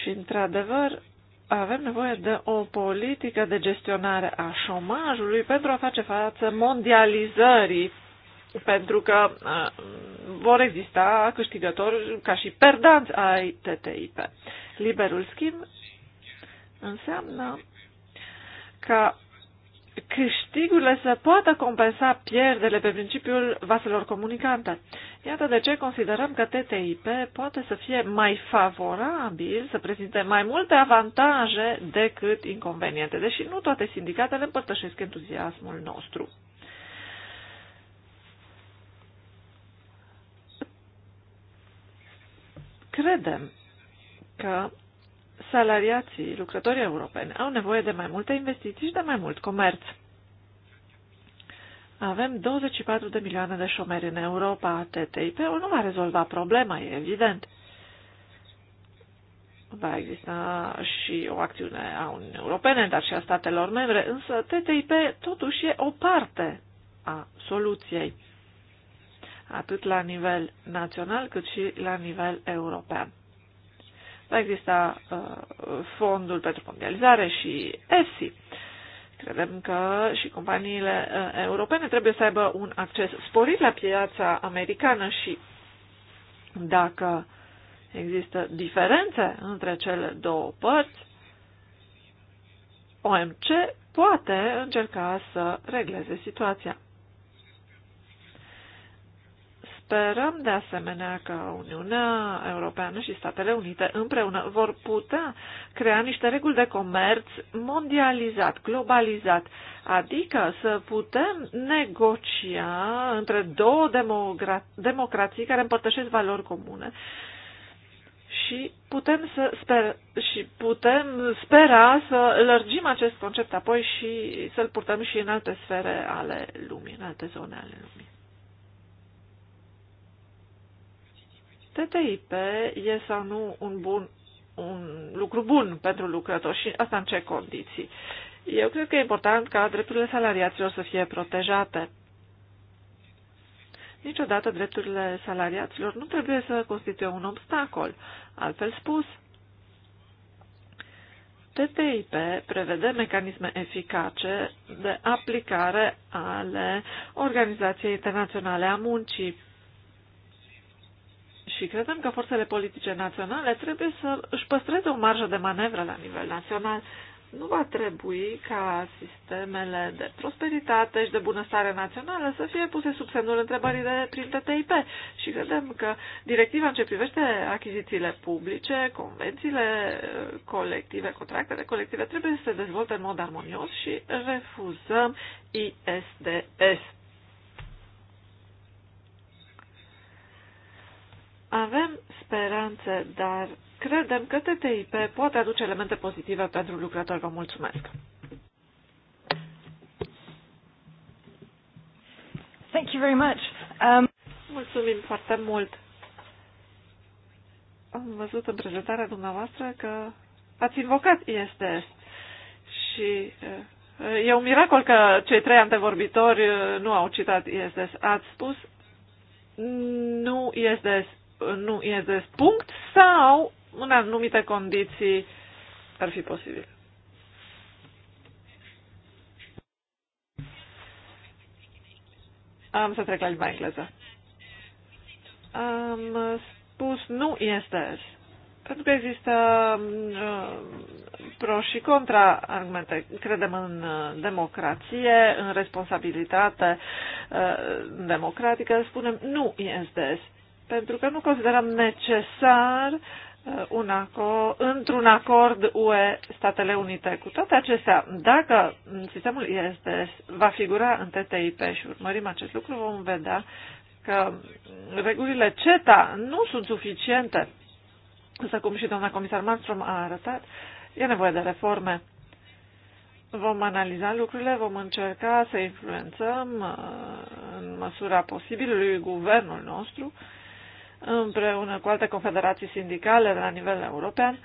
Și, într-adevăr, avem nevoie de o politică de gestionare a șomajului pentru a face față mondializării, pentru că uh, vor exista câștigători ca și perdanți ai TTIP. Liberul schimb înseamnă ca câștigurile să poată compensa pierderile pe principiul vaselor comunicante. Iată de ce considerăm că TTIP poate să fie mai favorabil, să prezinte mai multe avantaje decât inconveniente, deși nu toate sindicatele împărtășesc entuziasmul nostru. Credem că salariații, lucrătorii europeni, au nevoie de mai multe investiții și de mai mult comerț. Avem 24 de milioane de șomeri în Europa. TTIP-ul nu va rezolva problema, e evident. Va exista și o acțiune a Uniunii Europene, dar și a statelor membre, însă TTIP totuși e o parte a soluției, atât la nivel național cât și la nivel european. Va exista uh, fondul pentru mondializare și ESI. Credem că și companiile uh, europene trebuie să aibă un acces sporit la piața americană și dacă există diferențe între cele două părți, OMC poate încerca să regleze situația. Sperăm de asemenea că Uniunea Europeană și Statele Unite împreună vor putea crea niște reguli de comerț mondializat, globalizat, adică să putem negocia între două democra- democrații care împărtășesc valori comune și putem, să sper, și putem spera să lărgim acest concept apoi și să-l purtăm și în alte sfere ale lumii, în alte zone ale lumii. TTIP e sau nu un, bun, un lucru bun pentru lucrător și asta în ce condiții? Eu cred că e important ca drepturile salariaților să fie protejate. Niciodată drepturile salariaților nu trebuie să constituie un obstacol. Altfel spus, TTIP prevede mecanisme eficace de aplicare ale Organizației Internaționale a Muncii și credem că forțele politice naționale trebuie să își păstreze o marjă de manevră la nivel național. Nu va trebui ca sistemele de prosperitate și de bunăstare națională să fie puse sub semnul întrebării de prin TTIP. Și credem că directiva în ce privește achizițiile publice, convențiile eh, colective, contractele colective trebuie să se dezvolte în mod armonios și refuzăm ISDS. Avem speranțe, dar credem că TTIP poate aduce elemente pozitive pentru lucrători. Vă mulțumesc! Thank you very much. Um... Mulțumim foarte mult! Am văzut în prezentarea dumneavoastră că ați invocat ISDS și uh, e un miracol că cei trei antevorbitori uh, nu au citat ISDS. Ați spus nu ISDS, nu e de punct sau în anumite condiții ar fi posibil. Am să trec la limba engleză. Am spus nu este. Pentru că există uh, pro și contra argumente. Credem în uh, democrație, în responsabilitate uh, democratică. Spunem nu este pentru că nu considerăm necesar uh, un acord, într-un acord UE Statele Unite. Cu toate acestea, dacă sistemul este va figura în TTIP și urmărim acest lucru, vom vedea că regulile CETA nu sunt suficiente. Însă, cum și doamna comisar Malmström a arătat, e nevoie de reforme. Vom analiza lucrurile, vom încerca să influențăm uh, în măsura posibilului guvernul nostru împreună cu alte confederații sindicale de la nivel european,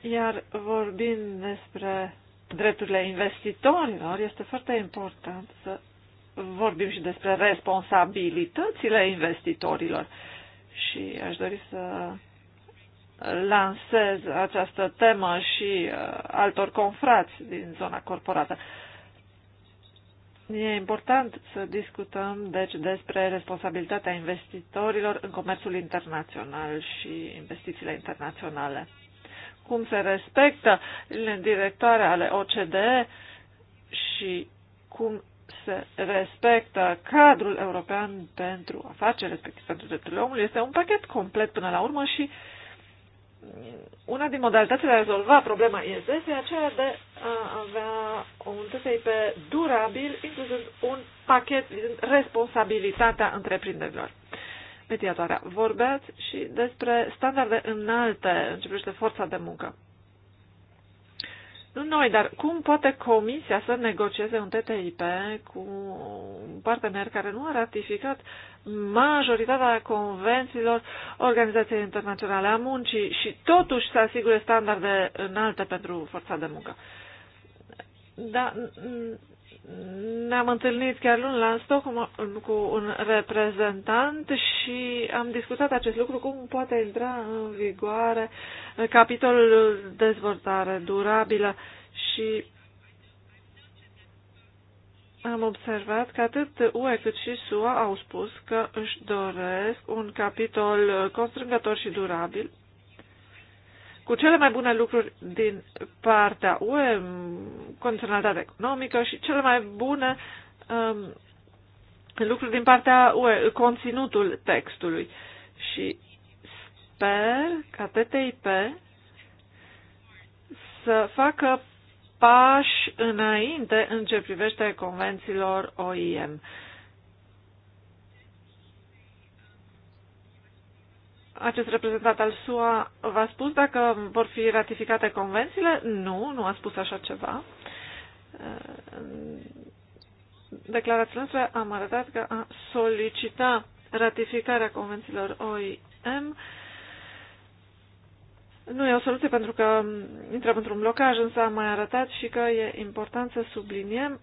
iar vorbind despre drepturile investitorilor, este foarte important să vorbim și despre responsabilitățile investitorilor. Și aș dori să lansez această temă și uh, altor confrați din zona corporată. E important să discutăm, deci, despre responsabilitatea investitorilor în comerțul internațional și investițiile internaționale. Cum se respectă linile directoare ale OCDE și cum se respectă cadrul european pentru afaceri, respectiv pentru drepturile omului, este un pachet complet până la urmă și uh, una din modalitățile de a rezolva problema ISS este aceea de a avea un TTIP durabil, inclusiv un pachet din responsabilitatea întreprinderilor. Mediatoarea, vorbeați și despre standarde înalte în ce privește forța de muncă. Nu Noi, dar cum poate Comisia să negocieze un TTIP cu un partener care nu a ratificat majoritatea convențiilor Organizației Internaționale a Muncii și totuși să asigure standarde înalte pentru forța de muncă? Da, ne-am întâlnit chiar luni la Stockholm cu un reprezentant și am discutat acest lucru, cum poate intra în vigoare capitolul dezvoltare durabilă și am observat că atât UE cât și SUA au spus că își doresc un capitol constrângător și durabil cu cele mai bune lucruri din partea UE, condiționalitatea economică și cele mai bune um, lucruri din partea UE, conținutul textului. Și sper ca TTIP să facă pași înainte în ce privește convențiilor OIM. acest reprezentant al SUA v-a spus dacă vor fi ratificate convențiile? Nu, nu a spus așa ceva. Declarația noastră am arătat că a solicita ratificarea convențiilor OIM nu e o soluție pentru că intrăm într-un blocaj, însă am mai arătat și că e important să subliniem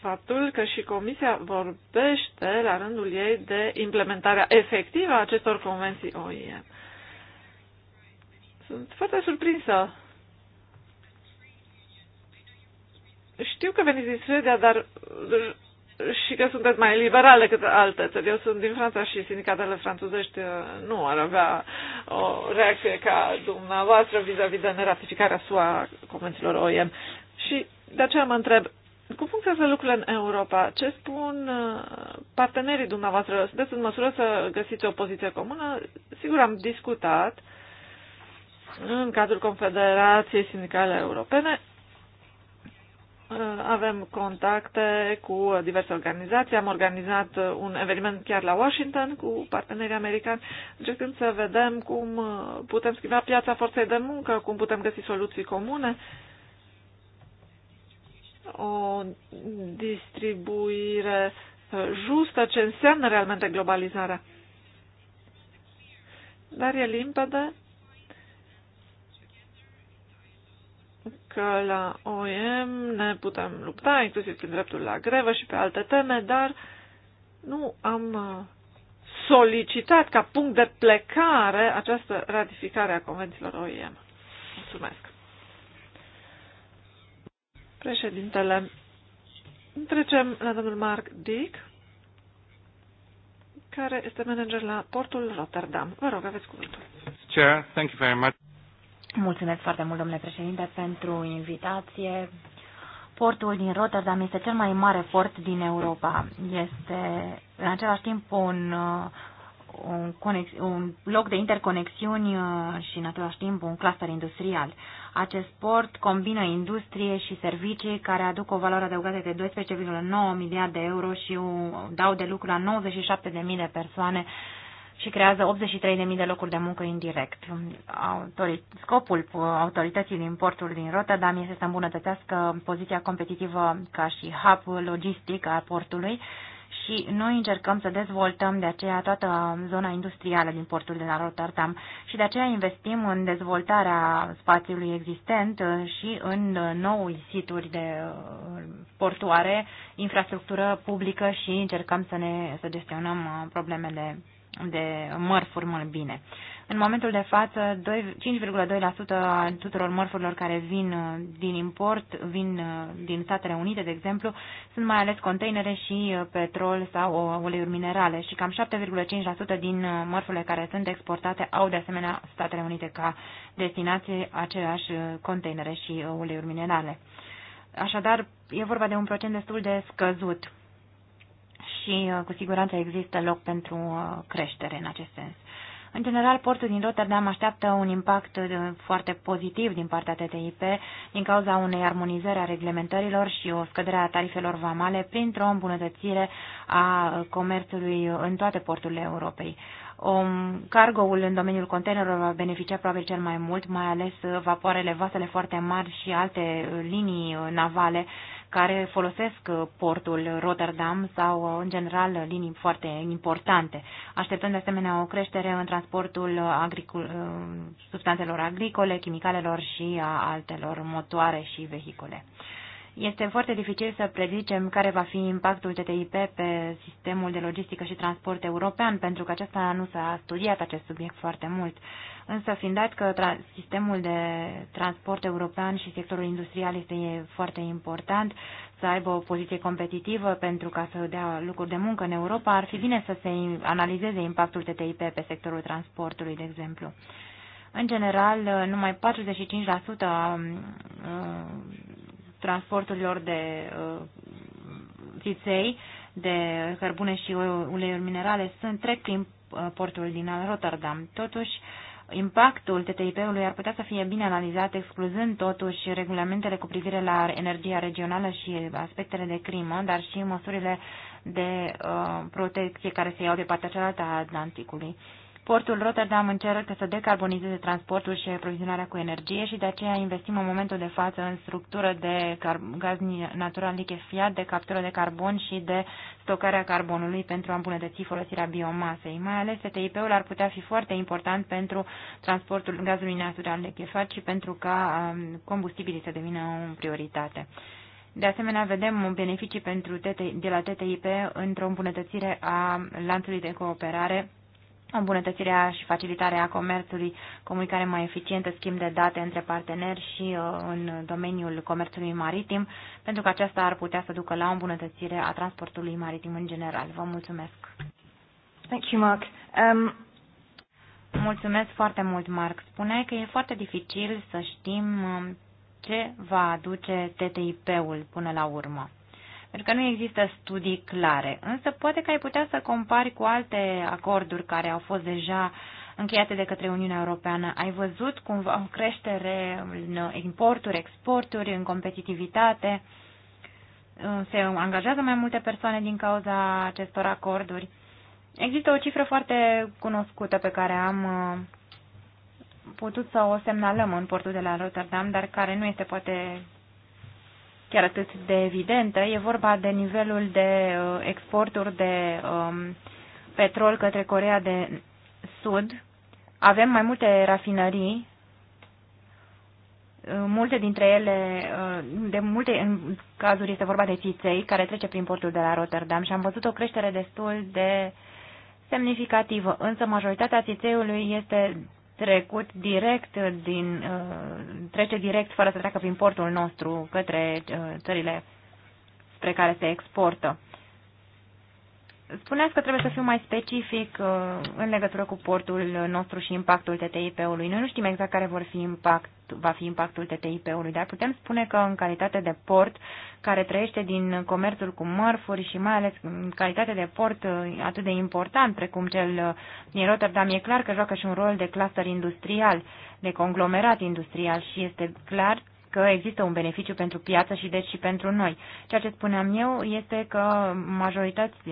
faptul că și Comisia vorbește la rândul ei de implementarea efectivă a acestor convenții OIM. Sunt foarte surprinsă. Știu că veniți din Suedia, dar și că sunteți mai liberale decât alte țări. Eu sunt din Franța și sindicatele franțuzești uh, nu ar avea o reacție ca dumneavoastră vis-a-vis -vis de neratificarea SUA convențiilor OIM. Și de aceea mă întreb, cum funcționează lucrurile în Europa? Ce spun uh, partenerii dumneavoastră? Sunteți în măsură să găsiți o poziție comună? Sigur, am discutat în cadrul Confederației Sindicale Europene. Uh, avem contacte cu diverse organizații. Am organizat uh, un eveniment chiar la Washington cu partenerii americani, încercând să vedem cum putem schimba piața forței de muncă, cum putem găsi soluții comune. Uh, o distribuire uh, justă, ce înseamnă realmente globalizarea. Dar e limpede că la OEM ne putem lupta, inclusiv prin dreptul la grevă și pe alte teme, dar nu am uh, solicitat ca punct de plecare această ratificare a convențiilor OIM. Mulțumesc. Președintele, trecem la domnul Mark Dick, care este manager la portul Rotterdam. Vă rog, aveți cuvântul. Chair, thank you very much. Mulțumesc foarte mult, domnule președinte, pentru invitație. Portul din Rotterdam este cel mai mare port din Europa. Este, în același timp, un un, conex, un loc de interconexiuni uh, și, în același timp, un cluster industrial. Acest port combină industrie și servicii care aduc o valoare adăugată de 12,9 miliarde de euro și dau de lucru la 97.000 de persoane și creează 83.000 de locuri de muncă indirect. Autorit Scopul uh, autorității din portul din Rotterdam este să îmbunătățească poziția competitivă ca și hub logistic a portului și noi încercăm să dezvoltăm de aceea toată zona industrială din portul de la Rotterdam și de aceea investim în dezvoltarea spațiului existent uh, și în uh, noi situri de uh, portoare, infrastructură publică și încercăm să ne să gestionăm problemele de mărfuri mult bine. În momentul de față, 5,2% a tuturor mărfurilor care vin uh, din import, vin uh, din Statele Unite, de exemplu, sunt mai ales containere și uh, petrol sau uleiuri minerale și cam 7,5% din mărfurile care sunt exportate au de asemenea Statele Unite ca destinație aceleași containere și uleiuri minerale. Așadar, e vorba de un procent destul de scăzut și cu siguranță există loc pentru creștere în acest sens. În general, portul din Rotterdam așteaptă un impact uh, foarte pozitiv din partea TTIP din cauza unei armonizări a reglementărilor și o scădere a tarifelor vamale printr-o îmbunătățire a uh, comerțului în toate porturile Europei um, cargoul în domeniul containerelor va beneficia probabil cel mai mult, mai ales uh, vapoarele, vasele foarte mari și alte uh, linii uh, navale care folosesc portul Rotterdam sau, în general, linii foarte importante. Așteptăm, de asemenea, o creștere în transportul agricul, substanțelor agricole, chimicalelor și a altelor motoare și vehicule. Este foarte dificil să predicem care va fi impactul TTIP pe sistemul de logistică și transport european, pentru că acesta nu s-a studiat acest subiect foarte mult. Însă, fiind dat că sistemul de transport european și sectorul industrial este foarte important, să aibă o poziție competitivă pentru ca să dea lucruri de muncă în Europa, ar fi bine să se analizeze impactul TTIP pe sectorul transportului, de exemplu. În general, numai 45% transporturilor de uh, țiței, de cărbune și uleiuri minerale sunt trec prin uh, portul din Rotterdam. Totuși, impactul TTIP-ului ar putea să fie bine analizat, excluzând totuși regulamentele cu privire la energia regională și aspectele de crimă, dar și măsurile de uh, protecție care se iau de partea cealaltă a Atlanticului. Uh, Portul Rotterdam încearcă să decarbonizeze transportul și aprovizionarea cu energie și de aceea investim în momentul de față în structură de gaz natural lichefiat, de captură de carbon și de stocarea carbonului pentru a îmbunătăți folosirea biomasei. Mai ales TTIP-ul ar putea fi foarte important pentru transportul gazului natural lichefiat și pentru ca um, combustibilii să devină o prioritate. De asemenea, vedem beneficii pentru TTI, de la TTIP într-o îmbunătățire a lanțului de cooperare îmbunătățirea și facilitarea comerțului, comunicare mai eficientă, schimb de date între parteneri și uh, în domeniul comerțului maritim, pentru că aceasta ar putea să ducă la o îmbunătățire a transportului maritim în general. Vă mulțumesc! Thank you, Mark. Um... Mulțumesc foarte mult, Mark. Spuneai că e foarte dificil să știm uh, ce va aduce TTIP-ul până la urmă pentru că nu există studii clare. Însă poate că ai putea să compari cu alte acorduri care au fost deja încheiate de către Uniunea Europeană. Ai văzut cumva o creștere în importuri, exporturi, în competitivitate? Se angajează mai multe persoane din cauza acestor acorduri? Există o cifră foarte cunoscută pe care am uh, putut să o semnalăm în portul de la Rotterdam, dar care nu este poate chiar atât de evidentă. E vorba de nivelul de uh, exporturi de um, petrol către Corea de Sud. Avem mai multe rafinării, uh, multe dintre ele, uh, de multe în cazuri este vorba de țiței, care trece prin portul de la Rotterdam și am văzut o creștere destul de semnificativă, însă majoritatea țițeiului este trecut direct din, uh, trece direct fără să treacă prin portul nostru către uh, țările spre care se exportă. Spuneați că trebuie să fiu mai specific uh, în legătură cu portul nostru și impactul TTIP-ului. Noi nu știm exact care vor fi impact, va fi impactul TTIP-ului, dar putem spune că în calitate de port care trăiește din comerțul cu mărfuri și mai ales în calitate de port uh, atât de important precum cel uh, din Rotterdam, e clar că joacă și un rol de cluster industrial, de conglomerat industrial și este clar că există un beneficiu pentru piață și deci și pentru noi. Ceea ce spuneam eu este că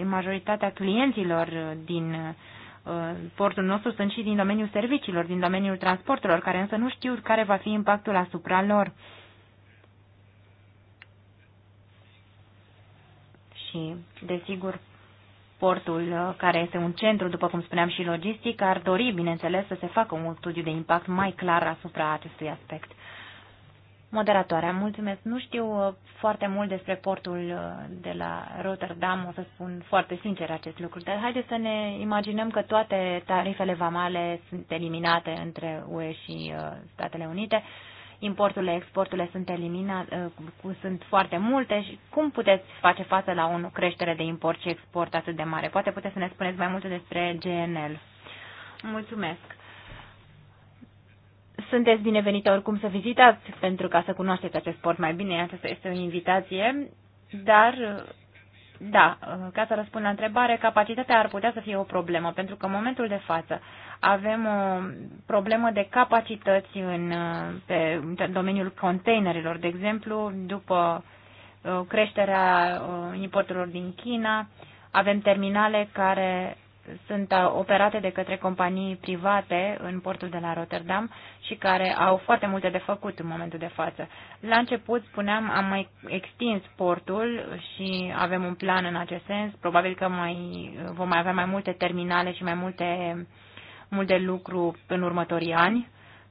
majoritatea clienților din uh, portul nostru sunt și din domeniul serviciilor, din domeniul transporturilor, care însă nu știu care va fi impactul asupra lor. Și, desigur, portul, uh, care este un centru, după cum spuneam, și logistic, ar dori, bineînțeles, să se facă un studiu de impact mai clar asupra acestui aspect. Moderatoarea, mulțumesc. Nu știu uh, foarte mult despre portul uh, de la Rotterdam, o să spun foarte sincer acest lucru, dar haideți să ne imaginăm că toate tarifele vamale sunt eliminate între UE și uh, Statele Unite, importurile, exporturile sunt eliminate, sunt foarte multe și cum puteți face față la o creștere de import și export atât de mare? Poate puteți să ne spuneți mai multe despre GNL. Mulțumesc sunteți binevenite oricum să vizitați pentru ca să cunoașteți acest sport mai bine. Aceasta este o invitație, dar da, ca să răspund la întrebare, capacitatea ar putea să fie o problemă, pentru că în momentul de față avem o problemă de capacități în, pe, în domeniul containerilor, de exemplu, după uh, creșterea uh, importurilor din China, avem terminale care sunt uh, operate de către companii private în portul de la Rotterdam și care au foarte multe de făcut în momentul de față. La început, spuneam, am mai extins portul și avem un plan în acest sens. Probabil că mai, vom mai avea mai multe terminale și mai multe, multe lucru în următorii ani.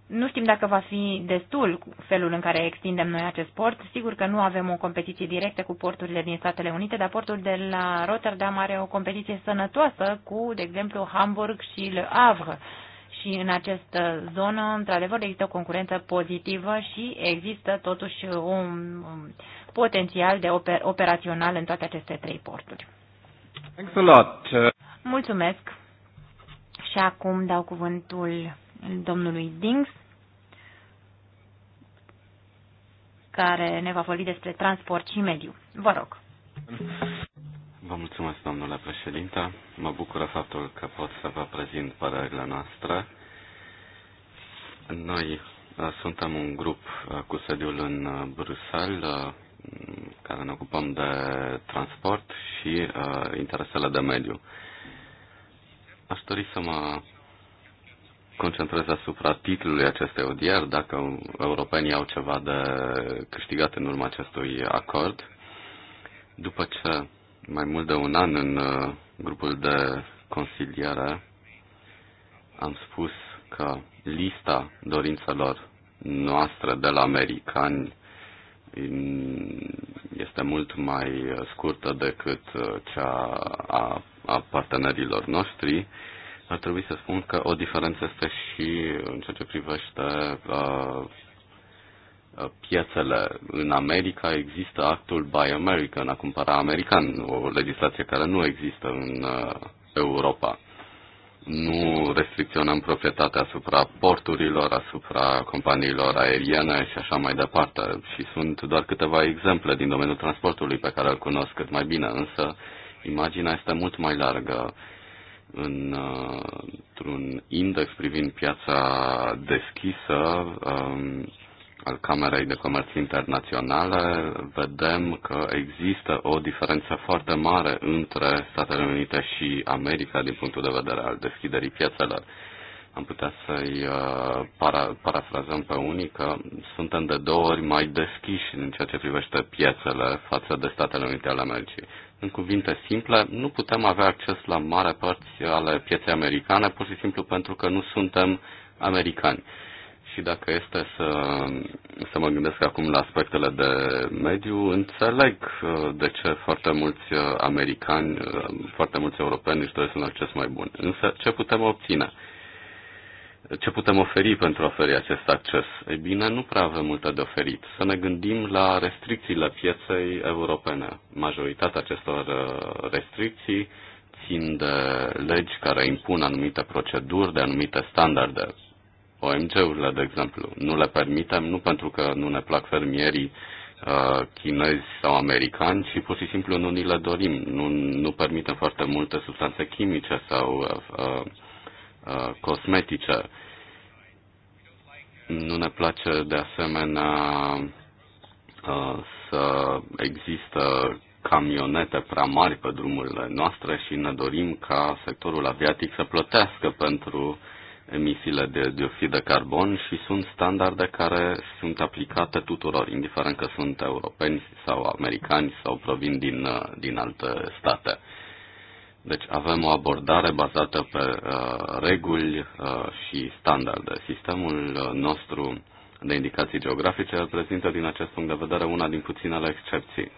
Nu știm dacă va fi destul felul în care extindem noi acest port. Sigur că nu avem o competiție directă cu porturile din Statele Unite, dar portul de la Rotterdam are o competiție sănătoasă cu, de exemplu, Hamburg și Le Havre. Și în această zonă, într-adevăr, există o concurență pozitivă și există totuși un potențial de oper operațional în toate aceste trei porturi. Mulțumesc. Și acum dau cuvântul domnului Dings, care ne va vorbi despre transport și mediu. Vă rog. Vă mulțumesc, domnule președinte. Mă bucură faptul că pot să vă prezint părerile noastre. Noi uh, suntem un grup uh, cu sediul în uh, Bruxelles care ne ocupăm de transport și interesele de mediu. Aș dori să mă concentrez asupra titlului acestei odieri, dacă europenii au ceva de câștigat în urma acestui acord. După ce mai mult de un an în uh, grupul de consiliere am spus că lista dorințelor noastre de la americani este mult mai scurtă decât uh, cea a, a partenerilor noștri ar trebui să spun că o diferență este și în ceea ce privește uh, uh piețele. În America există actul Buy American, a cumpăra american, o legislație care nu există în uh, Europa. Nu restricționăm proprietatea asupra porturilor, asupra companiilor aeriene și așa mai departe. Și sunt doar câteva exemple din domeniul transportului pe care îl cunosc cât mai bine, însă imaginea este mult mai largă. Uh, în într-un index privind piața deschisă um, al Camerei de Comerț Internaționale, vedem că există o diferență foarte mare între Statele Unite și America din punctul de vedere al deschiderii piațelor. Am putea să-i uh, para, parafrazăm pe unii că suntem de două ori mai deschiși în ceea ce privește piețele față de Statele Unite ale Americii. În cuvinte simple, nu putem avea acces la mare părți ale pieței americane, pur și simplu pentru că nu suntem americani. Și dacă este să, să mă gândesc acum la aspectele de mediu, înțeleg uh, de ce foarte mulți uh, americani, uh, foarte mulți europeni își doresc un acces mai bun. Însă, ce putem obține? ce putem oferi pentru a oferi acest acces? Ei bine, nu prea avem multe de oferit. Să ne gândim la restricțiile pieței europene. Majoritatea acestor uh, restricții țin de legi care impun anumite proceduri, de anumite standarde. OMG-urile, de exemplu, nu le permitem nu pentru că nu ne plac fermierii uh, chinezi sau americani, ci pur și simplu nu ni le dorim. Nu, nu permitem foarte multe substanțe chimice sau uh, uh Uh, cosmetice. Nu ne place de asemenea uh, să există camionete prea mari pe drumurile noastre și ne dorim ca sectorul aviatic să plătească pentru emisiile de dioxid de carbon și sunt standarde care sunt aplicate tuturor, indiferent că sunt europeni sau americani sau provin din, uh, din alte state. Deci avem o abordare bazată pe uh, reguli uh, și standarde. Sistemul uh, nostru de indicații geografice reprezintă din acest punct de vedere una din puținele excepții.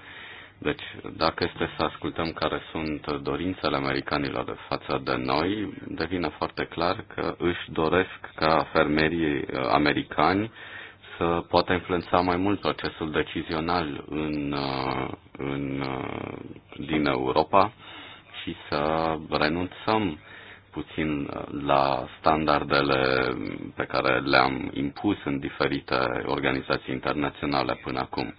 Deci, dacă este să ascultăm care sunt dorințele americanilor față de noi, devine foarte clar că își doresc ca fermerii uh, americani să poată influența mai mult procesul decizional în, uh, în, din Europa și să renunțăm puțin uh, la standardele pe care le-am impus în diferite organizații internaționale până acum.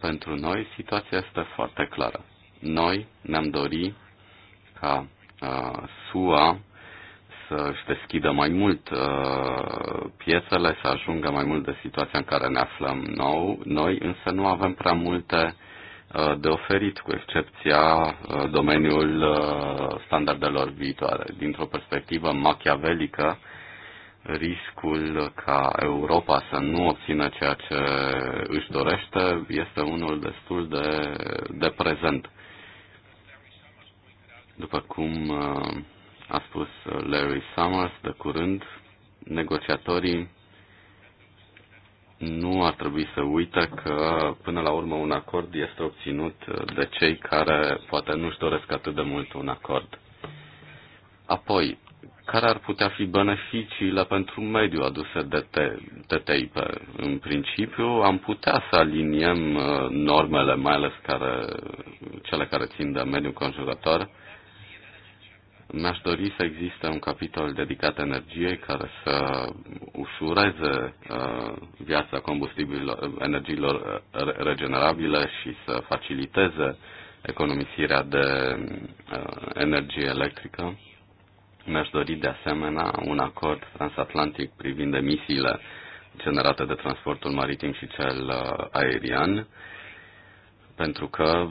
Pentru noi, situația este foarte clară. Noi ne-am dorit ca uh, SUA să și deschidă mai mult uh, piețele, să ajungă mai mult de situația în care ne aflăm nou, noi, însă nu avem prea multe Uh, de oferit, cu excepția uh, domeniul uh, standardelor viitoare. Dintr-o perspectivă machiavelică, riscul ca Europa să nu obțină ceea ce își dorește este unul destul de, de prezent. După cum a spus Larry Summers de curând, negociatorii nu ar trebui să uită că, până la urmă, un acord este obținut de cei care poate nu-și doresc atât de mult un acord. Apoi, care ar putea fi beneficiile pentru mediu aduse de TTIP? În principiu, am putea să aliniem uh, normele, mai ales care, cele care țin de mediul conjurător, mi-aș dori să existe un capitol dedicat energiei care să ușureze uh, viața combustibililor, energiilor uh, regenerabile și să faciliteze economisirea de uh, energie electrică. Mi-aș dori de asemenea un acord transatlantic privind emisiile generate de transportul maritim și cel aerian, pentru că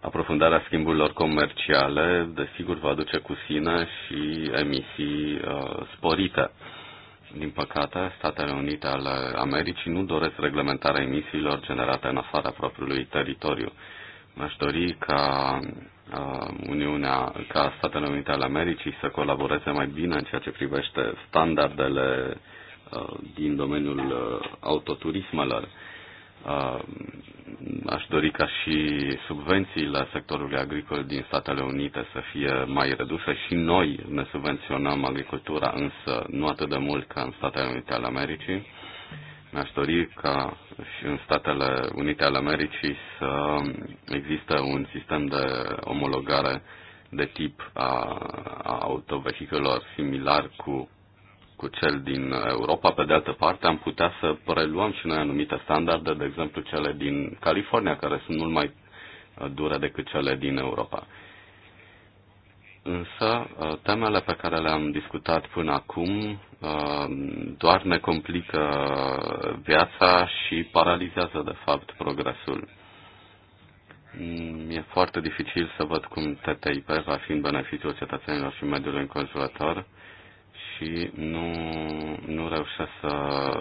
Aprofundarea schimburilor comerciale, desigur, va duce cu sine și emisii uh, sporite. Din păcate, Statele Unite ale Americii nu doresc reglementarea emisiilor generate în afara propriului teritoriu. aș dori ca uh, Uniunea, ca Statele Unite ale Americii să colaboreze mai bine în ceea ce privește standardele uh, din domeniul uh, autoturismelor. Um, aș dori ca și subvențiile sectorului agricol din Statele Unite să fie mai reduse și noi ne subvenționăm agricultura, însă nu atât de mult ca în Statele Unite ale Americii. Mi-aș dori ca și în Statele Unite ale Americii să există un sistem de omologare de tip a, a autovehiculor similar cu cu cel din Europa. Pe de altă parte, am putea să preluăm și noi anumite standarde, de exemplu cele din California, care sunt mult mai uh, dure decât cele din Europa. Însă, uh, temele pe care le-am discutat până acum uh, doar ne complică viața și paralizează, de fapt, progresul. Mm, e foarte dificil să văd cum TTIP va fi în beneficiul cetățenilor și mediului înconjurător și nu, nu reușesc să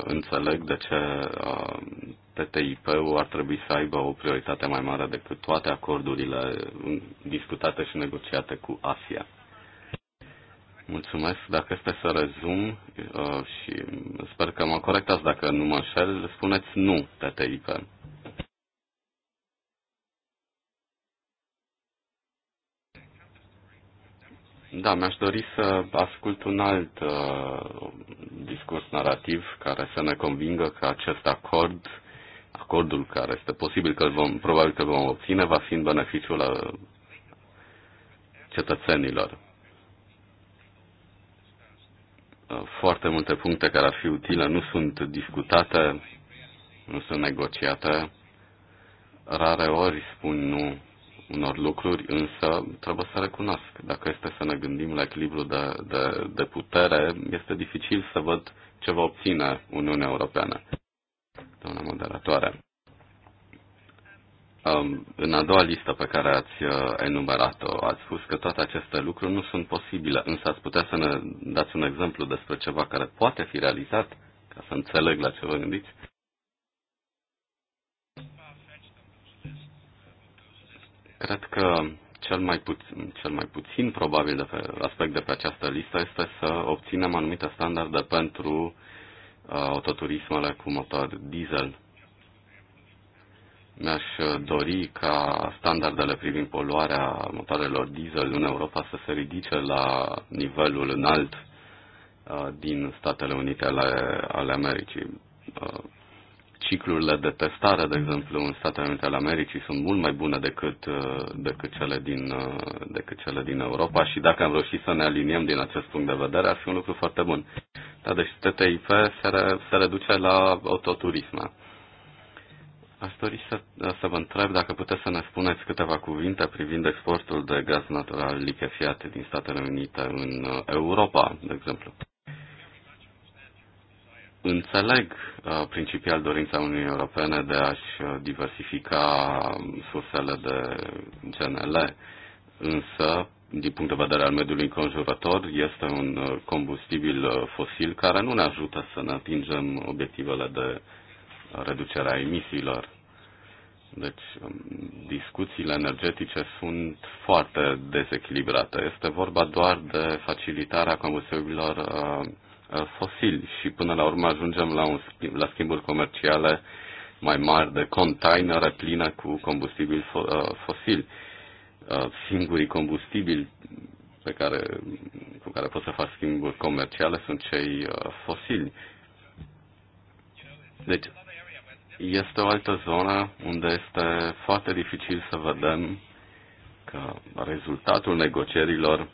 înțeleg de ce uh, TTIP-ul ar trebui să aibă o prioritate mai mare decât toate acordurile discutate și negociate cu Asia. Mulțumesc. Dacă este să rezum uh, și sper că mă corectați dacă nu mă înșel, spuneți nu TTIP. Da, mi-aș dori să ascult un alt uh, discurs narrativ care să ne convingă că acest acord, acordul care este posibil că vom, probabil că vom obține, va fi în beneficiul uh, cetățenilor. Uh, foarte multe puncte care ar fi utile nu sunt discutate, nu sunt negociate. Rare ori spun nu unor lucruri, însă trebuie să recunosc. Dacă este să ne gândim la echilibru de, de, de putere, este dificil să văd ce va obține Uniunea Europeană. Doamna moderatoare. Um, în a doua listă pe care ați uh, enumerat-o, ați spus că toate aceste lucruri nu sunt posibile, însă ați putea să ne dați un exemplu despre ceva care poate fi realizat, ca să înțeleg la ce vă gândiți? Cred că cel mai, puțin, cel mai puțin probabil de pe, aspect de pe această listă este să obținem anumite standarde pentru uh, autoturismele cu motor diesel. Mi-aș uh, dori ca standardele privind poluarea motoarelor diesel în Europa să se ridice la nivelul înalt uh, din Statele Unite ale, ale Americii. Uh, ciclurile de testare, de mm. exemplu, în Statele Unite ale Americii sunt mult mai bune decât, uh, decât, cele din, uh, decât cele din Europa și dacă am reușit să ne aliniem din acest punct de vedere, ar fi un lucru foarte bun. Da, deci TTIP se, re, se reduce la autoturisme. Aș dori să, să vă întreb dacă puteți să ne spuneți câteva cuvinte privind exportul de gaz natural lichefiat din Statele Unite în uh, Europa, de exemplu. Înțeleg uh, principial dorința Uniunii Europene de a-și uh, diversifica um, sursele de GNL, însă, din punct de vedere al mediului înconjurător, este un uh, combustibil fosil care nu ne ajută să ne atingem obiectivele de reducere a emisiilor. Deci, um, discuțiile energetice sunt foarte dezechilibrate. Este vorba doar de facilitarea combustibililor uh, Uh, fosili și până la urmă ajungem la, un, la schimburi comerciale mai mari de containere pline cu combustibili uh, fosili. Uh, singurii combustibili pe care, cu care poți să faci schimburi comerciale sunt cei fosili. Deci, este o altă zonă unde este foarte dificil să vedem că rezultatul negocierilor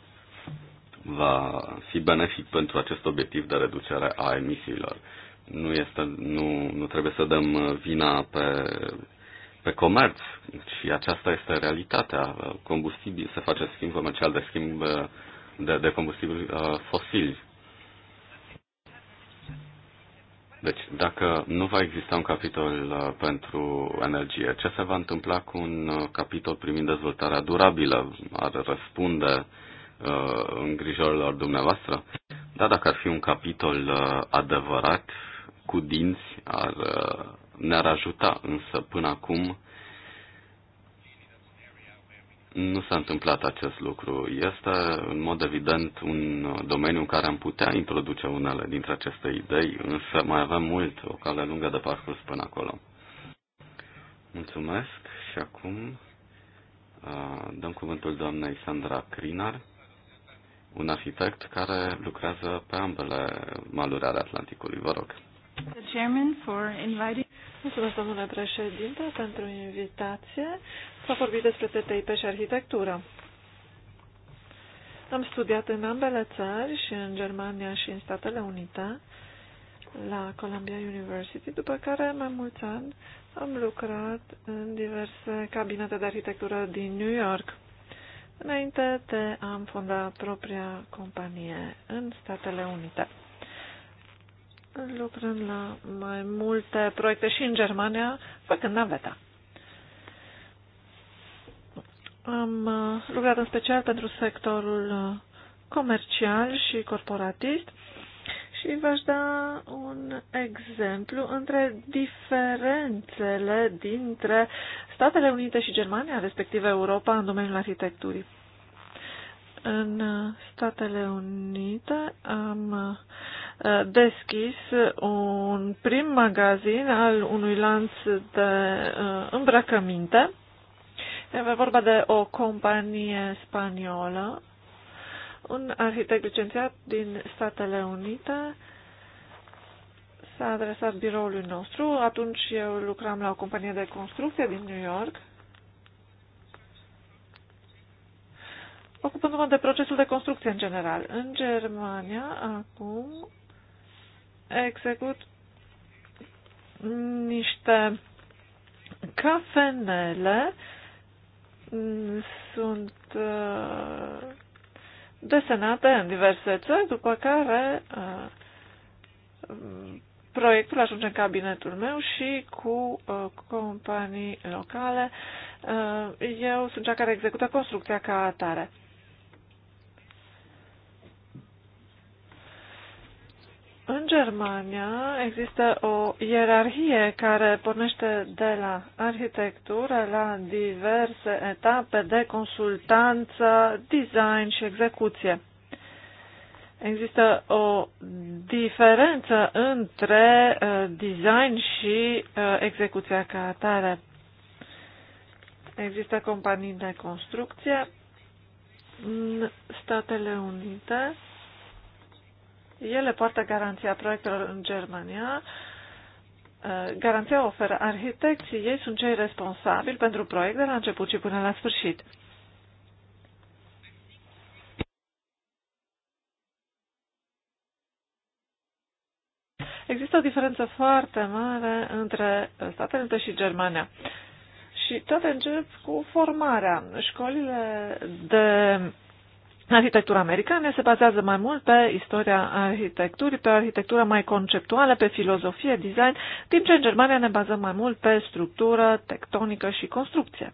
va fi benefic pentru acest obiectiv de reducere a emisiilor. Nu, este, nu, nu trebuie să dăm vina pe, pe comerț, și aceasta este realitatea. Combustibil se face schimb comercial de schimb de, de combustibili uh, fosili. Deci, dacă nu va exista un capitol uh, pentru energie, ce se va întâmpla cu un uh, capitol privind dezvoltarea durabilă? Ar răspunde uh, uh, îngrijorilor dumneavoastră? dar dacă ar fi un capitol uh, adevărat, cu dinți, ar, uh, ne-ar ajuta, însă până acum nu s-a întâmplat acest lucru. Este, în mod evident, un domeniu în care am putea introduce unele dintre aceste idei, însă mai avem mult, o cale lungă de parcurs până acolo. Mulțumesc și acum uh, dăm cuvântul doamnei Sandra Crinar un arhitect care lucrează pe ambele maluri ale Atlanticului. Vă rog. Mulțumesc, domnule președinte, pentru invitație. S-a vorbit despre TTIP și arhitectură. Am studiat în ambele țări, și în Germania și în Statele Unite, la Columbia University, după care mai mulți ani am lucrat în diverse cabinete de arhitectură din New York înainte de a-mi fonda propria companie în Statele Unite. Lucrând la mai multe proiecte și în Germania, făcând naveta. Am uh, lucrat în special pentru sectorul uh, comercial și corporatist și v-aș da un exemplu între diferențele dintre Statele Unite și Germania, respectiv Europa, în domeniul arhitecturii. În Statele Unite am uh, deschis un prim magazin al unui lanț de uh, îmbrăcăminte. E vorba de o companie spaniolă un arhitect licențiat din Statele Unite s-a adresat biroului nostru. Atunci eu lucram la o companie de construcție din New York, ocupându-mă de procesul de construcție în general. În Germania, acum, execut niște cafenele. Sunt uh, desenate în diverse țări, după care proiectul ajunge în cabinetul meu și cu companii locale. eu sunt cea care execută construcția ca atare. În Germania există o ierarhie care pornește de la arhitectură la diverse etape de consultanță, design și execuție. Există o diferență între uh, design și uh, execuția ca atare. Există companii de construcție în Statele Unite ele poartă garanția proiectelor în Germania. Uh, garanția oferă arhitecții, ei sunt cei responsabili pentru proiect de la început și până la sfârșit. Există o diferență foarte mare între Statele Unite și Germania. Și toate încep cu formarea. Școlile de Arhitectura americană se bazează mai mult pe istoria arhitecturii, pe arhitectura mai conceptuală, pe filozofie, design, timp ce în Germania ne bazăm mai mult pe structură, tectonică și construcție.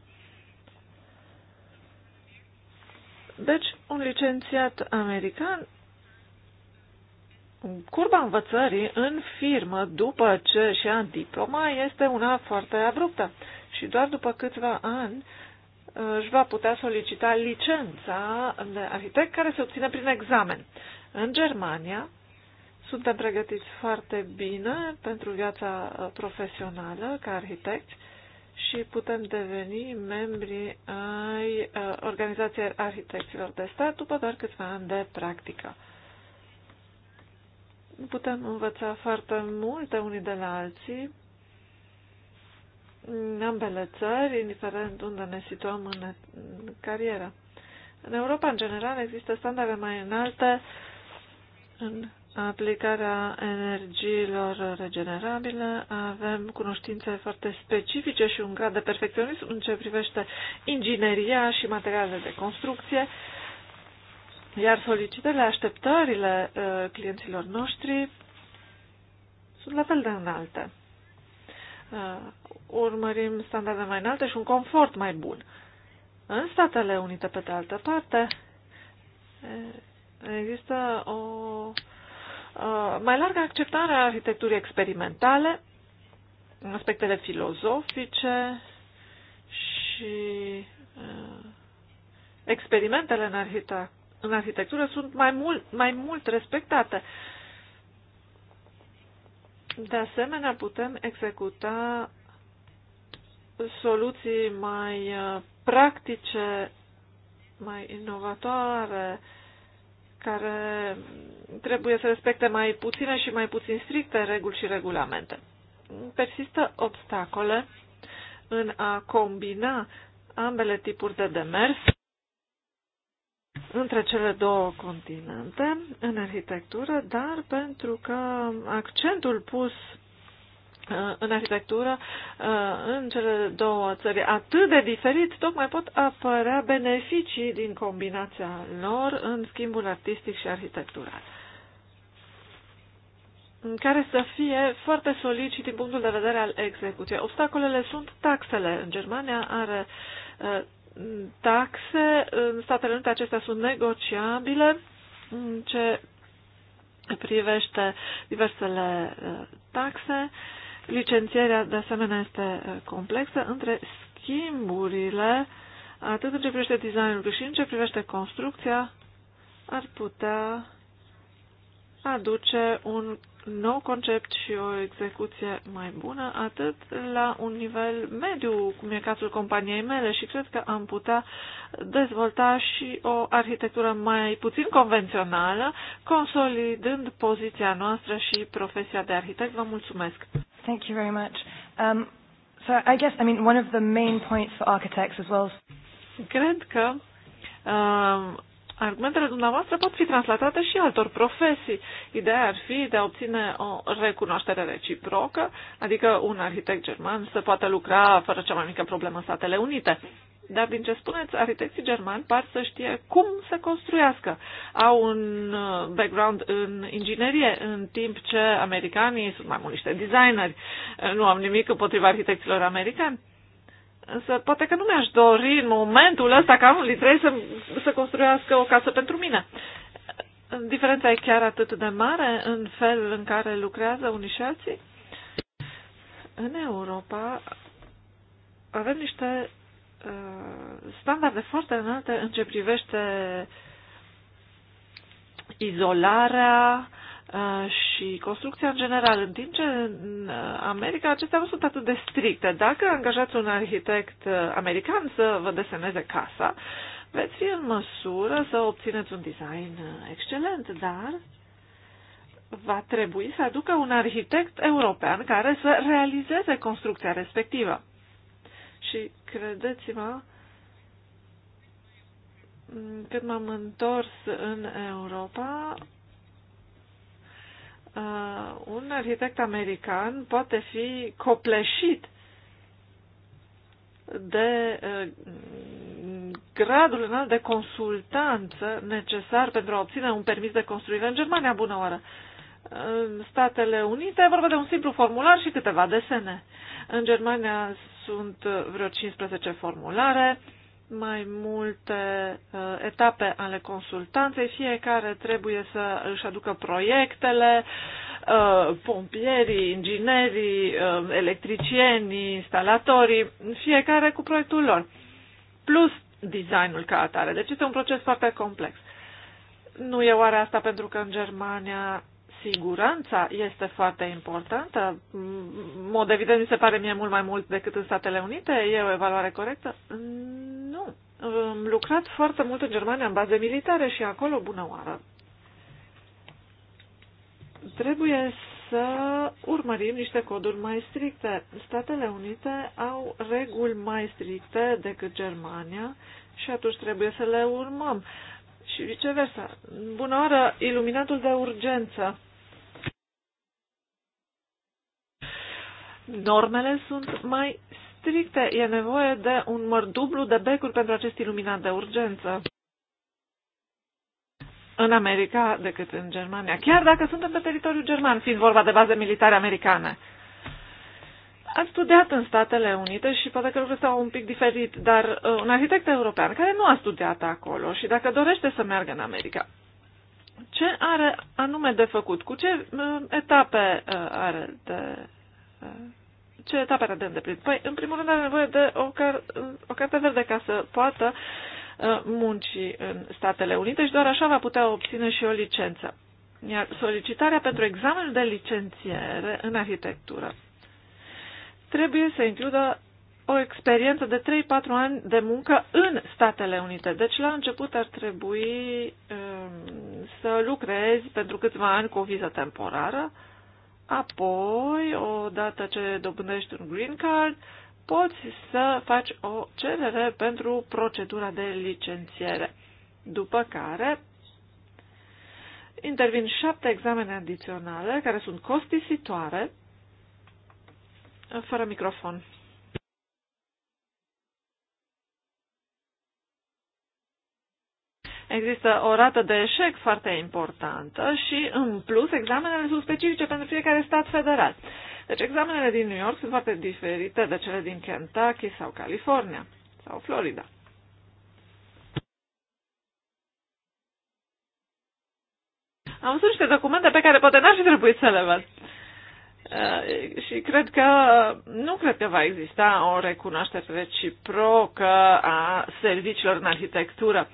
Deci, un licențiat american, curba învățării în firmă după ce și-a diploma este una foarte abruptă și doar după câțiva ani își va putea solicita licența de arhitect care se obține prin examen. În Germania suntem pregătiți foarte bine pentru viața uh, profesională ca arhitecți și putem deveni membri ai uh, Organizației Arhitecților de Stat după doar câțiva ani de practică. Putem învăța foarte multe unii de la alții în ambele țări, indiferent unde ne situăm în, carieră. În Europa, în general, există standarde mai înalte în aplicarea energiilor regenerabile. Avem cunoștințe foarte specifice și un grad de perfecționism în ce privește ingineria și materialele de construcție. Iar solicitările, așteptările uh, clienților noștri sunt la fel de înalte. Uh, urmărim standarde mai înalte și un confort mai bun. În Statele Unite, pe de altă parte, uh, există o uh, mai largă acceptare a arhitecturii experimentale, aspectele filozofice și experimentele în, arhite- în arhitectură sunt mai mult, mai mult respectate. Uh, de asemenea, putem executa soluții mai uh, practice, mai inovatoare, care trebuie să respecte mai puține și mai puțin stricte reguli și regulamente. Persistă obstacole în a combina ambele tipuri de demers între cele două continente în arhitectură, dar pentru că accentul pus uh, în arhitectură uh, în cele două țări atât de diferit, tocmai pot apărea beneficii din combinația lor în schimbul artistic și arhitectural care să fie foarte solid și din punctul de vedere al execuției. Obstacolele sunt taxele. În Germania are uh, taxe. În Statele Unite acestea sunt negociabile în ce privește diversele uh, taxe. Licențierea, de asemenea, este uh, complexă între schimburile, atât în ce privește designul cât și în ce privește construcția, ar putea aduce un nou concept și o execuție mai bună, atât la un nivel mediu, cum e cazul companiei mele, și cred că am putea dezvolta și o arhitectură mai puțin convențională, consolidând poziția noastră și profesia de arhitect. Vă mulțumesc! Thank you very much. Um, so I guess, I mean, one of the main points for architects as well. Cred că um, argumentele dumneavoastră pot fi translatate și altor profesii. Ideea ar fi de a obține o recunoaștere reciprocă, adică un arhitect german să poată lucra fără cea mai mică problemă în Statele Unite. Dar din ce spuneți, arhitecții germani par să știe cum să construiască. Au un uh, background în inginerie, în timp ce americanii sunt mai mult niște designeri. Nu am nimic împotriva arhitecților americani Însă poate că nu mi-aș dori în momentul ăsta ca unul dintre ei să, să construiască o casă pentru mine. Diferența e chiar atât de mare în felul în care lucrează unii și alții? În Europa avem niște uh, standarde foarte înalte în ce privește izolarea uh, și construcția în general, în timp ce în America acestea nu sunt atât de stricte. Dacă angajați un arhitect uh, american să vă deseneze casa, veți fi în măsură să obțineți un design uh, excelent, dar va trebui să aducă un arhitect european care să realizeze construcția respectivă. Și credeți-mă, când m-am întors în Europa, uh, un arhitect american poate fi copleșit de uh, gradul înalt de consultanță necesar pentru a obține un permis de construire în Germania, bună oară. În Statele Unite vorba de un simplu formular și câteva desene. În Germania sunt vreo 15 formulare, uh, mai multe uh, etape ale consultanței, fiecare trebuie să își aducă proiectele, uh, pompierii, inginerii, uh, electricienii, instalatorii, fiecare cu proiectul lor, plus designul ca atare. Deci este un proces foarte complex. Nu e oare asta pentru că în Germania siguranța este foarte importantă? mod evident, mi se pare mie mult mai mult decât în Statele Unite. E o evaluare corectă? Am lucrat foarte mult în Germania în baze militare și acolo, bună oară, trebuie să urmărim niște coduri mai stricte. Statele Unite au reguli mai stricte decât Germania și atunci trebuie să le urmăm. Și viceversa. Bună oară, iluminatul de urgență. Normele sunt mai stricte, e nevoie de un măr dublu de becuri pentru acest iluminat de urgență în America decât în Germania, chiar dacă suntem pe teritoriul german, fiind vorba de baze militare americane. Am studiat în Statele Unite și poate că lucrurile stau un pic diferit, dar uh, un arhitect european care nu a studiat acolo și dacă dorește să meargă în America, ce are anume de făcut? Cu ce uh, etape uh, are de uh, ce etape are de îndeplinit? Păi, în primul rând, are nevoie de o, car- o carte verde ca să poată uh, munci în Statele Unite și doar așa va putea obține și o licență. Iar solicitarea pentru examenul de licențiere în arhitectură trebuie să includă o experiență de 3-4 ani de muncă în Statele Unite. Deci la început ar trebui um, să lucrezi pentru câțiva ani cu o viză temporară Apoi, odată ce dobândești un green card, poți să faci o cerere pentru procedura de licențiere. După care intervin șapte examene adiționale care sunt costisitoare fără microfon. Există o rată de eșec foarte importantă și, în plus, examenele sunt specifice pentru fiecare stat federal. Deci examenele din New York sunt foarte diferite de cele din Kentucky sau California sau Florida. Am văzut niște documente pe care poate n-ar fi trebuit să le văd. Uh, și cred că uh, nu cred că va exista o recunoaștere reciprocă a serviciilor în arhitectură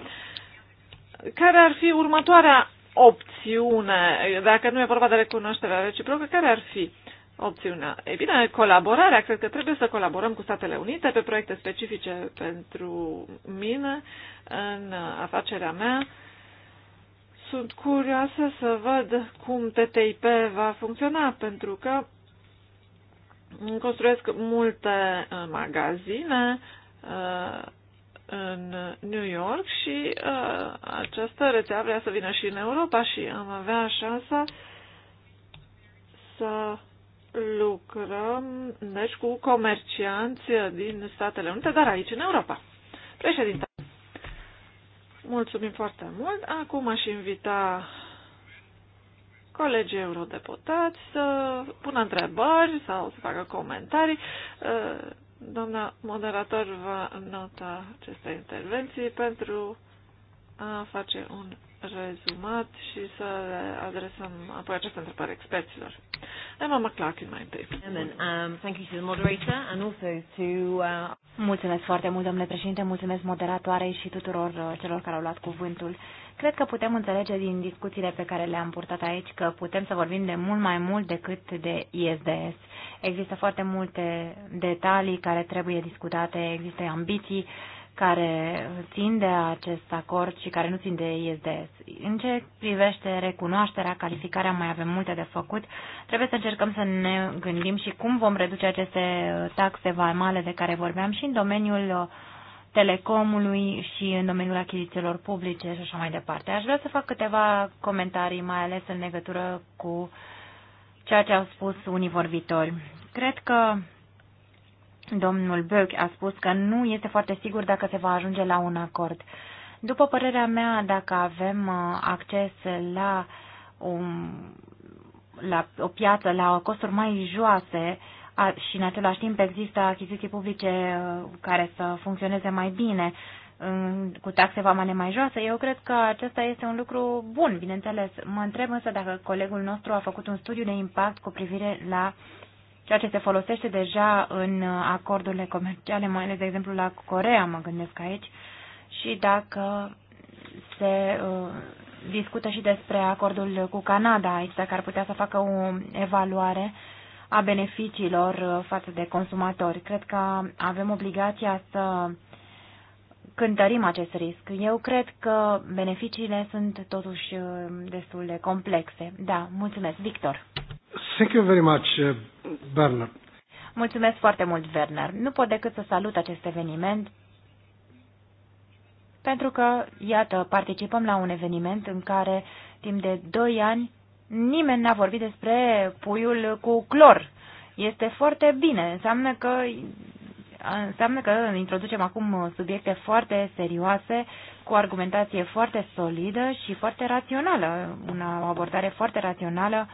care ar fi următoarea opțiune, dacă nu e vorba de recunoașterea reciprocă, care ar fi opțiunea? E bine, colaborarea. Cred că trebuie să colaborăm cu Statele Unite pe proiecte specifice pentru mine în afacerea mea. Sunt curioasă să văd cum TTIP va funcționa, pentru că construiesc multe uh, magazine uh, în New York și uh, această rețea vrea să vină și în Europa și am avea șansa să lucrăm deci, cu comercianți din Statele Unite, dar aici în Europa. Președinte, mulțumim foarte mult. Acum aș invita colegii eurodeputați să pună întrebări sau să facă comentarii. Uh, Doamna moderator va nota aceste intervenții pentru a face un rezumat și să le adresăm apoi această întrebare experților. Emma McLaughlin mai întâi. Um, thank you to the moderator and also to... Uh, mulțumesc foarte mult, domnule președinte, mulțumesc moderatoarei și tuturor uh, celor care au luat cuvântul. Cred că putem înțelege din discuțiile pe care le-am purtat aici că putem să vorbim de mult mai mult decât de ISDS. Există foarte multe detalii care trebuie discutate, există ambiții care țin de acest acord și care nu țin de ISDS. În ce privește recunoașterea, calificarea, mai avem multe de făcut. Trebuie să încercăm să ne gândim și cum vom reduce aceste taxe vamale de care vorbeam și în domeniul uh, telecomului și în domeniul achizițiilor publice și așa mai departe. Aș vrea să fac câteva comentarii, mai ales în legătură cu ceea ce au spus unii vorbitori. Cred că domnul Böck a spus că nu este foarte sigur dacă se va ajunge la un acord. După părerea mea, dacă avem uh, acces la, un, la o piață, la costuri mai joase, uh, și în același timp există achiziții publice uh, care să funcționeze mai bine cu taxe vamane mai joase, eu cred că acesta este un lucru bun, bineînțeles. Mă întreb însă dacă colegul nostru a făcut un studiu de impact cu privire la ceea ce se folosește deja în acordurile comerciale, mai ales, de exemplu, la Corea, mă gândesc aici, și dacă se uh, discută și despre acordul cu Canada aici, dacă ar putea să facă o evaluare uh, a beneficiilor uh, față de consumatori. Cred că avem obligația să cântărim acest risc. Eu cred că beneficiile sunt totuși uh, destul de complexe. Da, mulțumesc. Victor. Thank you very much, Bernard. Uh, mulțumesc foarte mult, Werner. Nu pot decât să salut acest eveniment pentru că, iată, participăm la un eveniment în care timp de 2 ani Nimeni n-a vorbit despre puiul cu clor. Este foarte bine, înseamnă că înseamnă că introducem acum subiecte foarte serioase, cu argumentație foarte solidă și foarte rațională, una, o abordare foarte rațională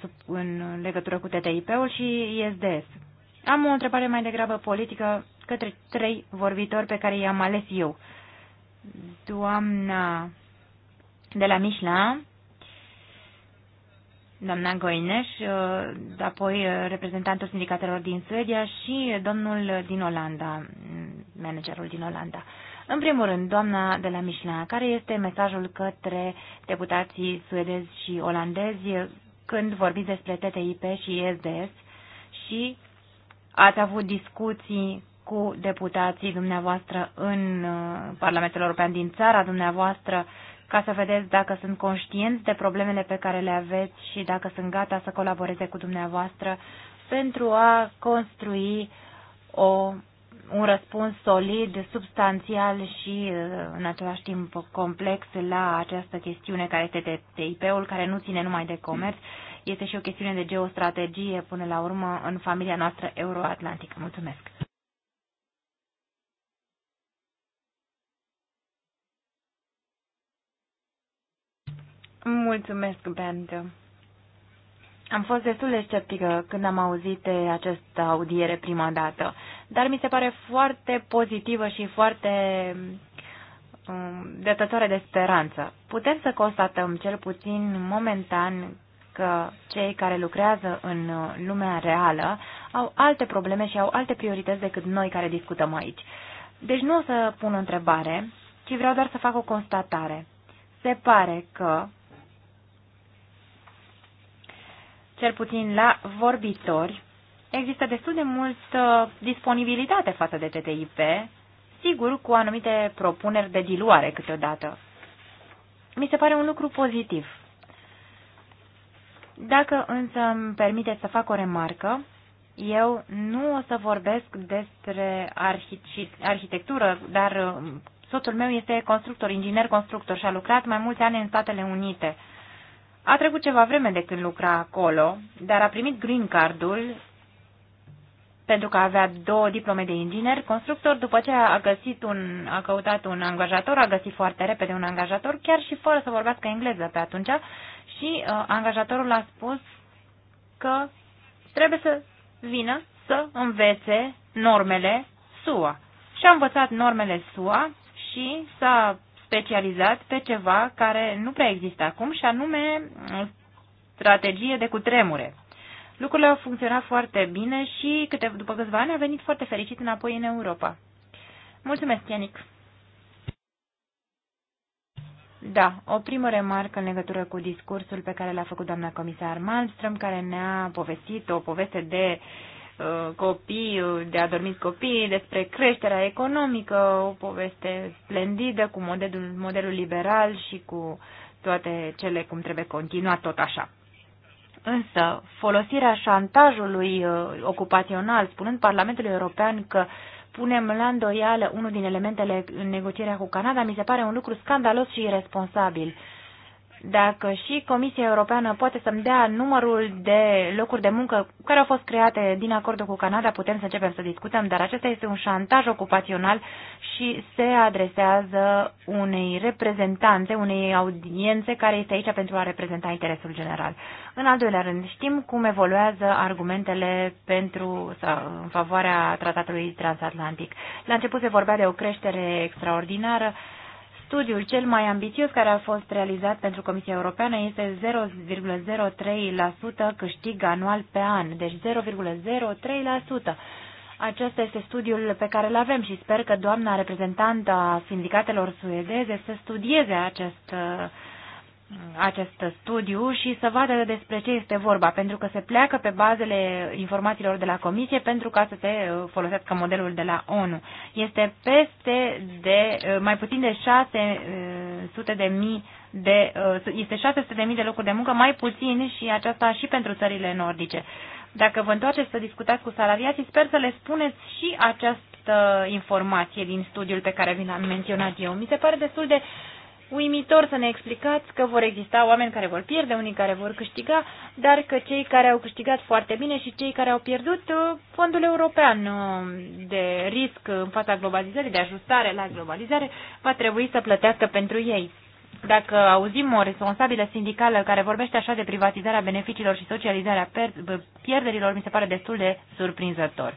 uh, în legătură cu TTIP-ul și ISDS. Am o întrebare mai degrabă politică către trei vorbitori pe care i-am ales eu. Doamna de la Michelin, doamna Goineș, uh, apoi uh, reprezentantul sindicatelor din Suedia și domnul din Olanda, mm, managerul din Olanda. În primul rând, doamna de la Mișna, care este mesajul către deputații suedezi și olandezi când vorbiți despre TTIP și SDS și ați avut discuții cu deputații dumneavoastră în uh, Parlamentul European din țara dumneavoastră ca să vedeți dacă sunt conștienți de problemele pe care le aveți și dacă sunt gata să colaboreze cu dumneavoastră pentru a construi o, un răspuns solid, substanțial și în același timp complex la această chestiune care este TIP-ul, care nu ține numai de comerț, este și o chestiune de geostrategie până la urmă în familia noastră euroatlantică. Mulțumesc! Mulțumesc, Bent. Am fost destul de sceptică când am auzit de această audiere prima dată, dar mi se pare foarte pozitivă și foarte um, dătătoare de speranță. Putem să constatăm, cel puțin momentan, că cei care lucrează în uh, lumea reală au alte probleme și au alte priorități decât noi care discutăm aici. Deci nu o să pun o întrebare, ci vreau doar să fac o constatare. Se pare că cel puțin la vorbitori, există destul de multă uh, disponibilitate față de TTIP, sigur cu anumite propuneri de diluare câteodată. Mi se pare un lucru pozitiv. Dacă însă îmi permiteți să fac o remarcă, eu nu o să vorbesc despre arhitectură, dar uh, soțul meu este constructor, inginer constructor și a lucrat mai mulți ani în Statele Unite. A trecut ceva vreme de când lucra acolo, dar a primit green cardul pentru că avea două diplome de inginer constructor, după ce a, găsit un, a căutat un angajator, a găsit foarte repede un angajator, chiar și fără să vorbească engleză pe atunci, și uh, angajatorul a spus că trebuie să vină să învețe normele SUA. Și a învățat normele SUA și s-a specializat pe ceva care nu prea există acum și anume mm, strategie de cutremure. Lucrurile au funcționat foarte bine și câte, după câțiva ani a venit foarte fericit înapoi în Europa. Mulțumesc, Ianic! Da, o primă remarcă în legătură cu discursul pe care l-a făcut doamna comisar Malmström, care ne-a povestit o poveste de uh, Uh, copii, uh, de adormit copii, despre creșterea economică, o poveste splendidă cu modelul, modelul liberal și cu toate cele cum trebuie continuat tot așa. Însă, folosirea șantajului uh, ocupațional, spunând Parlamentului European că punem la îndoială unul din elementele în negocierea cu Canada, mi se pare un lucru scandalos și irresponsabil dacă și Comisia Europeană poate să-mi dea numărul de locuri de muncă care au fost create din acordul cu Canada, putem să începem să discutăm, dar acesta este un șantaj ocupațional și se adresează unei reprezentante, unei audiențe care este aici pentru a reprezenta interesul general. În al doilea rând, știm cum evoluează argumentele pentru sau în favoarea tratatului transatlantic. La început se vorbea de o creștere extraordinară, Studiul cel mai ambițios care a fost realizat pentru Comisia Europeană este 0,03% câștig anual pe an, deci 0,03%. Acesta este studiul pe care îl avem și sper că doamna reprezentantă a sindicatelor suedeze să studieze acest acest studiu și să vadă despre ce este vorba, pentru că se pleacă pe bazele informațiilor de la Comisie pentru ca să se uh, folosească modelul de la ONU. Este peste de uh, mai puțin de 600 uh, de mii de, este 600 de mii de locuri de muncă, mai puțin și aceasta și pentru țările nordice. Dacă vă întoarceți să discutați cu salariații, sper să le spuneți și această informație din studiul pe care vi l-am menționat eu. Mi se pare destul de uimitor să ne explicați că vor exista oameni care vor pierde, unii care vor câștiga, dar că cei care au câștigat foarte bine și cei care au pierdut uh, fondul european uh, de risc în fața globalizării, de ajustare la globalizare, va trebui să plătească pentru ei. Dacă auzim o responsabilă sindicală care vorbește așa de privatizarea beneficiilor și socializarea pierderilor, mi se pare destul de surprinzător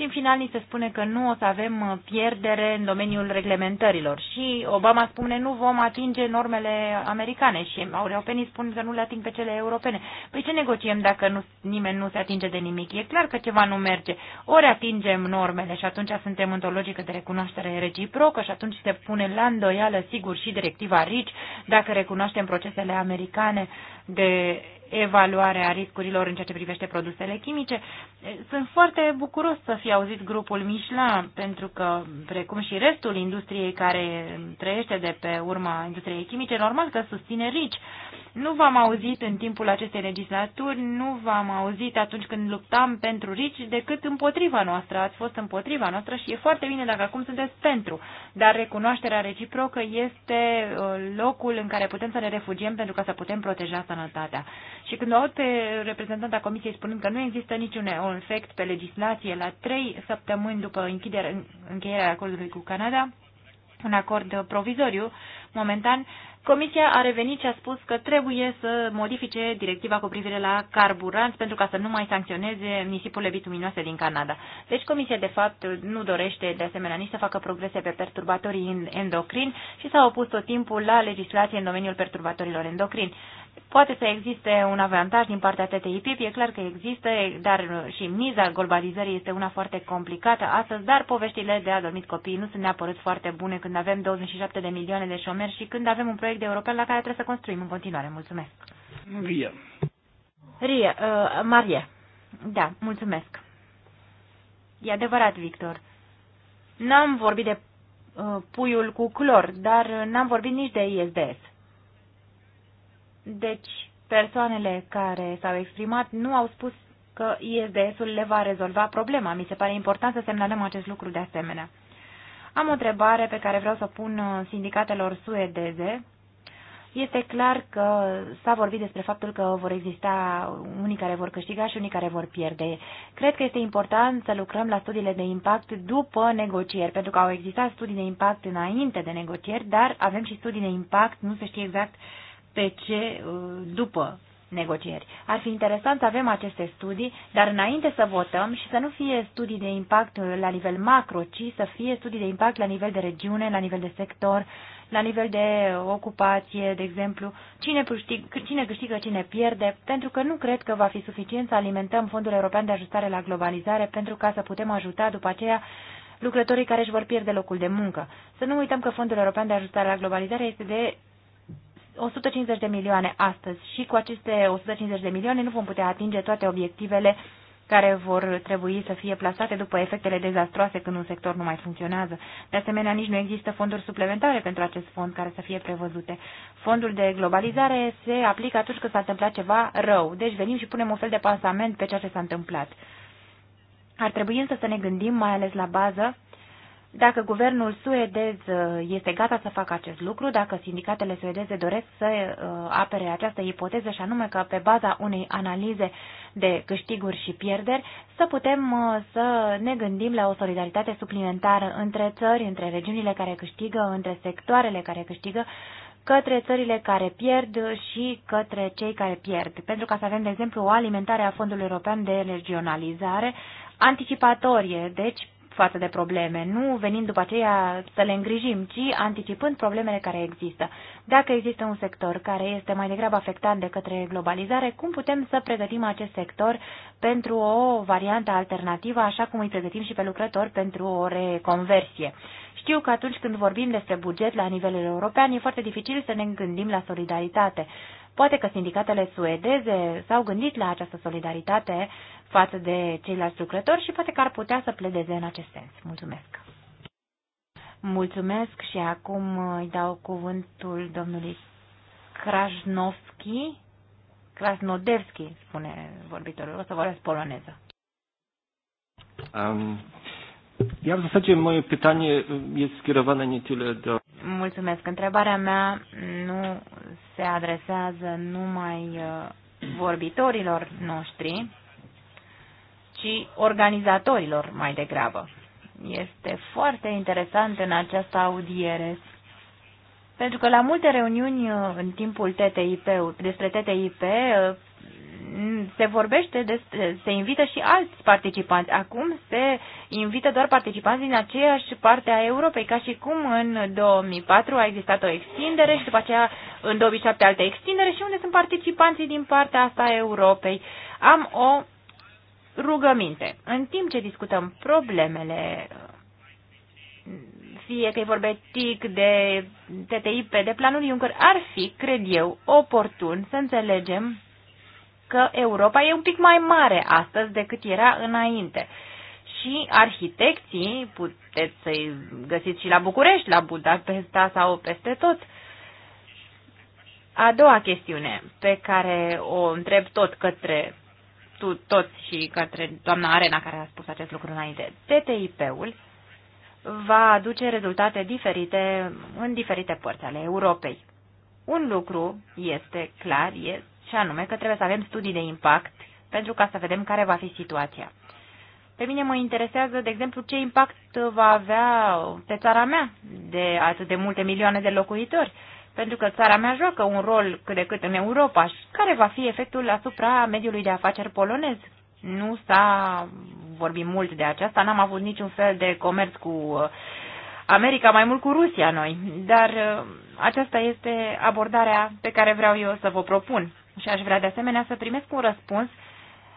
și în final ni se spune că nu o să avem uh, pierdere în domeniul reglementărilor. Și Obama spune nu vom atinge normele americane și europenii spun că nu le ating pe cele europene. Păi ce negociem dacă nu, nimeni nu se atinge de nimic? E clar că ceva nu merge. Ori atingem normele și atunci suntem într-o logică de recunoaștere reciprocă și atunci se pune la îndoială, sigur, și directiva RICI dacă recunoaștem procesele americane de evaluare a riscurilor în ceea ce privește produsele chimice. Sunt foarte bucuros să fi auzit grupul Michelin, pentru că, precum și restul industriei care trăiește de pe urma industriei chimice, normal că susține rici. Nu v-am auzit în timpul acestei legislaturi, nu v-am auzit atunci când luptam pentru rici, decât împotriva noastră. Ați fost împotriva noastră și e foarte bine dacă acum sunteți pentru. Dar recunoașterea reciprocă este uh, locul în care putem să ne refugiem pentru ca să putem proteja sănătatea. Și când o aud pe reprezentanta Comisiei spunând că nu există niciun efect pe legislație la trei săptămâni după închidere, încheierea acordului cu Canada, un acord provizoriu, momentan, Comisia a revenit și a spus că trebuie să modifice directiva cu privire la carburanți pentru ca să nu mai sancționeze nisipurile bituminoase din Canada. Deci Comisia, de fapt, nu dorește de asemenea nici să facă progrese pe perturbatorii endocrini și s-a opus tot timpul la legislație în domeniul perturbatorilor endocrini. Poate să existe un avantaj din partea TTIP, e clar că există, dar și miza globalizării este una foarte complicată astăzi, dar poveștile de adormit copii nu sunt neapărat foarte bune când avem 27 de milioane de șomeri și când avem un proiect proiect european la care trebuie să construim în continuare. Mulțumesc. Ria. Ria, uh, Marie. Da, mulțumesc. E adevărat, Victor. N-am vorbit de uh, puiul cu clor, dar uh, n-am vorbit nici de ISDS. Deci, persoanele care s-au exprimat nu au spus că ISDS-ul le va rezolva problema. Mi se pare important să semnalăm acest lucru de asemenea. Am o întrebare pe care vreau să o pun uh, sindicatelor suedeze este clar că s-a vorbit despre faptul că vor exista unii care vor câștiga și unii care vor pierde. Cred că este important să lucrăm la studiile de impact după negocieri, pentru că au existat studii de impact înainte de negocieri, dar avem și studii de impact, nu se știe exact pe ce uh, după negocieri. Ar fi interesant să avem aceste studii, dar înainte să votăm și să nu fie studii de impact uh, la nivel macro, ci să fie studii de impact la nivel de regiune, la nivel de sector, la nivel de ocupație, de exemplu, cine puștig, cine, câștigă, cine pierde, pentru că nu cred că va fi suficient să alimentăm Fondul European de Ajustare la Globalizare pentru ca să putem ajuta după aceea lucrătorii care își vor pierde locul de muncă. Să nu uităm că Fondul European de Ajustare la Globalizare este de 150 de milioane astăzi și cu aceste 150 de milioane nu vom putea atinge toate obiectivele care vor trebui să fie plasate după efectele dezastroase când un sector nu mai funcționează. De asemenea, nici nu există fonduri suplimentare pentru acest fond care să fie prevăzute. Fondul de globalizare se aplică atunci când s-a întâmplat ceva rău, deci venim și punem un fel de pansament pe ceea ce s-a întâmplat. Ar trebui însă să ne gândim mai ales la bază dacă guvernul suedez uh, este gata să facă acest lucru, dacă sindicatele suedeze doresc să uh, apere această ipoteză și anume că pe baza unei analize de câștiguri și pierderi să putem uh, să ne gândim la o solidaritate suplimentară între țări, între regiunile care câștigă, între sectoarele care câștigă, către țările care pierd și către cei care pierd. Pentru ca să avem, de exemplu, o alimentare a Fondului European de Regionalizare, anticipatorie, deci față de probleme, nu venind după aceea să le îngrijim, ci anticipând problemele care există. Dacă există un sector care este mai degrabă afectat de către globalizare, cum putem să pregătim acest sector pentru o variantă alternativă, așa cum îi pregătim și pe lucrători pentru o reconversie? Știu că atunci când vorbim despre buget la nivel european, e foarte dificil să ne gândim la solidaritate. Poate că sindicatele suedeze s-au gândit la această solidaritate față de ceilalți lucrători și poate că ar putea să pledeze în acest sens. Mulțumesc! Mulțumesc și acum îi dau cuvântul domnului Krasnovski. Krasnodevski, spune vorbitorul. O să vorbesc poloneză. Um, Ia w zasadzie moje pytanie jest skierowane nie tyle do... Mulțumesc. Întrebarea mea nu se adresează numai vorbitorilor noștri, ci organizatorilor mai degrabă. Este foarte interesant în această audiere pentru că la multe reuniuni în timpul TTIP, despre TTIP se vorbește, de, se invită și alți participanți. Acum se invită doar participanți din aceeași parte a Europei, ca și cum în 2004 a existat o extindere și după aceea în 2007 alte extindere și unde sunt participanții din partea asta a Europei. Am o rugăminte. În timp ce discutăm problemele fie că e vorbetic de TTIP, de planul Juncker, ar fi, cred eu, oportun să înțelegem că Europa e un pic mai mare astăzi decât era înainte. Și arhitecții, puteți să-i găsiți și la București, la Budapesta sau peste tot. A doua chestiune pe care o întreb tot către tu, toți și către doamna Arena care a spus acest lucru înainte. TTIP-ul va aduce rezultate diferite în diferite părți ale Europei. Un lucru este clar, e și anume că trebuie să avem studii de impact pentru ca să vedem care va fi situația. Pe mine mă interesează, de exemplu, ce impact va avea pe țara mea de atât de multe milioane de locuitori, pentru că țara mea joacă un rol cât de cât în Europa și care va fi efectul asupra mediului de afaceri polonez. Nu s-a vorbit mult de aceasta, n-am avut niciun fel de comerț cu uh, America, mai mult cu Rusia noi, dar uh, aceasta este abordarea pe care vreau eu să vă propun. Și aș vrea de asemenea să primesc un răspuns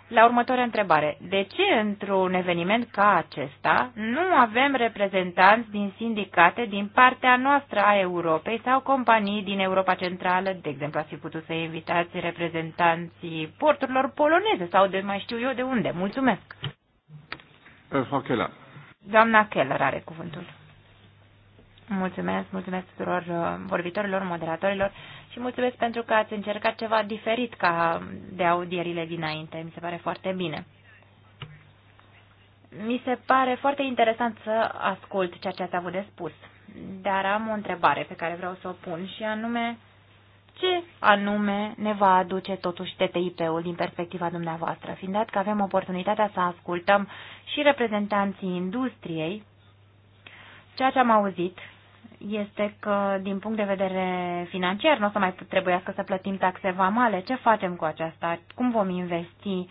la următoarea întrebare. De ce într-un eveniment ca acesta nu avem reprezentanți din sindicate din partea noastră a Europei sau companii din Europa Centrală? De exemplu, ați fi putut să invitați reprezentanții porturilor poloneze sau de mai știu eu de unde. Mulțumesc! Eh, Doamna Keller are cuvântul. Mulțumesc, mulțumesc tuturor uh, vorbitorilor, moderatorilor și mulțumesc pentru că ați încercat ceva diferit ca de audierile dinainte. Mi se pare foarte bine. Mi se pare foarte interesant să ascult ceea ce ați avut de spus, dar am o întrebare pe care vreau să o pun și anume, ce anume ne va aduce totuși TTIP-ul din perspectiva dumneavoastră, fiind dat că avem oportunitatea să ascultăm și reprezentanții industriei, ceea ce am auzit este că, din punct de vedere financiar, nu o să mai trebuiască să plătim taxe vamale. Ce facem cu aceasta? Cum vom investi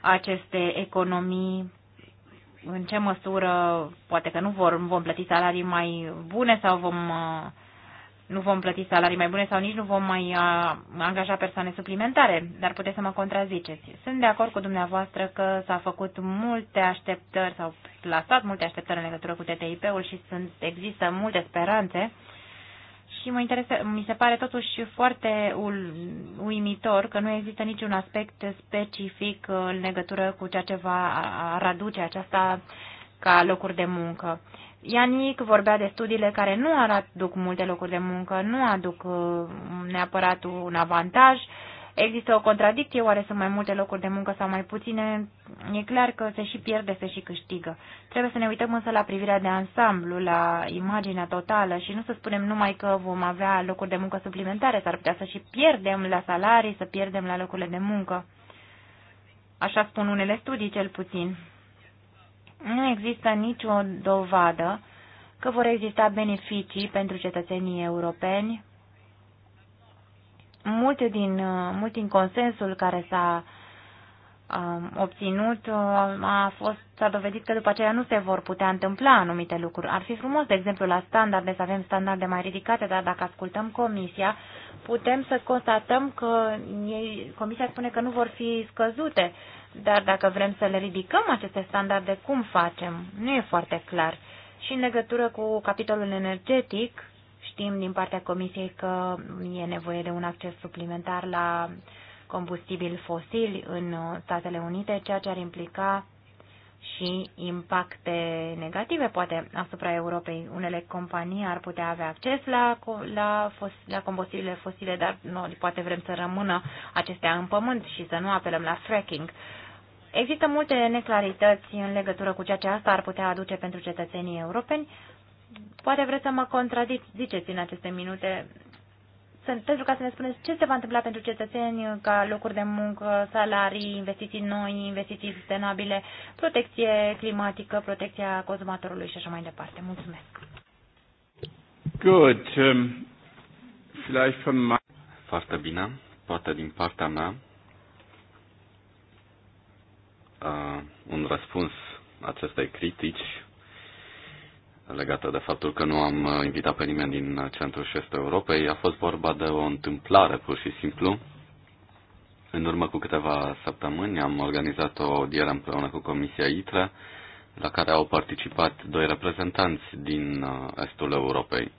aceste economii? În ce măsură, poate că nu vor, vom plăti salarii mai bune sau vom uh, nu vom plăti salarii mai bune sau nici nu vom mai angaja persoane suplimentare, dar puteți să mă contraziceți. Sunt de acord cu dumneavoastră că s-a făcut multe așteptări sau lăsat multe așteptări în legătură cu TTIP-ul și sunt, există multe speranțe și mă interese, mi se pare totuși foarte uimitor că nu există niciun aspect specific în legătură cu ceea ce va aduce aceasta ca locuri de muncă. Ianic vorbea de studiile care nu aduc multe locuri de muncă, nu aduc uh, neapărat un avantaj. Există o contradicție, oare sunt mai multe locuri de muncă sau mai puține? E clar că se și pierde, se și câștigă. Trebuie să ne uităm însă la privirea de ansamblu, la imaginea totală și nu să spunem numai că vom avea locuri de muncă suplimentare, s-ar putea să și pierdem la salarii, să pierdem la locurile de muncă. Așa spun unele studii, cel puțin nu există nicio dovadă că vor exista beneficii pentru cetățenii europeni. Mult din, mult din consensul care s-a um, obținut um, a fost, s-a dovedit că după aceea nu se vor putea întâmpla anumite lucruri. Ar fi frumos, de exemplu, la standarde să avem standarde mai ridicate, dar dacă ascultăm comisia, putem să constatăm că ei, comisia spune că nu vor fi scăzute dar dacă vrem să le ridicăm aceste standarde, cum facem? Nu e foarte clar. Și în legătură cu capitolul energetic, știm din partea Comisiei că e nevoie de un acces suplimentar la combustibil fosili în Statele Unite, ceea ce ar implica și impacte negative, poate, asupra Europei. Unele companii ar putea avea acces la, la, fos, la combustibile fosile, dar noi poate vrem să rămână acestea în pământ și să nu apelăm la fracking. Există multe neclarități în legătură cu ceea ce asta ar putea aduce pentru cetățenii europeni. Poate vreți să mă contraziceți în aceste minute. pentru ca să ne spuneți ce se va întâmpla pentru cetățeni ca locuri de muncă, salarii, investiții noi, investiții sustenabile, protecție climatică, protecția consumatorului și așa mai departe. Mulțumesc. Good. Um, vielleicht Foarte bine. Poate din partea mea uh, un răspuns acestei critici legată de faptul că nu am invitat pe nimeni din centrul și estul Europei. A fost vorba de o întâmplare, pur și simplu. În urmă cu câteva săptămâni am organizat o audiere împreună cu Comisia ITRE, la care au participat doi reprezentanți din estul Europei.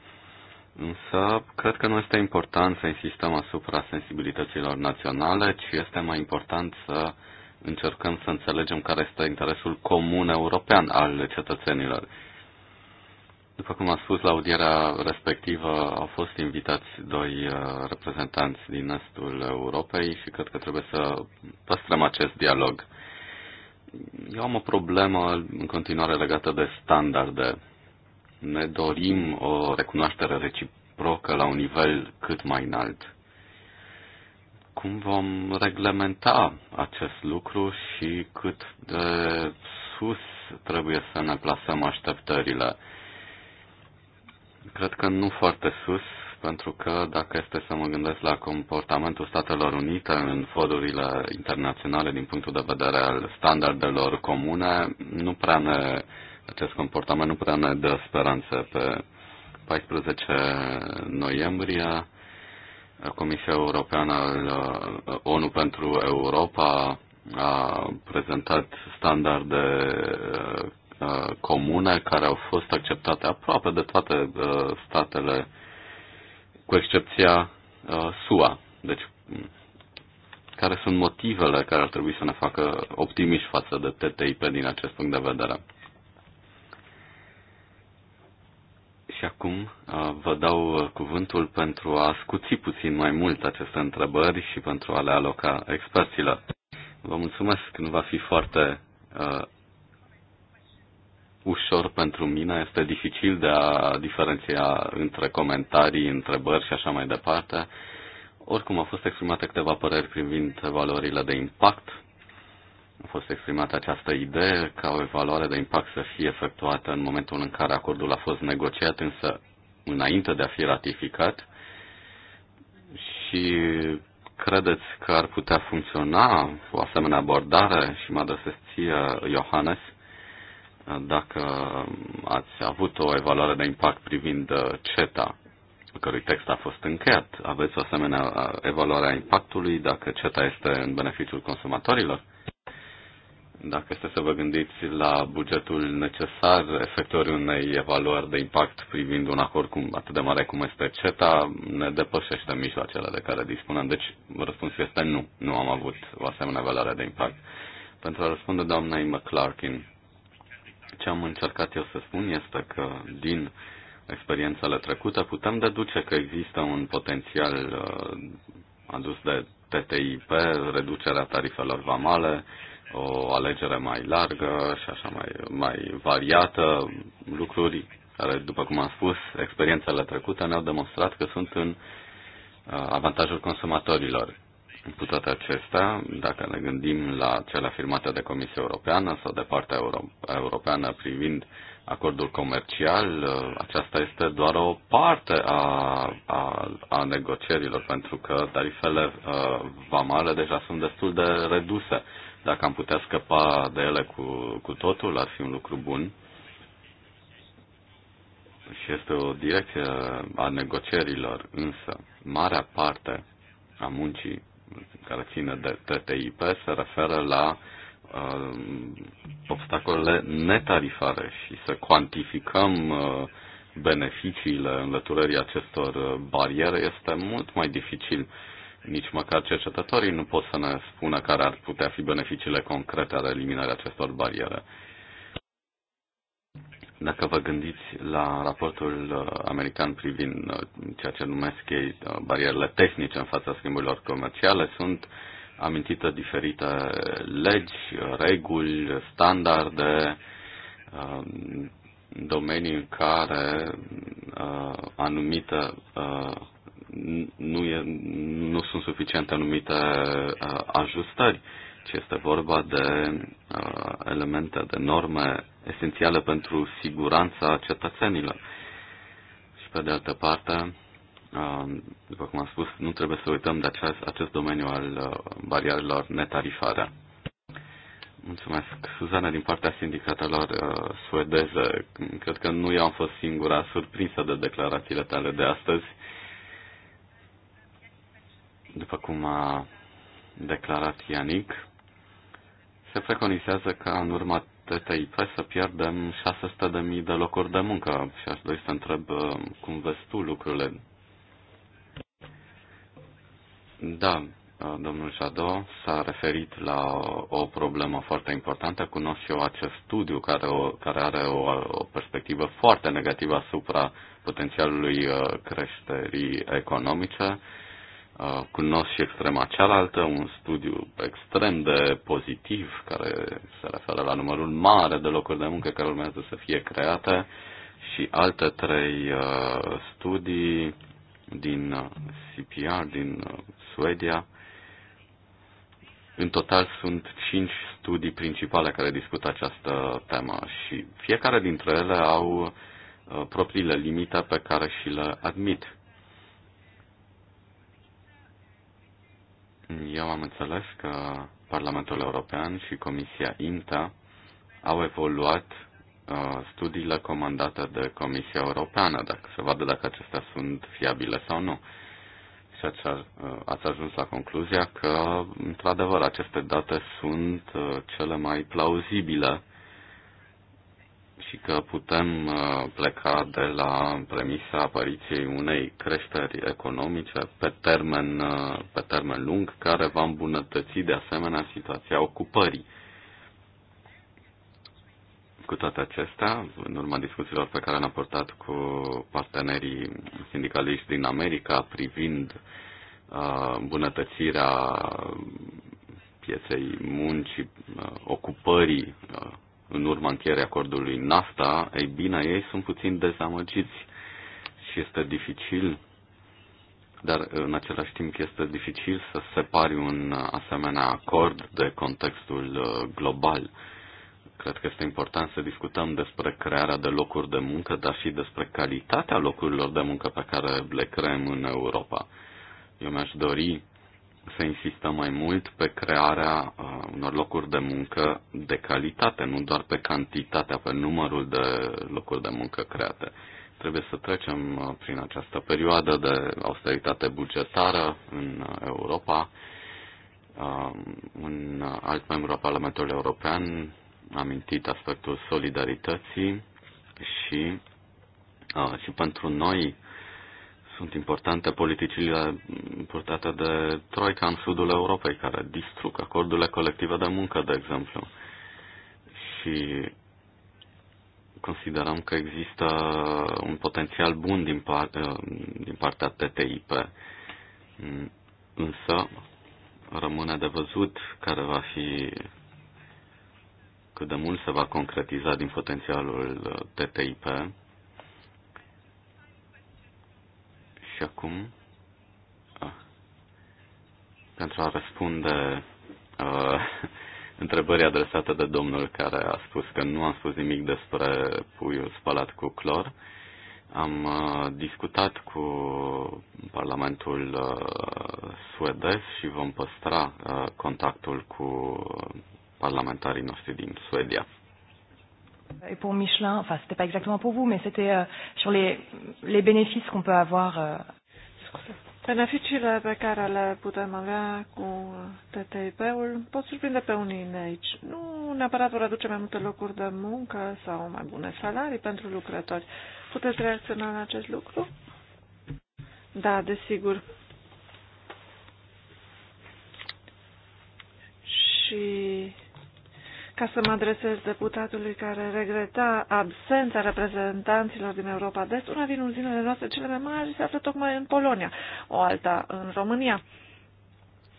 Însă, cred că nu este important să insistăm asupra sensibilităților naționale, ci este mai important să uh, încercăm să înțelegem care este interesul comun european al cetățenilor. După cum am spus, la audierea respectivă au fost invitați doi uh, reprezentanți din estul Europei și cred că trebuie să păstrăm acest dialog. Eu am o problemă în continuare legată de standarde. Ne dorim o recunoaștere reciprocă la un nivel cât mai înalt cum vom reglementa acest lucru și cât de sus trebuie să ne plasăm așteptările. Cred că nu foarte sus, pentru că dacă este să mă gândesc la comportamentul Statelor Unite în forurile internaționale din punctul de vedere al standardelor comune, nu prea ne, acest comportament nu prea ne dă speranțe pe 14 noiembrie Comisia Europeană al uh, ONU pentru Europa a prezentat standarde uh, comune care au fost acceptate aproape de toate uh, statele, cu excepția SUA. Deci, care sunt motivele care ar trebui să ne facă optimiști față de TTIP din acest punct de vedere? Și acum uh, vă dau uh, cuvântul pentru a scuți puțin mai mult aceste întrebări și pentru a le aloca experților. Vă mulțumesc, nu va fi foarte uh, ușor pentru mine, este dificil de a diferenția între comentarii, întrebări și așa mai departe. Oricum, au fost exprimate câteva păreri privind valorile de impact a fost exprimată această idee ca o evaluare de impact să fie efectuată în momentul în care acordul a fost negociat, însă înainte de a fi ratificat și credeți că ar putea funcționa o asemenea abordare și mă adresez ție, Iohannes, dacă ați avut o evaluare de impact privind uh, CETA, cărui text a fost încheiat. Aveți o asemenea uh, evaluare a impactului dacă CETA este în beneficiul consumatorilor? dacă este să vă gândiți la bugetul necesar efectuării unei evaluări de impact privind un acord cum, atât de mare cum este CETA, ne depășește mijloacele de care dispunem. Deci răspunsul este nu, nu am avut o asemenea evaluare de impact. Pentru a răspunde doamnei McClarkin, ce am încercat eu să spun este că din experiențele trecute putem deduce că există un potențial uh, adus de TTIP, reducerea tarifelor vamale, o alegere mai largă și așa mai, mai variată, lucruri care, după cum am spus, experiențele trecute ne-au demonstrat că sunt în uh, avantajul consumatorilor. Cu toate acestea, dacă ne gândim la cele afirmate de Comisia Europeană sau de partea euro- europeană privind acordul comercial, uh, aceasta este doar o parte a, a, a negocierilor, pentru că tarifele uh, vamale deja sunt destul de reduse dacă am putea scăpa de ele cu, cu totul, ar fi un lucru bun. Și este o direcție a negocierilor, însă marea parte a muncii care ține de TTIP se referă la uh, obstacolele netarifare și să cuantificăm uh, beneficiile înlăturării acestor uh, bariere este mult mai dificil nici măcar cercetătorii nu pot să ne spună care ar putea fi beneficiile concrete ale eliminării acestor bariere. Dacă vă gândiți la raportul uh, american privind uh, ceea ce numesc ei uh, barierele tehnice în fața schimburilor comerciale, sunt amintite diferite legi, reguli, standarde, domenii în care anumite nu, e, nu sunt suficiente anumite uh, ajustări, ci este vorba de uh, elemente, de norme esențiale pentru siguranța cetățenilor. Și pe de altă parte, uh, după cum am spus, nu trebuie să uităm de acest, acest domeniu al barierelor netarifare. Mulțumesc. Suzana, din partea sindicatelor uh, suedeze, cred că nu i am fost singura surprinsă de declarațiile tale de astăzi după cum a declarat Ianic, se preconizează ca în urma TTIP să pierdem 600.000 de locuri de muncă și aș dori să întreb uh, cum vezi tu lucrurile. Da, uh, domnul Jado s-a referit la o problemă foarte importantă. Cunosc eu acest studiu care, o, care are o, o perspectivă foarte negativă asupra potențialului uh, creșterii economice Uh, cunosc și extrema cealaltă, un studiu extrem de pozitiv care se referă la numărul mare de locuri de muncă care urmează să fie create și alte trei uh, studii din uh, CPR, din Suedia. În total sunt cinci studii principale care discută această temă și fiecare dintre ele au propriile limite pe care și le admit. Eu am înțeles că Parlamentul European și Comisia INTA au evoluat uh, studiile comandate de Comisia Europeană, dacă se vadă dacă acestea sunt fiabile sau nu. Și ați, uh, ați ajuns la concluzia că, într-adevăr, aceste date sunt uh, cele mai plauzibile și că putem uh, pleca de la premisa apariției unei creșteri economice pe termen, uh, pe termen lung, care va îmbunătăți de asemenea situația ocupării. Cu toate acestea, în urma discuțiilor pe care am portat cu partenerii sindicaliști din America privind uh, îmbunătățirea pieței muncii, ocupării în urma încheierii acordului NAFTA, ei bine, ei sunt puțin dezamăgiți și este dificil, dar în același timp este dificil să separi un asemenea acord de contextul uh, global. Cred că este important să discutăm despre crearea de locuri de muncă, dar și despre calitatea locurilor de muncă pe care le creăm în Europa. Eu mi-aș dori să insistăm mai mult pe crearea uh, unor locuri de muncă de calitate, nu doar pe cantitatea, pe numărul de locuri de muncă create. Trebuie să trecem uh, prin această perioadă de austeritate bugetară în Europa. Uh, un alt membru al Parlamentului European a amintit aspectul solidarității și, uh, și pentru noi sunt importante politicile purtate de Troica în sudul Europei, care distrug acordurile colective de muncă, de exemplu. Și considerăm că există un potențial bun din, par, eh, din partea TTIP. Însă, rămâne de văzut care va fi cât de mult se va concretiza din potențialul TTIP Și acum, ah, pentru a răspunde uh, întrebării adresate de domnul care a spus că nu am spus nimic despre puiul spălat cu clor, am uh, discutat cu Parlamentul uh, suedez și vom păstra uh, contactul cu parlamentarii noștri din Suedia. Et pour Michelin, enfin, n'était pas exactement pour vous, mais c'était euh, sur les, les bénéfices qu'on peut avoir. Euh... Beneficiile pe care le putem avea cu uh, TTIP-ul pot surprinde pe unii în aici. Nu neapărat vor aduce mai multe locuri de muncă sau mai bune salarii pentru lucrători. Puteți reacționa la acest lucru? Da, desigur. Și ca să mă adresez deputatului care regreta absența reprezentanților din Europa de Est, una din uzinele noastre cele mai mari se află tocmai în Polonia, o alta în România.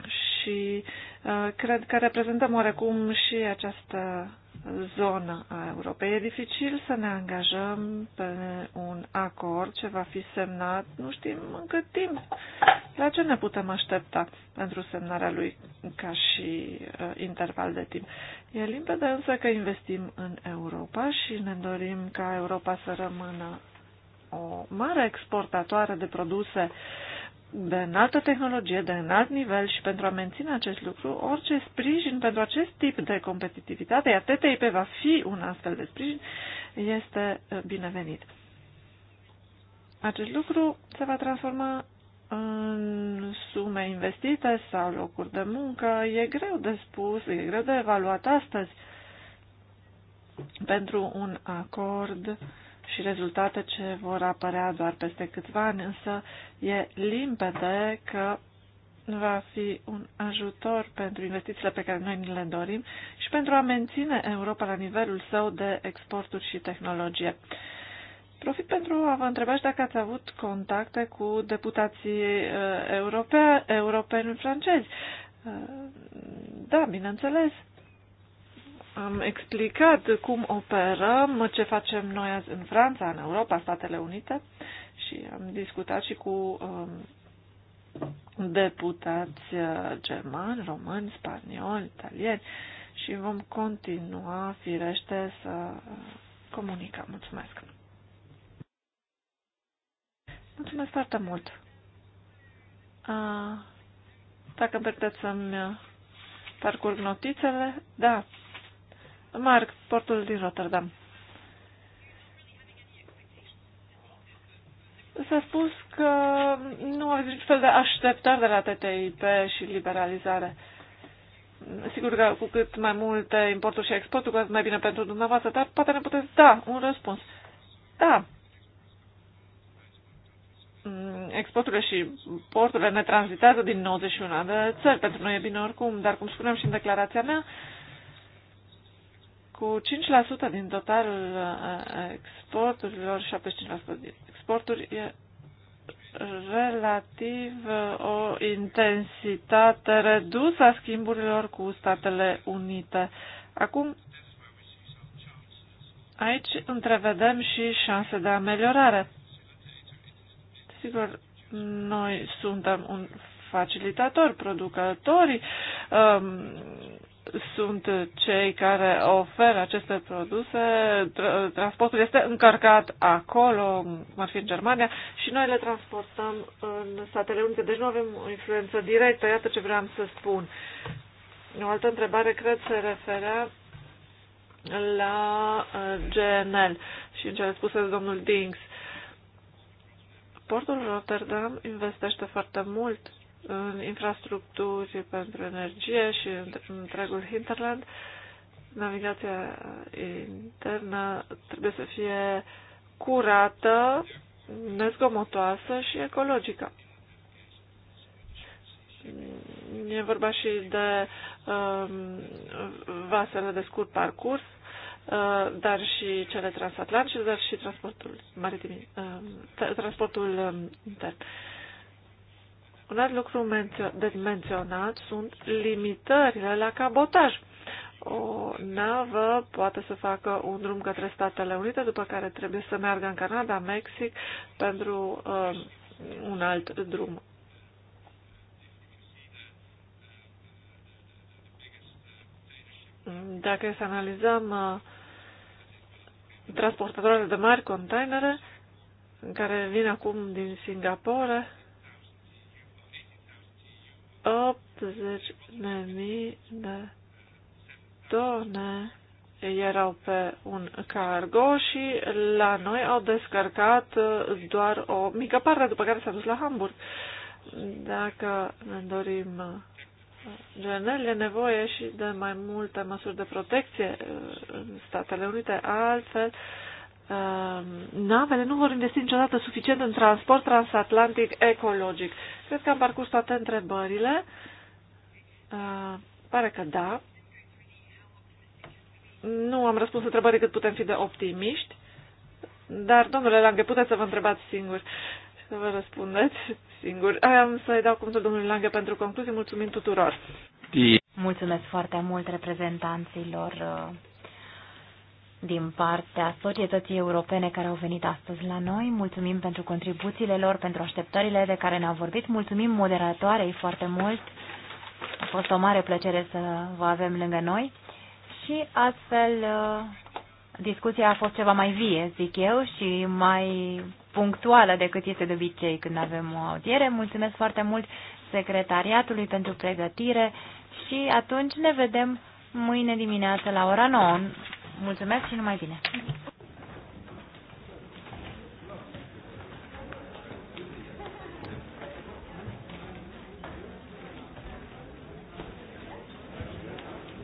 Și uh, cred că reprezentăm oarecum și această zona a Europei. E dificil să ne angajăm pe un acord ce va fi semnat, nu știm în cât timp. La ce ne putem aștepta pentru semnarea lui ca și uh, interval de timp? E limpede însă că investim în Europa și ne dorim ca Europa să rămână o mare exportatoare de produse uh, de înaltă tehnologie, de înalt nivel și pentru a menține acest lucru, orice sprijin pentru acest tip de competitivitate, iar TTIP va fi un astfel de sprijin, este uh, binevenit. Acest lucru se va transforma în sume investite sau locuri de muncă. E greu de spus, e greu de evaluat astăzi pentru un acord și rezultate ce vor apărea doar peste câțiva ani, însă e limpede că va fi un ajutor pentru investițiile pe care noi ni le dorim și pentru a menține Europa la nivelul său de exporturi și tehnologie. Profit pentru a vă întreba și dacă ați avut contacte cu deputații eh, europeni francezi. Eh, da, bineînțeles. Am explicat cum operăm, ce facem noi azi în Franța, în Europa, Statele Unite și am discutat și cu um, deputați uh, germani, români, spanioli, italieni și vom continua, firește, să comunicăm. Mulțumesc! Mulțumesc foarte mult! A, dacă îmi permiteți să-mi uh, parcurg notițele, da, Mark, portul din Rotterdam. S-a spus că nu a niciun fel de așteptări de la TTIP și liberalizare. Sigur că cu cât mai multe importuri și exporturi, cu atât mai bine pentru dumneavoastră, dar poate ne puteți da un răspuns. Da. Mm, exporturile și porturile ne tranzitează din 91 de țări. Pentru noi e bine oricum, dar cum spuneam și în declarația mea, cu 5% din totalul uh, exporturilor, 75% din exporturi, e relativ uh, o intensitate redusă a schimburilor cu Statele Unite. Acum, aici întrevedem și șanse de ameliorare. Sigur, noi suntem un facilitator, producătorii, um, sunt cei care oferă aceste produse, transportul este încărcat acolo, cum ar fi în Germania, și noi le transportăm în Statele Unite, deci nu avem o influență directă, iată ce vreau să spun. O altă întrebare, cred, se referea la uh, GNL și în ce a de domnul Dings. Portul Rotterdam investește foarte mult în infrastructuri pentru energie și în întregul hinterland, navigația internă trebuie să fie curată, nezgomotoasă și ecologică. E vorba și de um, vasele de scurt parcurs, uh, dar și cele transatlantice, dar și transportul maritim, uh, transportul um, intern. Uh, un alt lucru de menționat sunt limitările la cabotaj. O navă poate să facă un drum către Statele Unite, după care trebuie să meargă în Canada, Mexic, pentru uh, un alt drum. Dacă să analizăm uh, transportatoarele de mari containere, care vin acum din Singapore, 80.000 de tone erau pe un cargo și la noi au descărcat doar o mică parte, după care s-a dus la Hamburg. Dacă ne dorim genel, e nevoie și de mai multe măsuri de protecție în Statele Unite, altfel uh, Ehm, navele nu vor investi niciodată suficient în transport transatlantic ecologic. Cred că am parcurs toate întrebările. Ehm, pare că da. Nu am răspuns întrebării cât putem fi de optimiști, dar, domnule Lange, puteți să vă întrebați singur și să vă răspundeți singur. Am să-i dau cuvântul domnului Lange pentru concluzii. Mulțumim tuturor! Mulțumesc foarte mult reprezentanților uh, din partea societății europene care au venit astăzi la noi. Mulțumim pentru contribuțiile lor, pentru așteptările de care ne-au vorbit. Mulțumim moderatoarei foarte mult. A fost o mare plăcere să vă avem lângă noi. Și astfel uh, discuția a fost ceva mai vie, zic eu, și mai punctuală decât este de obicei când avem o audiere. Mulțumesc foarte mult secretariatului pentru pregătire și atunci ne vedem mâine dimineață la ora 9. Mulțumesc și numai bine!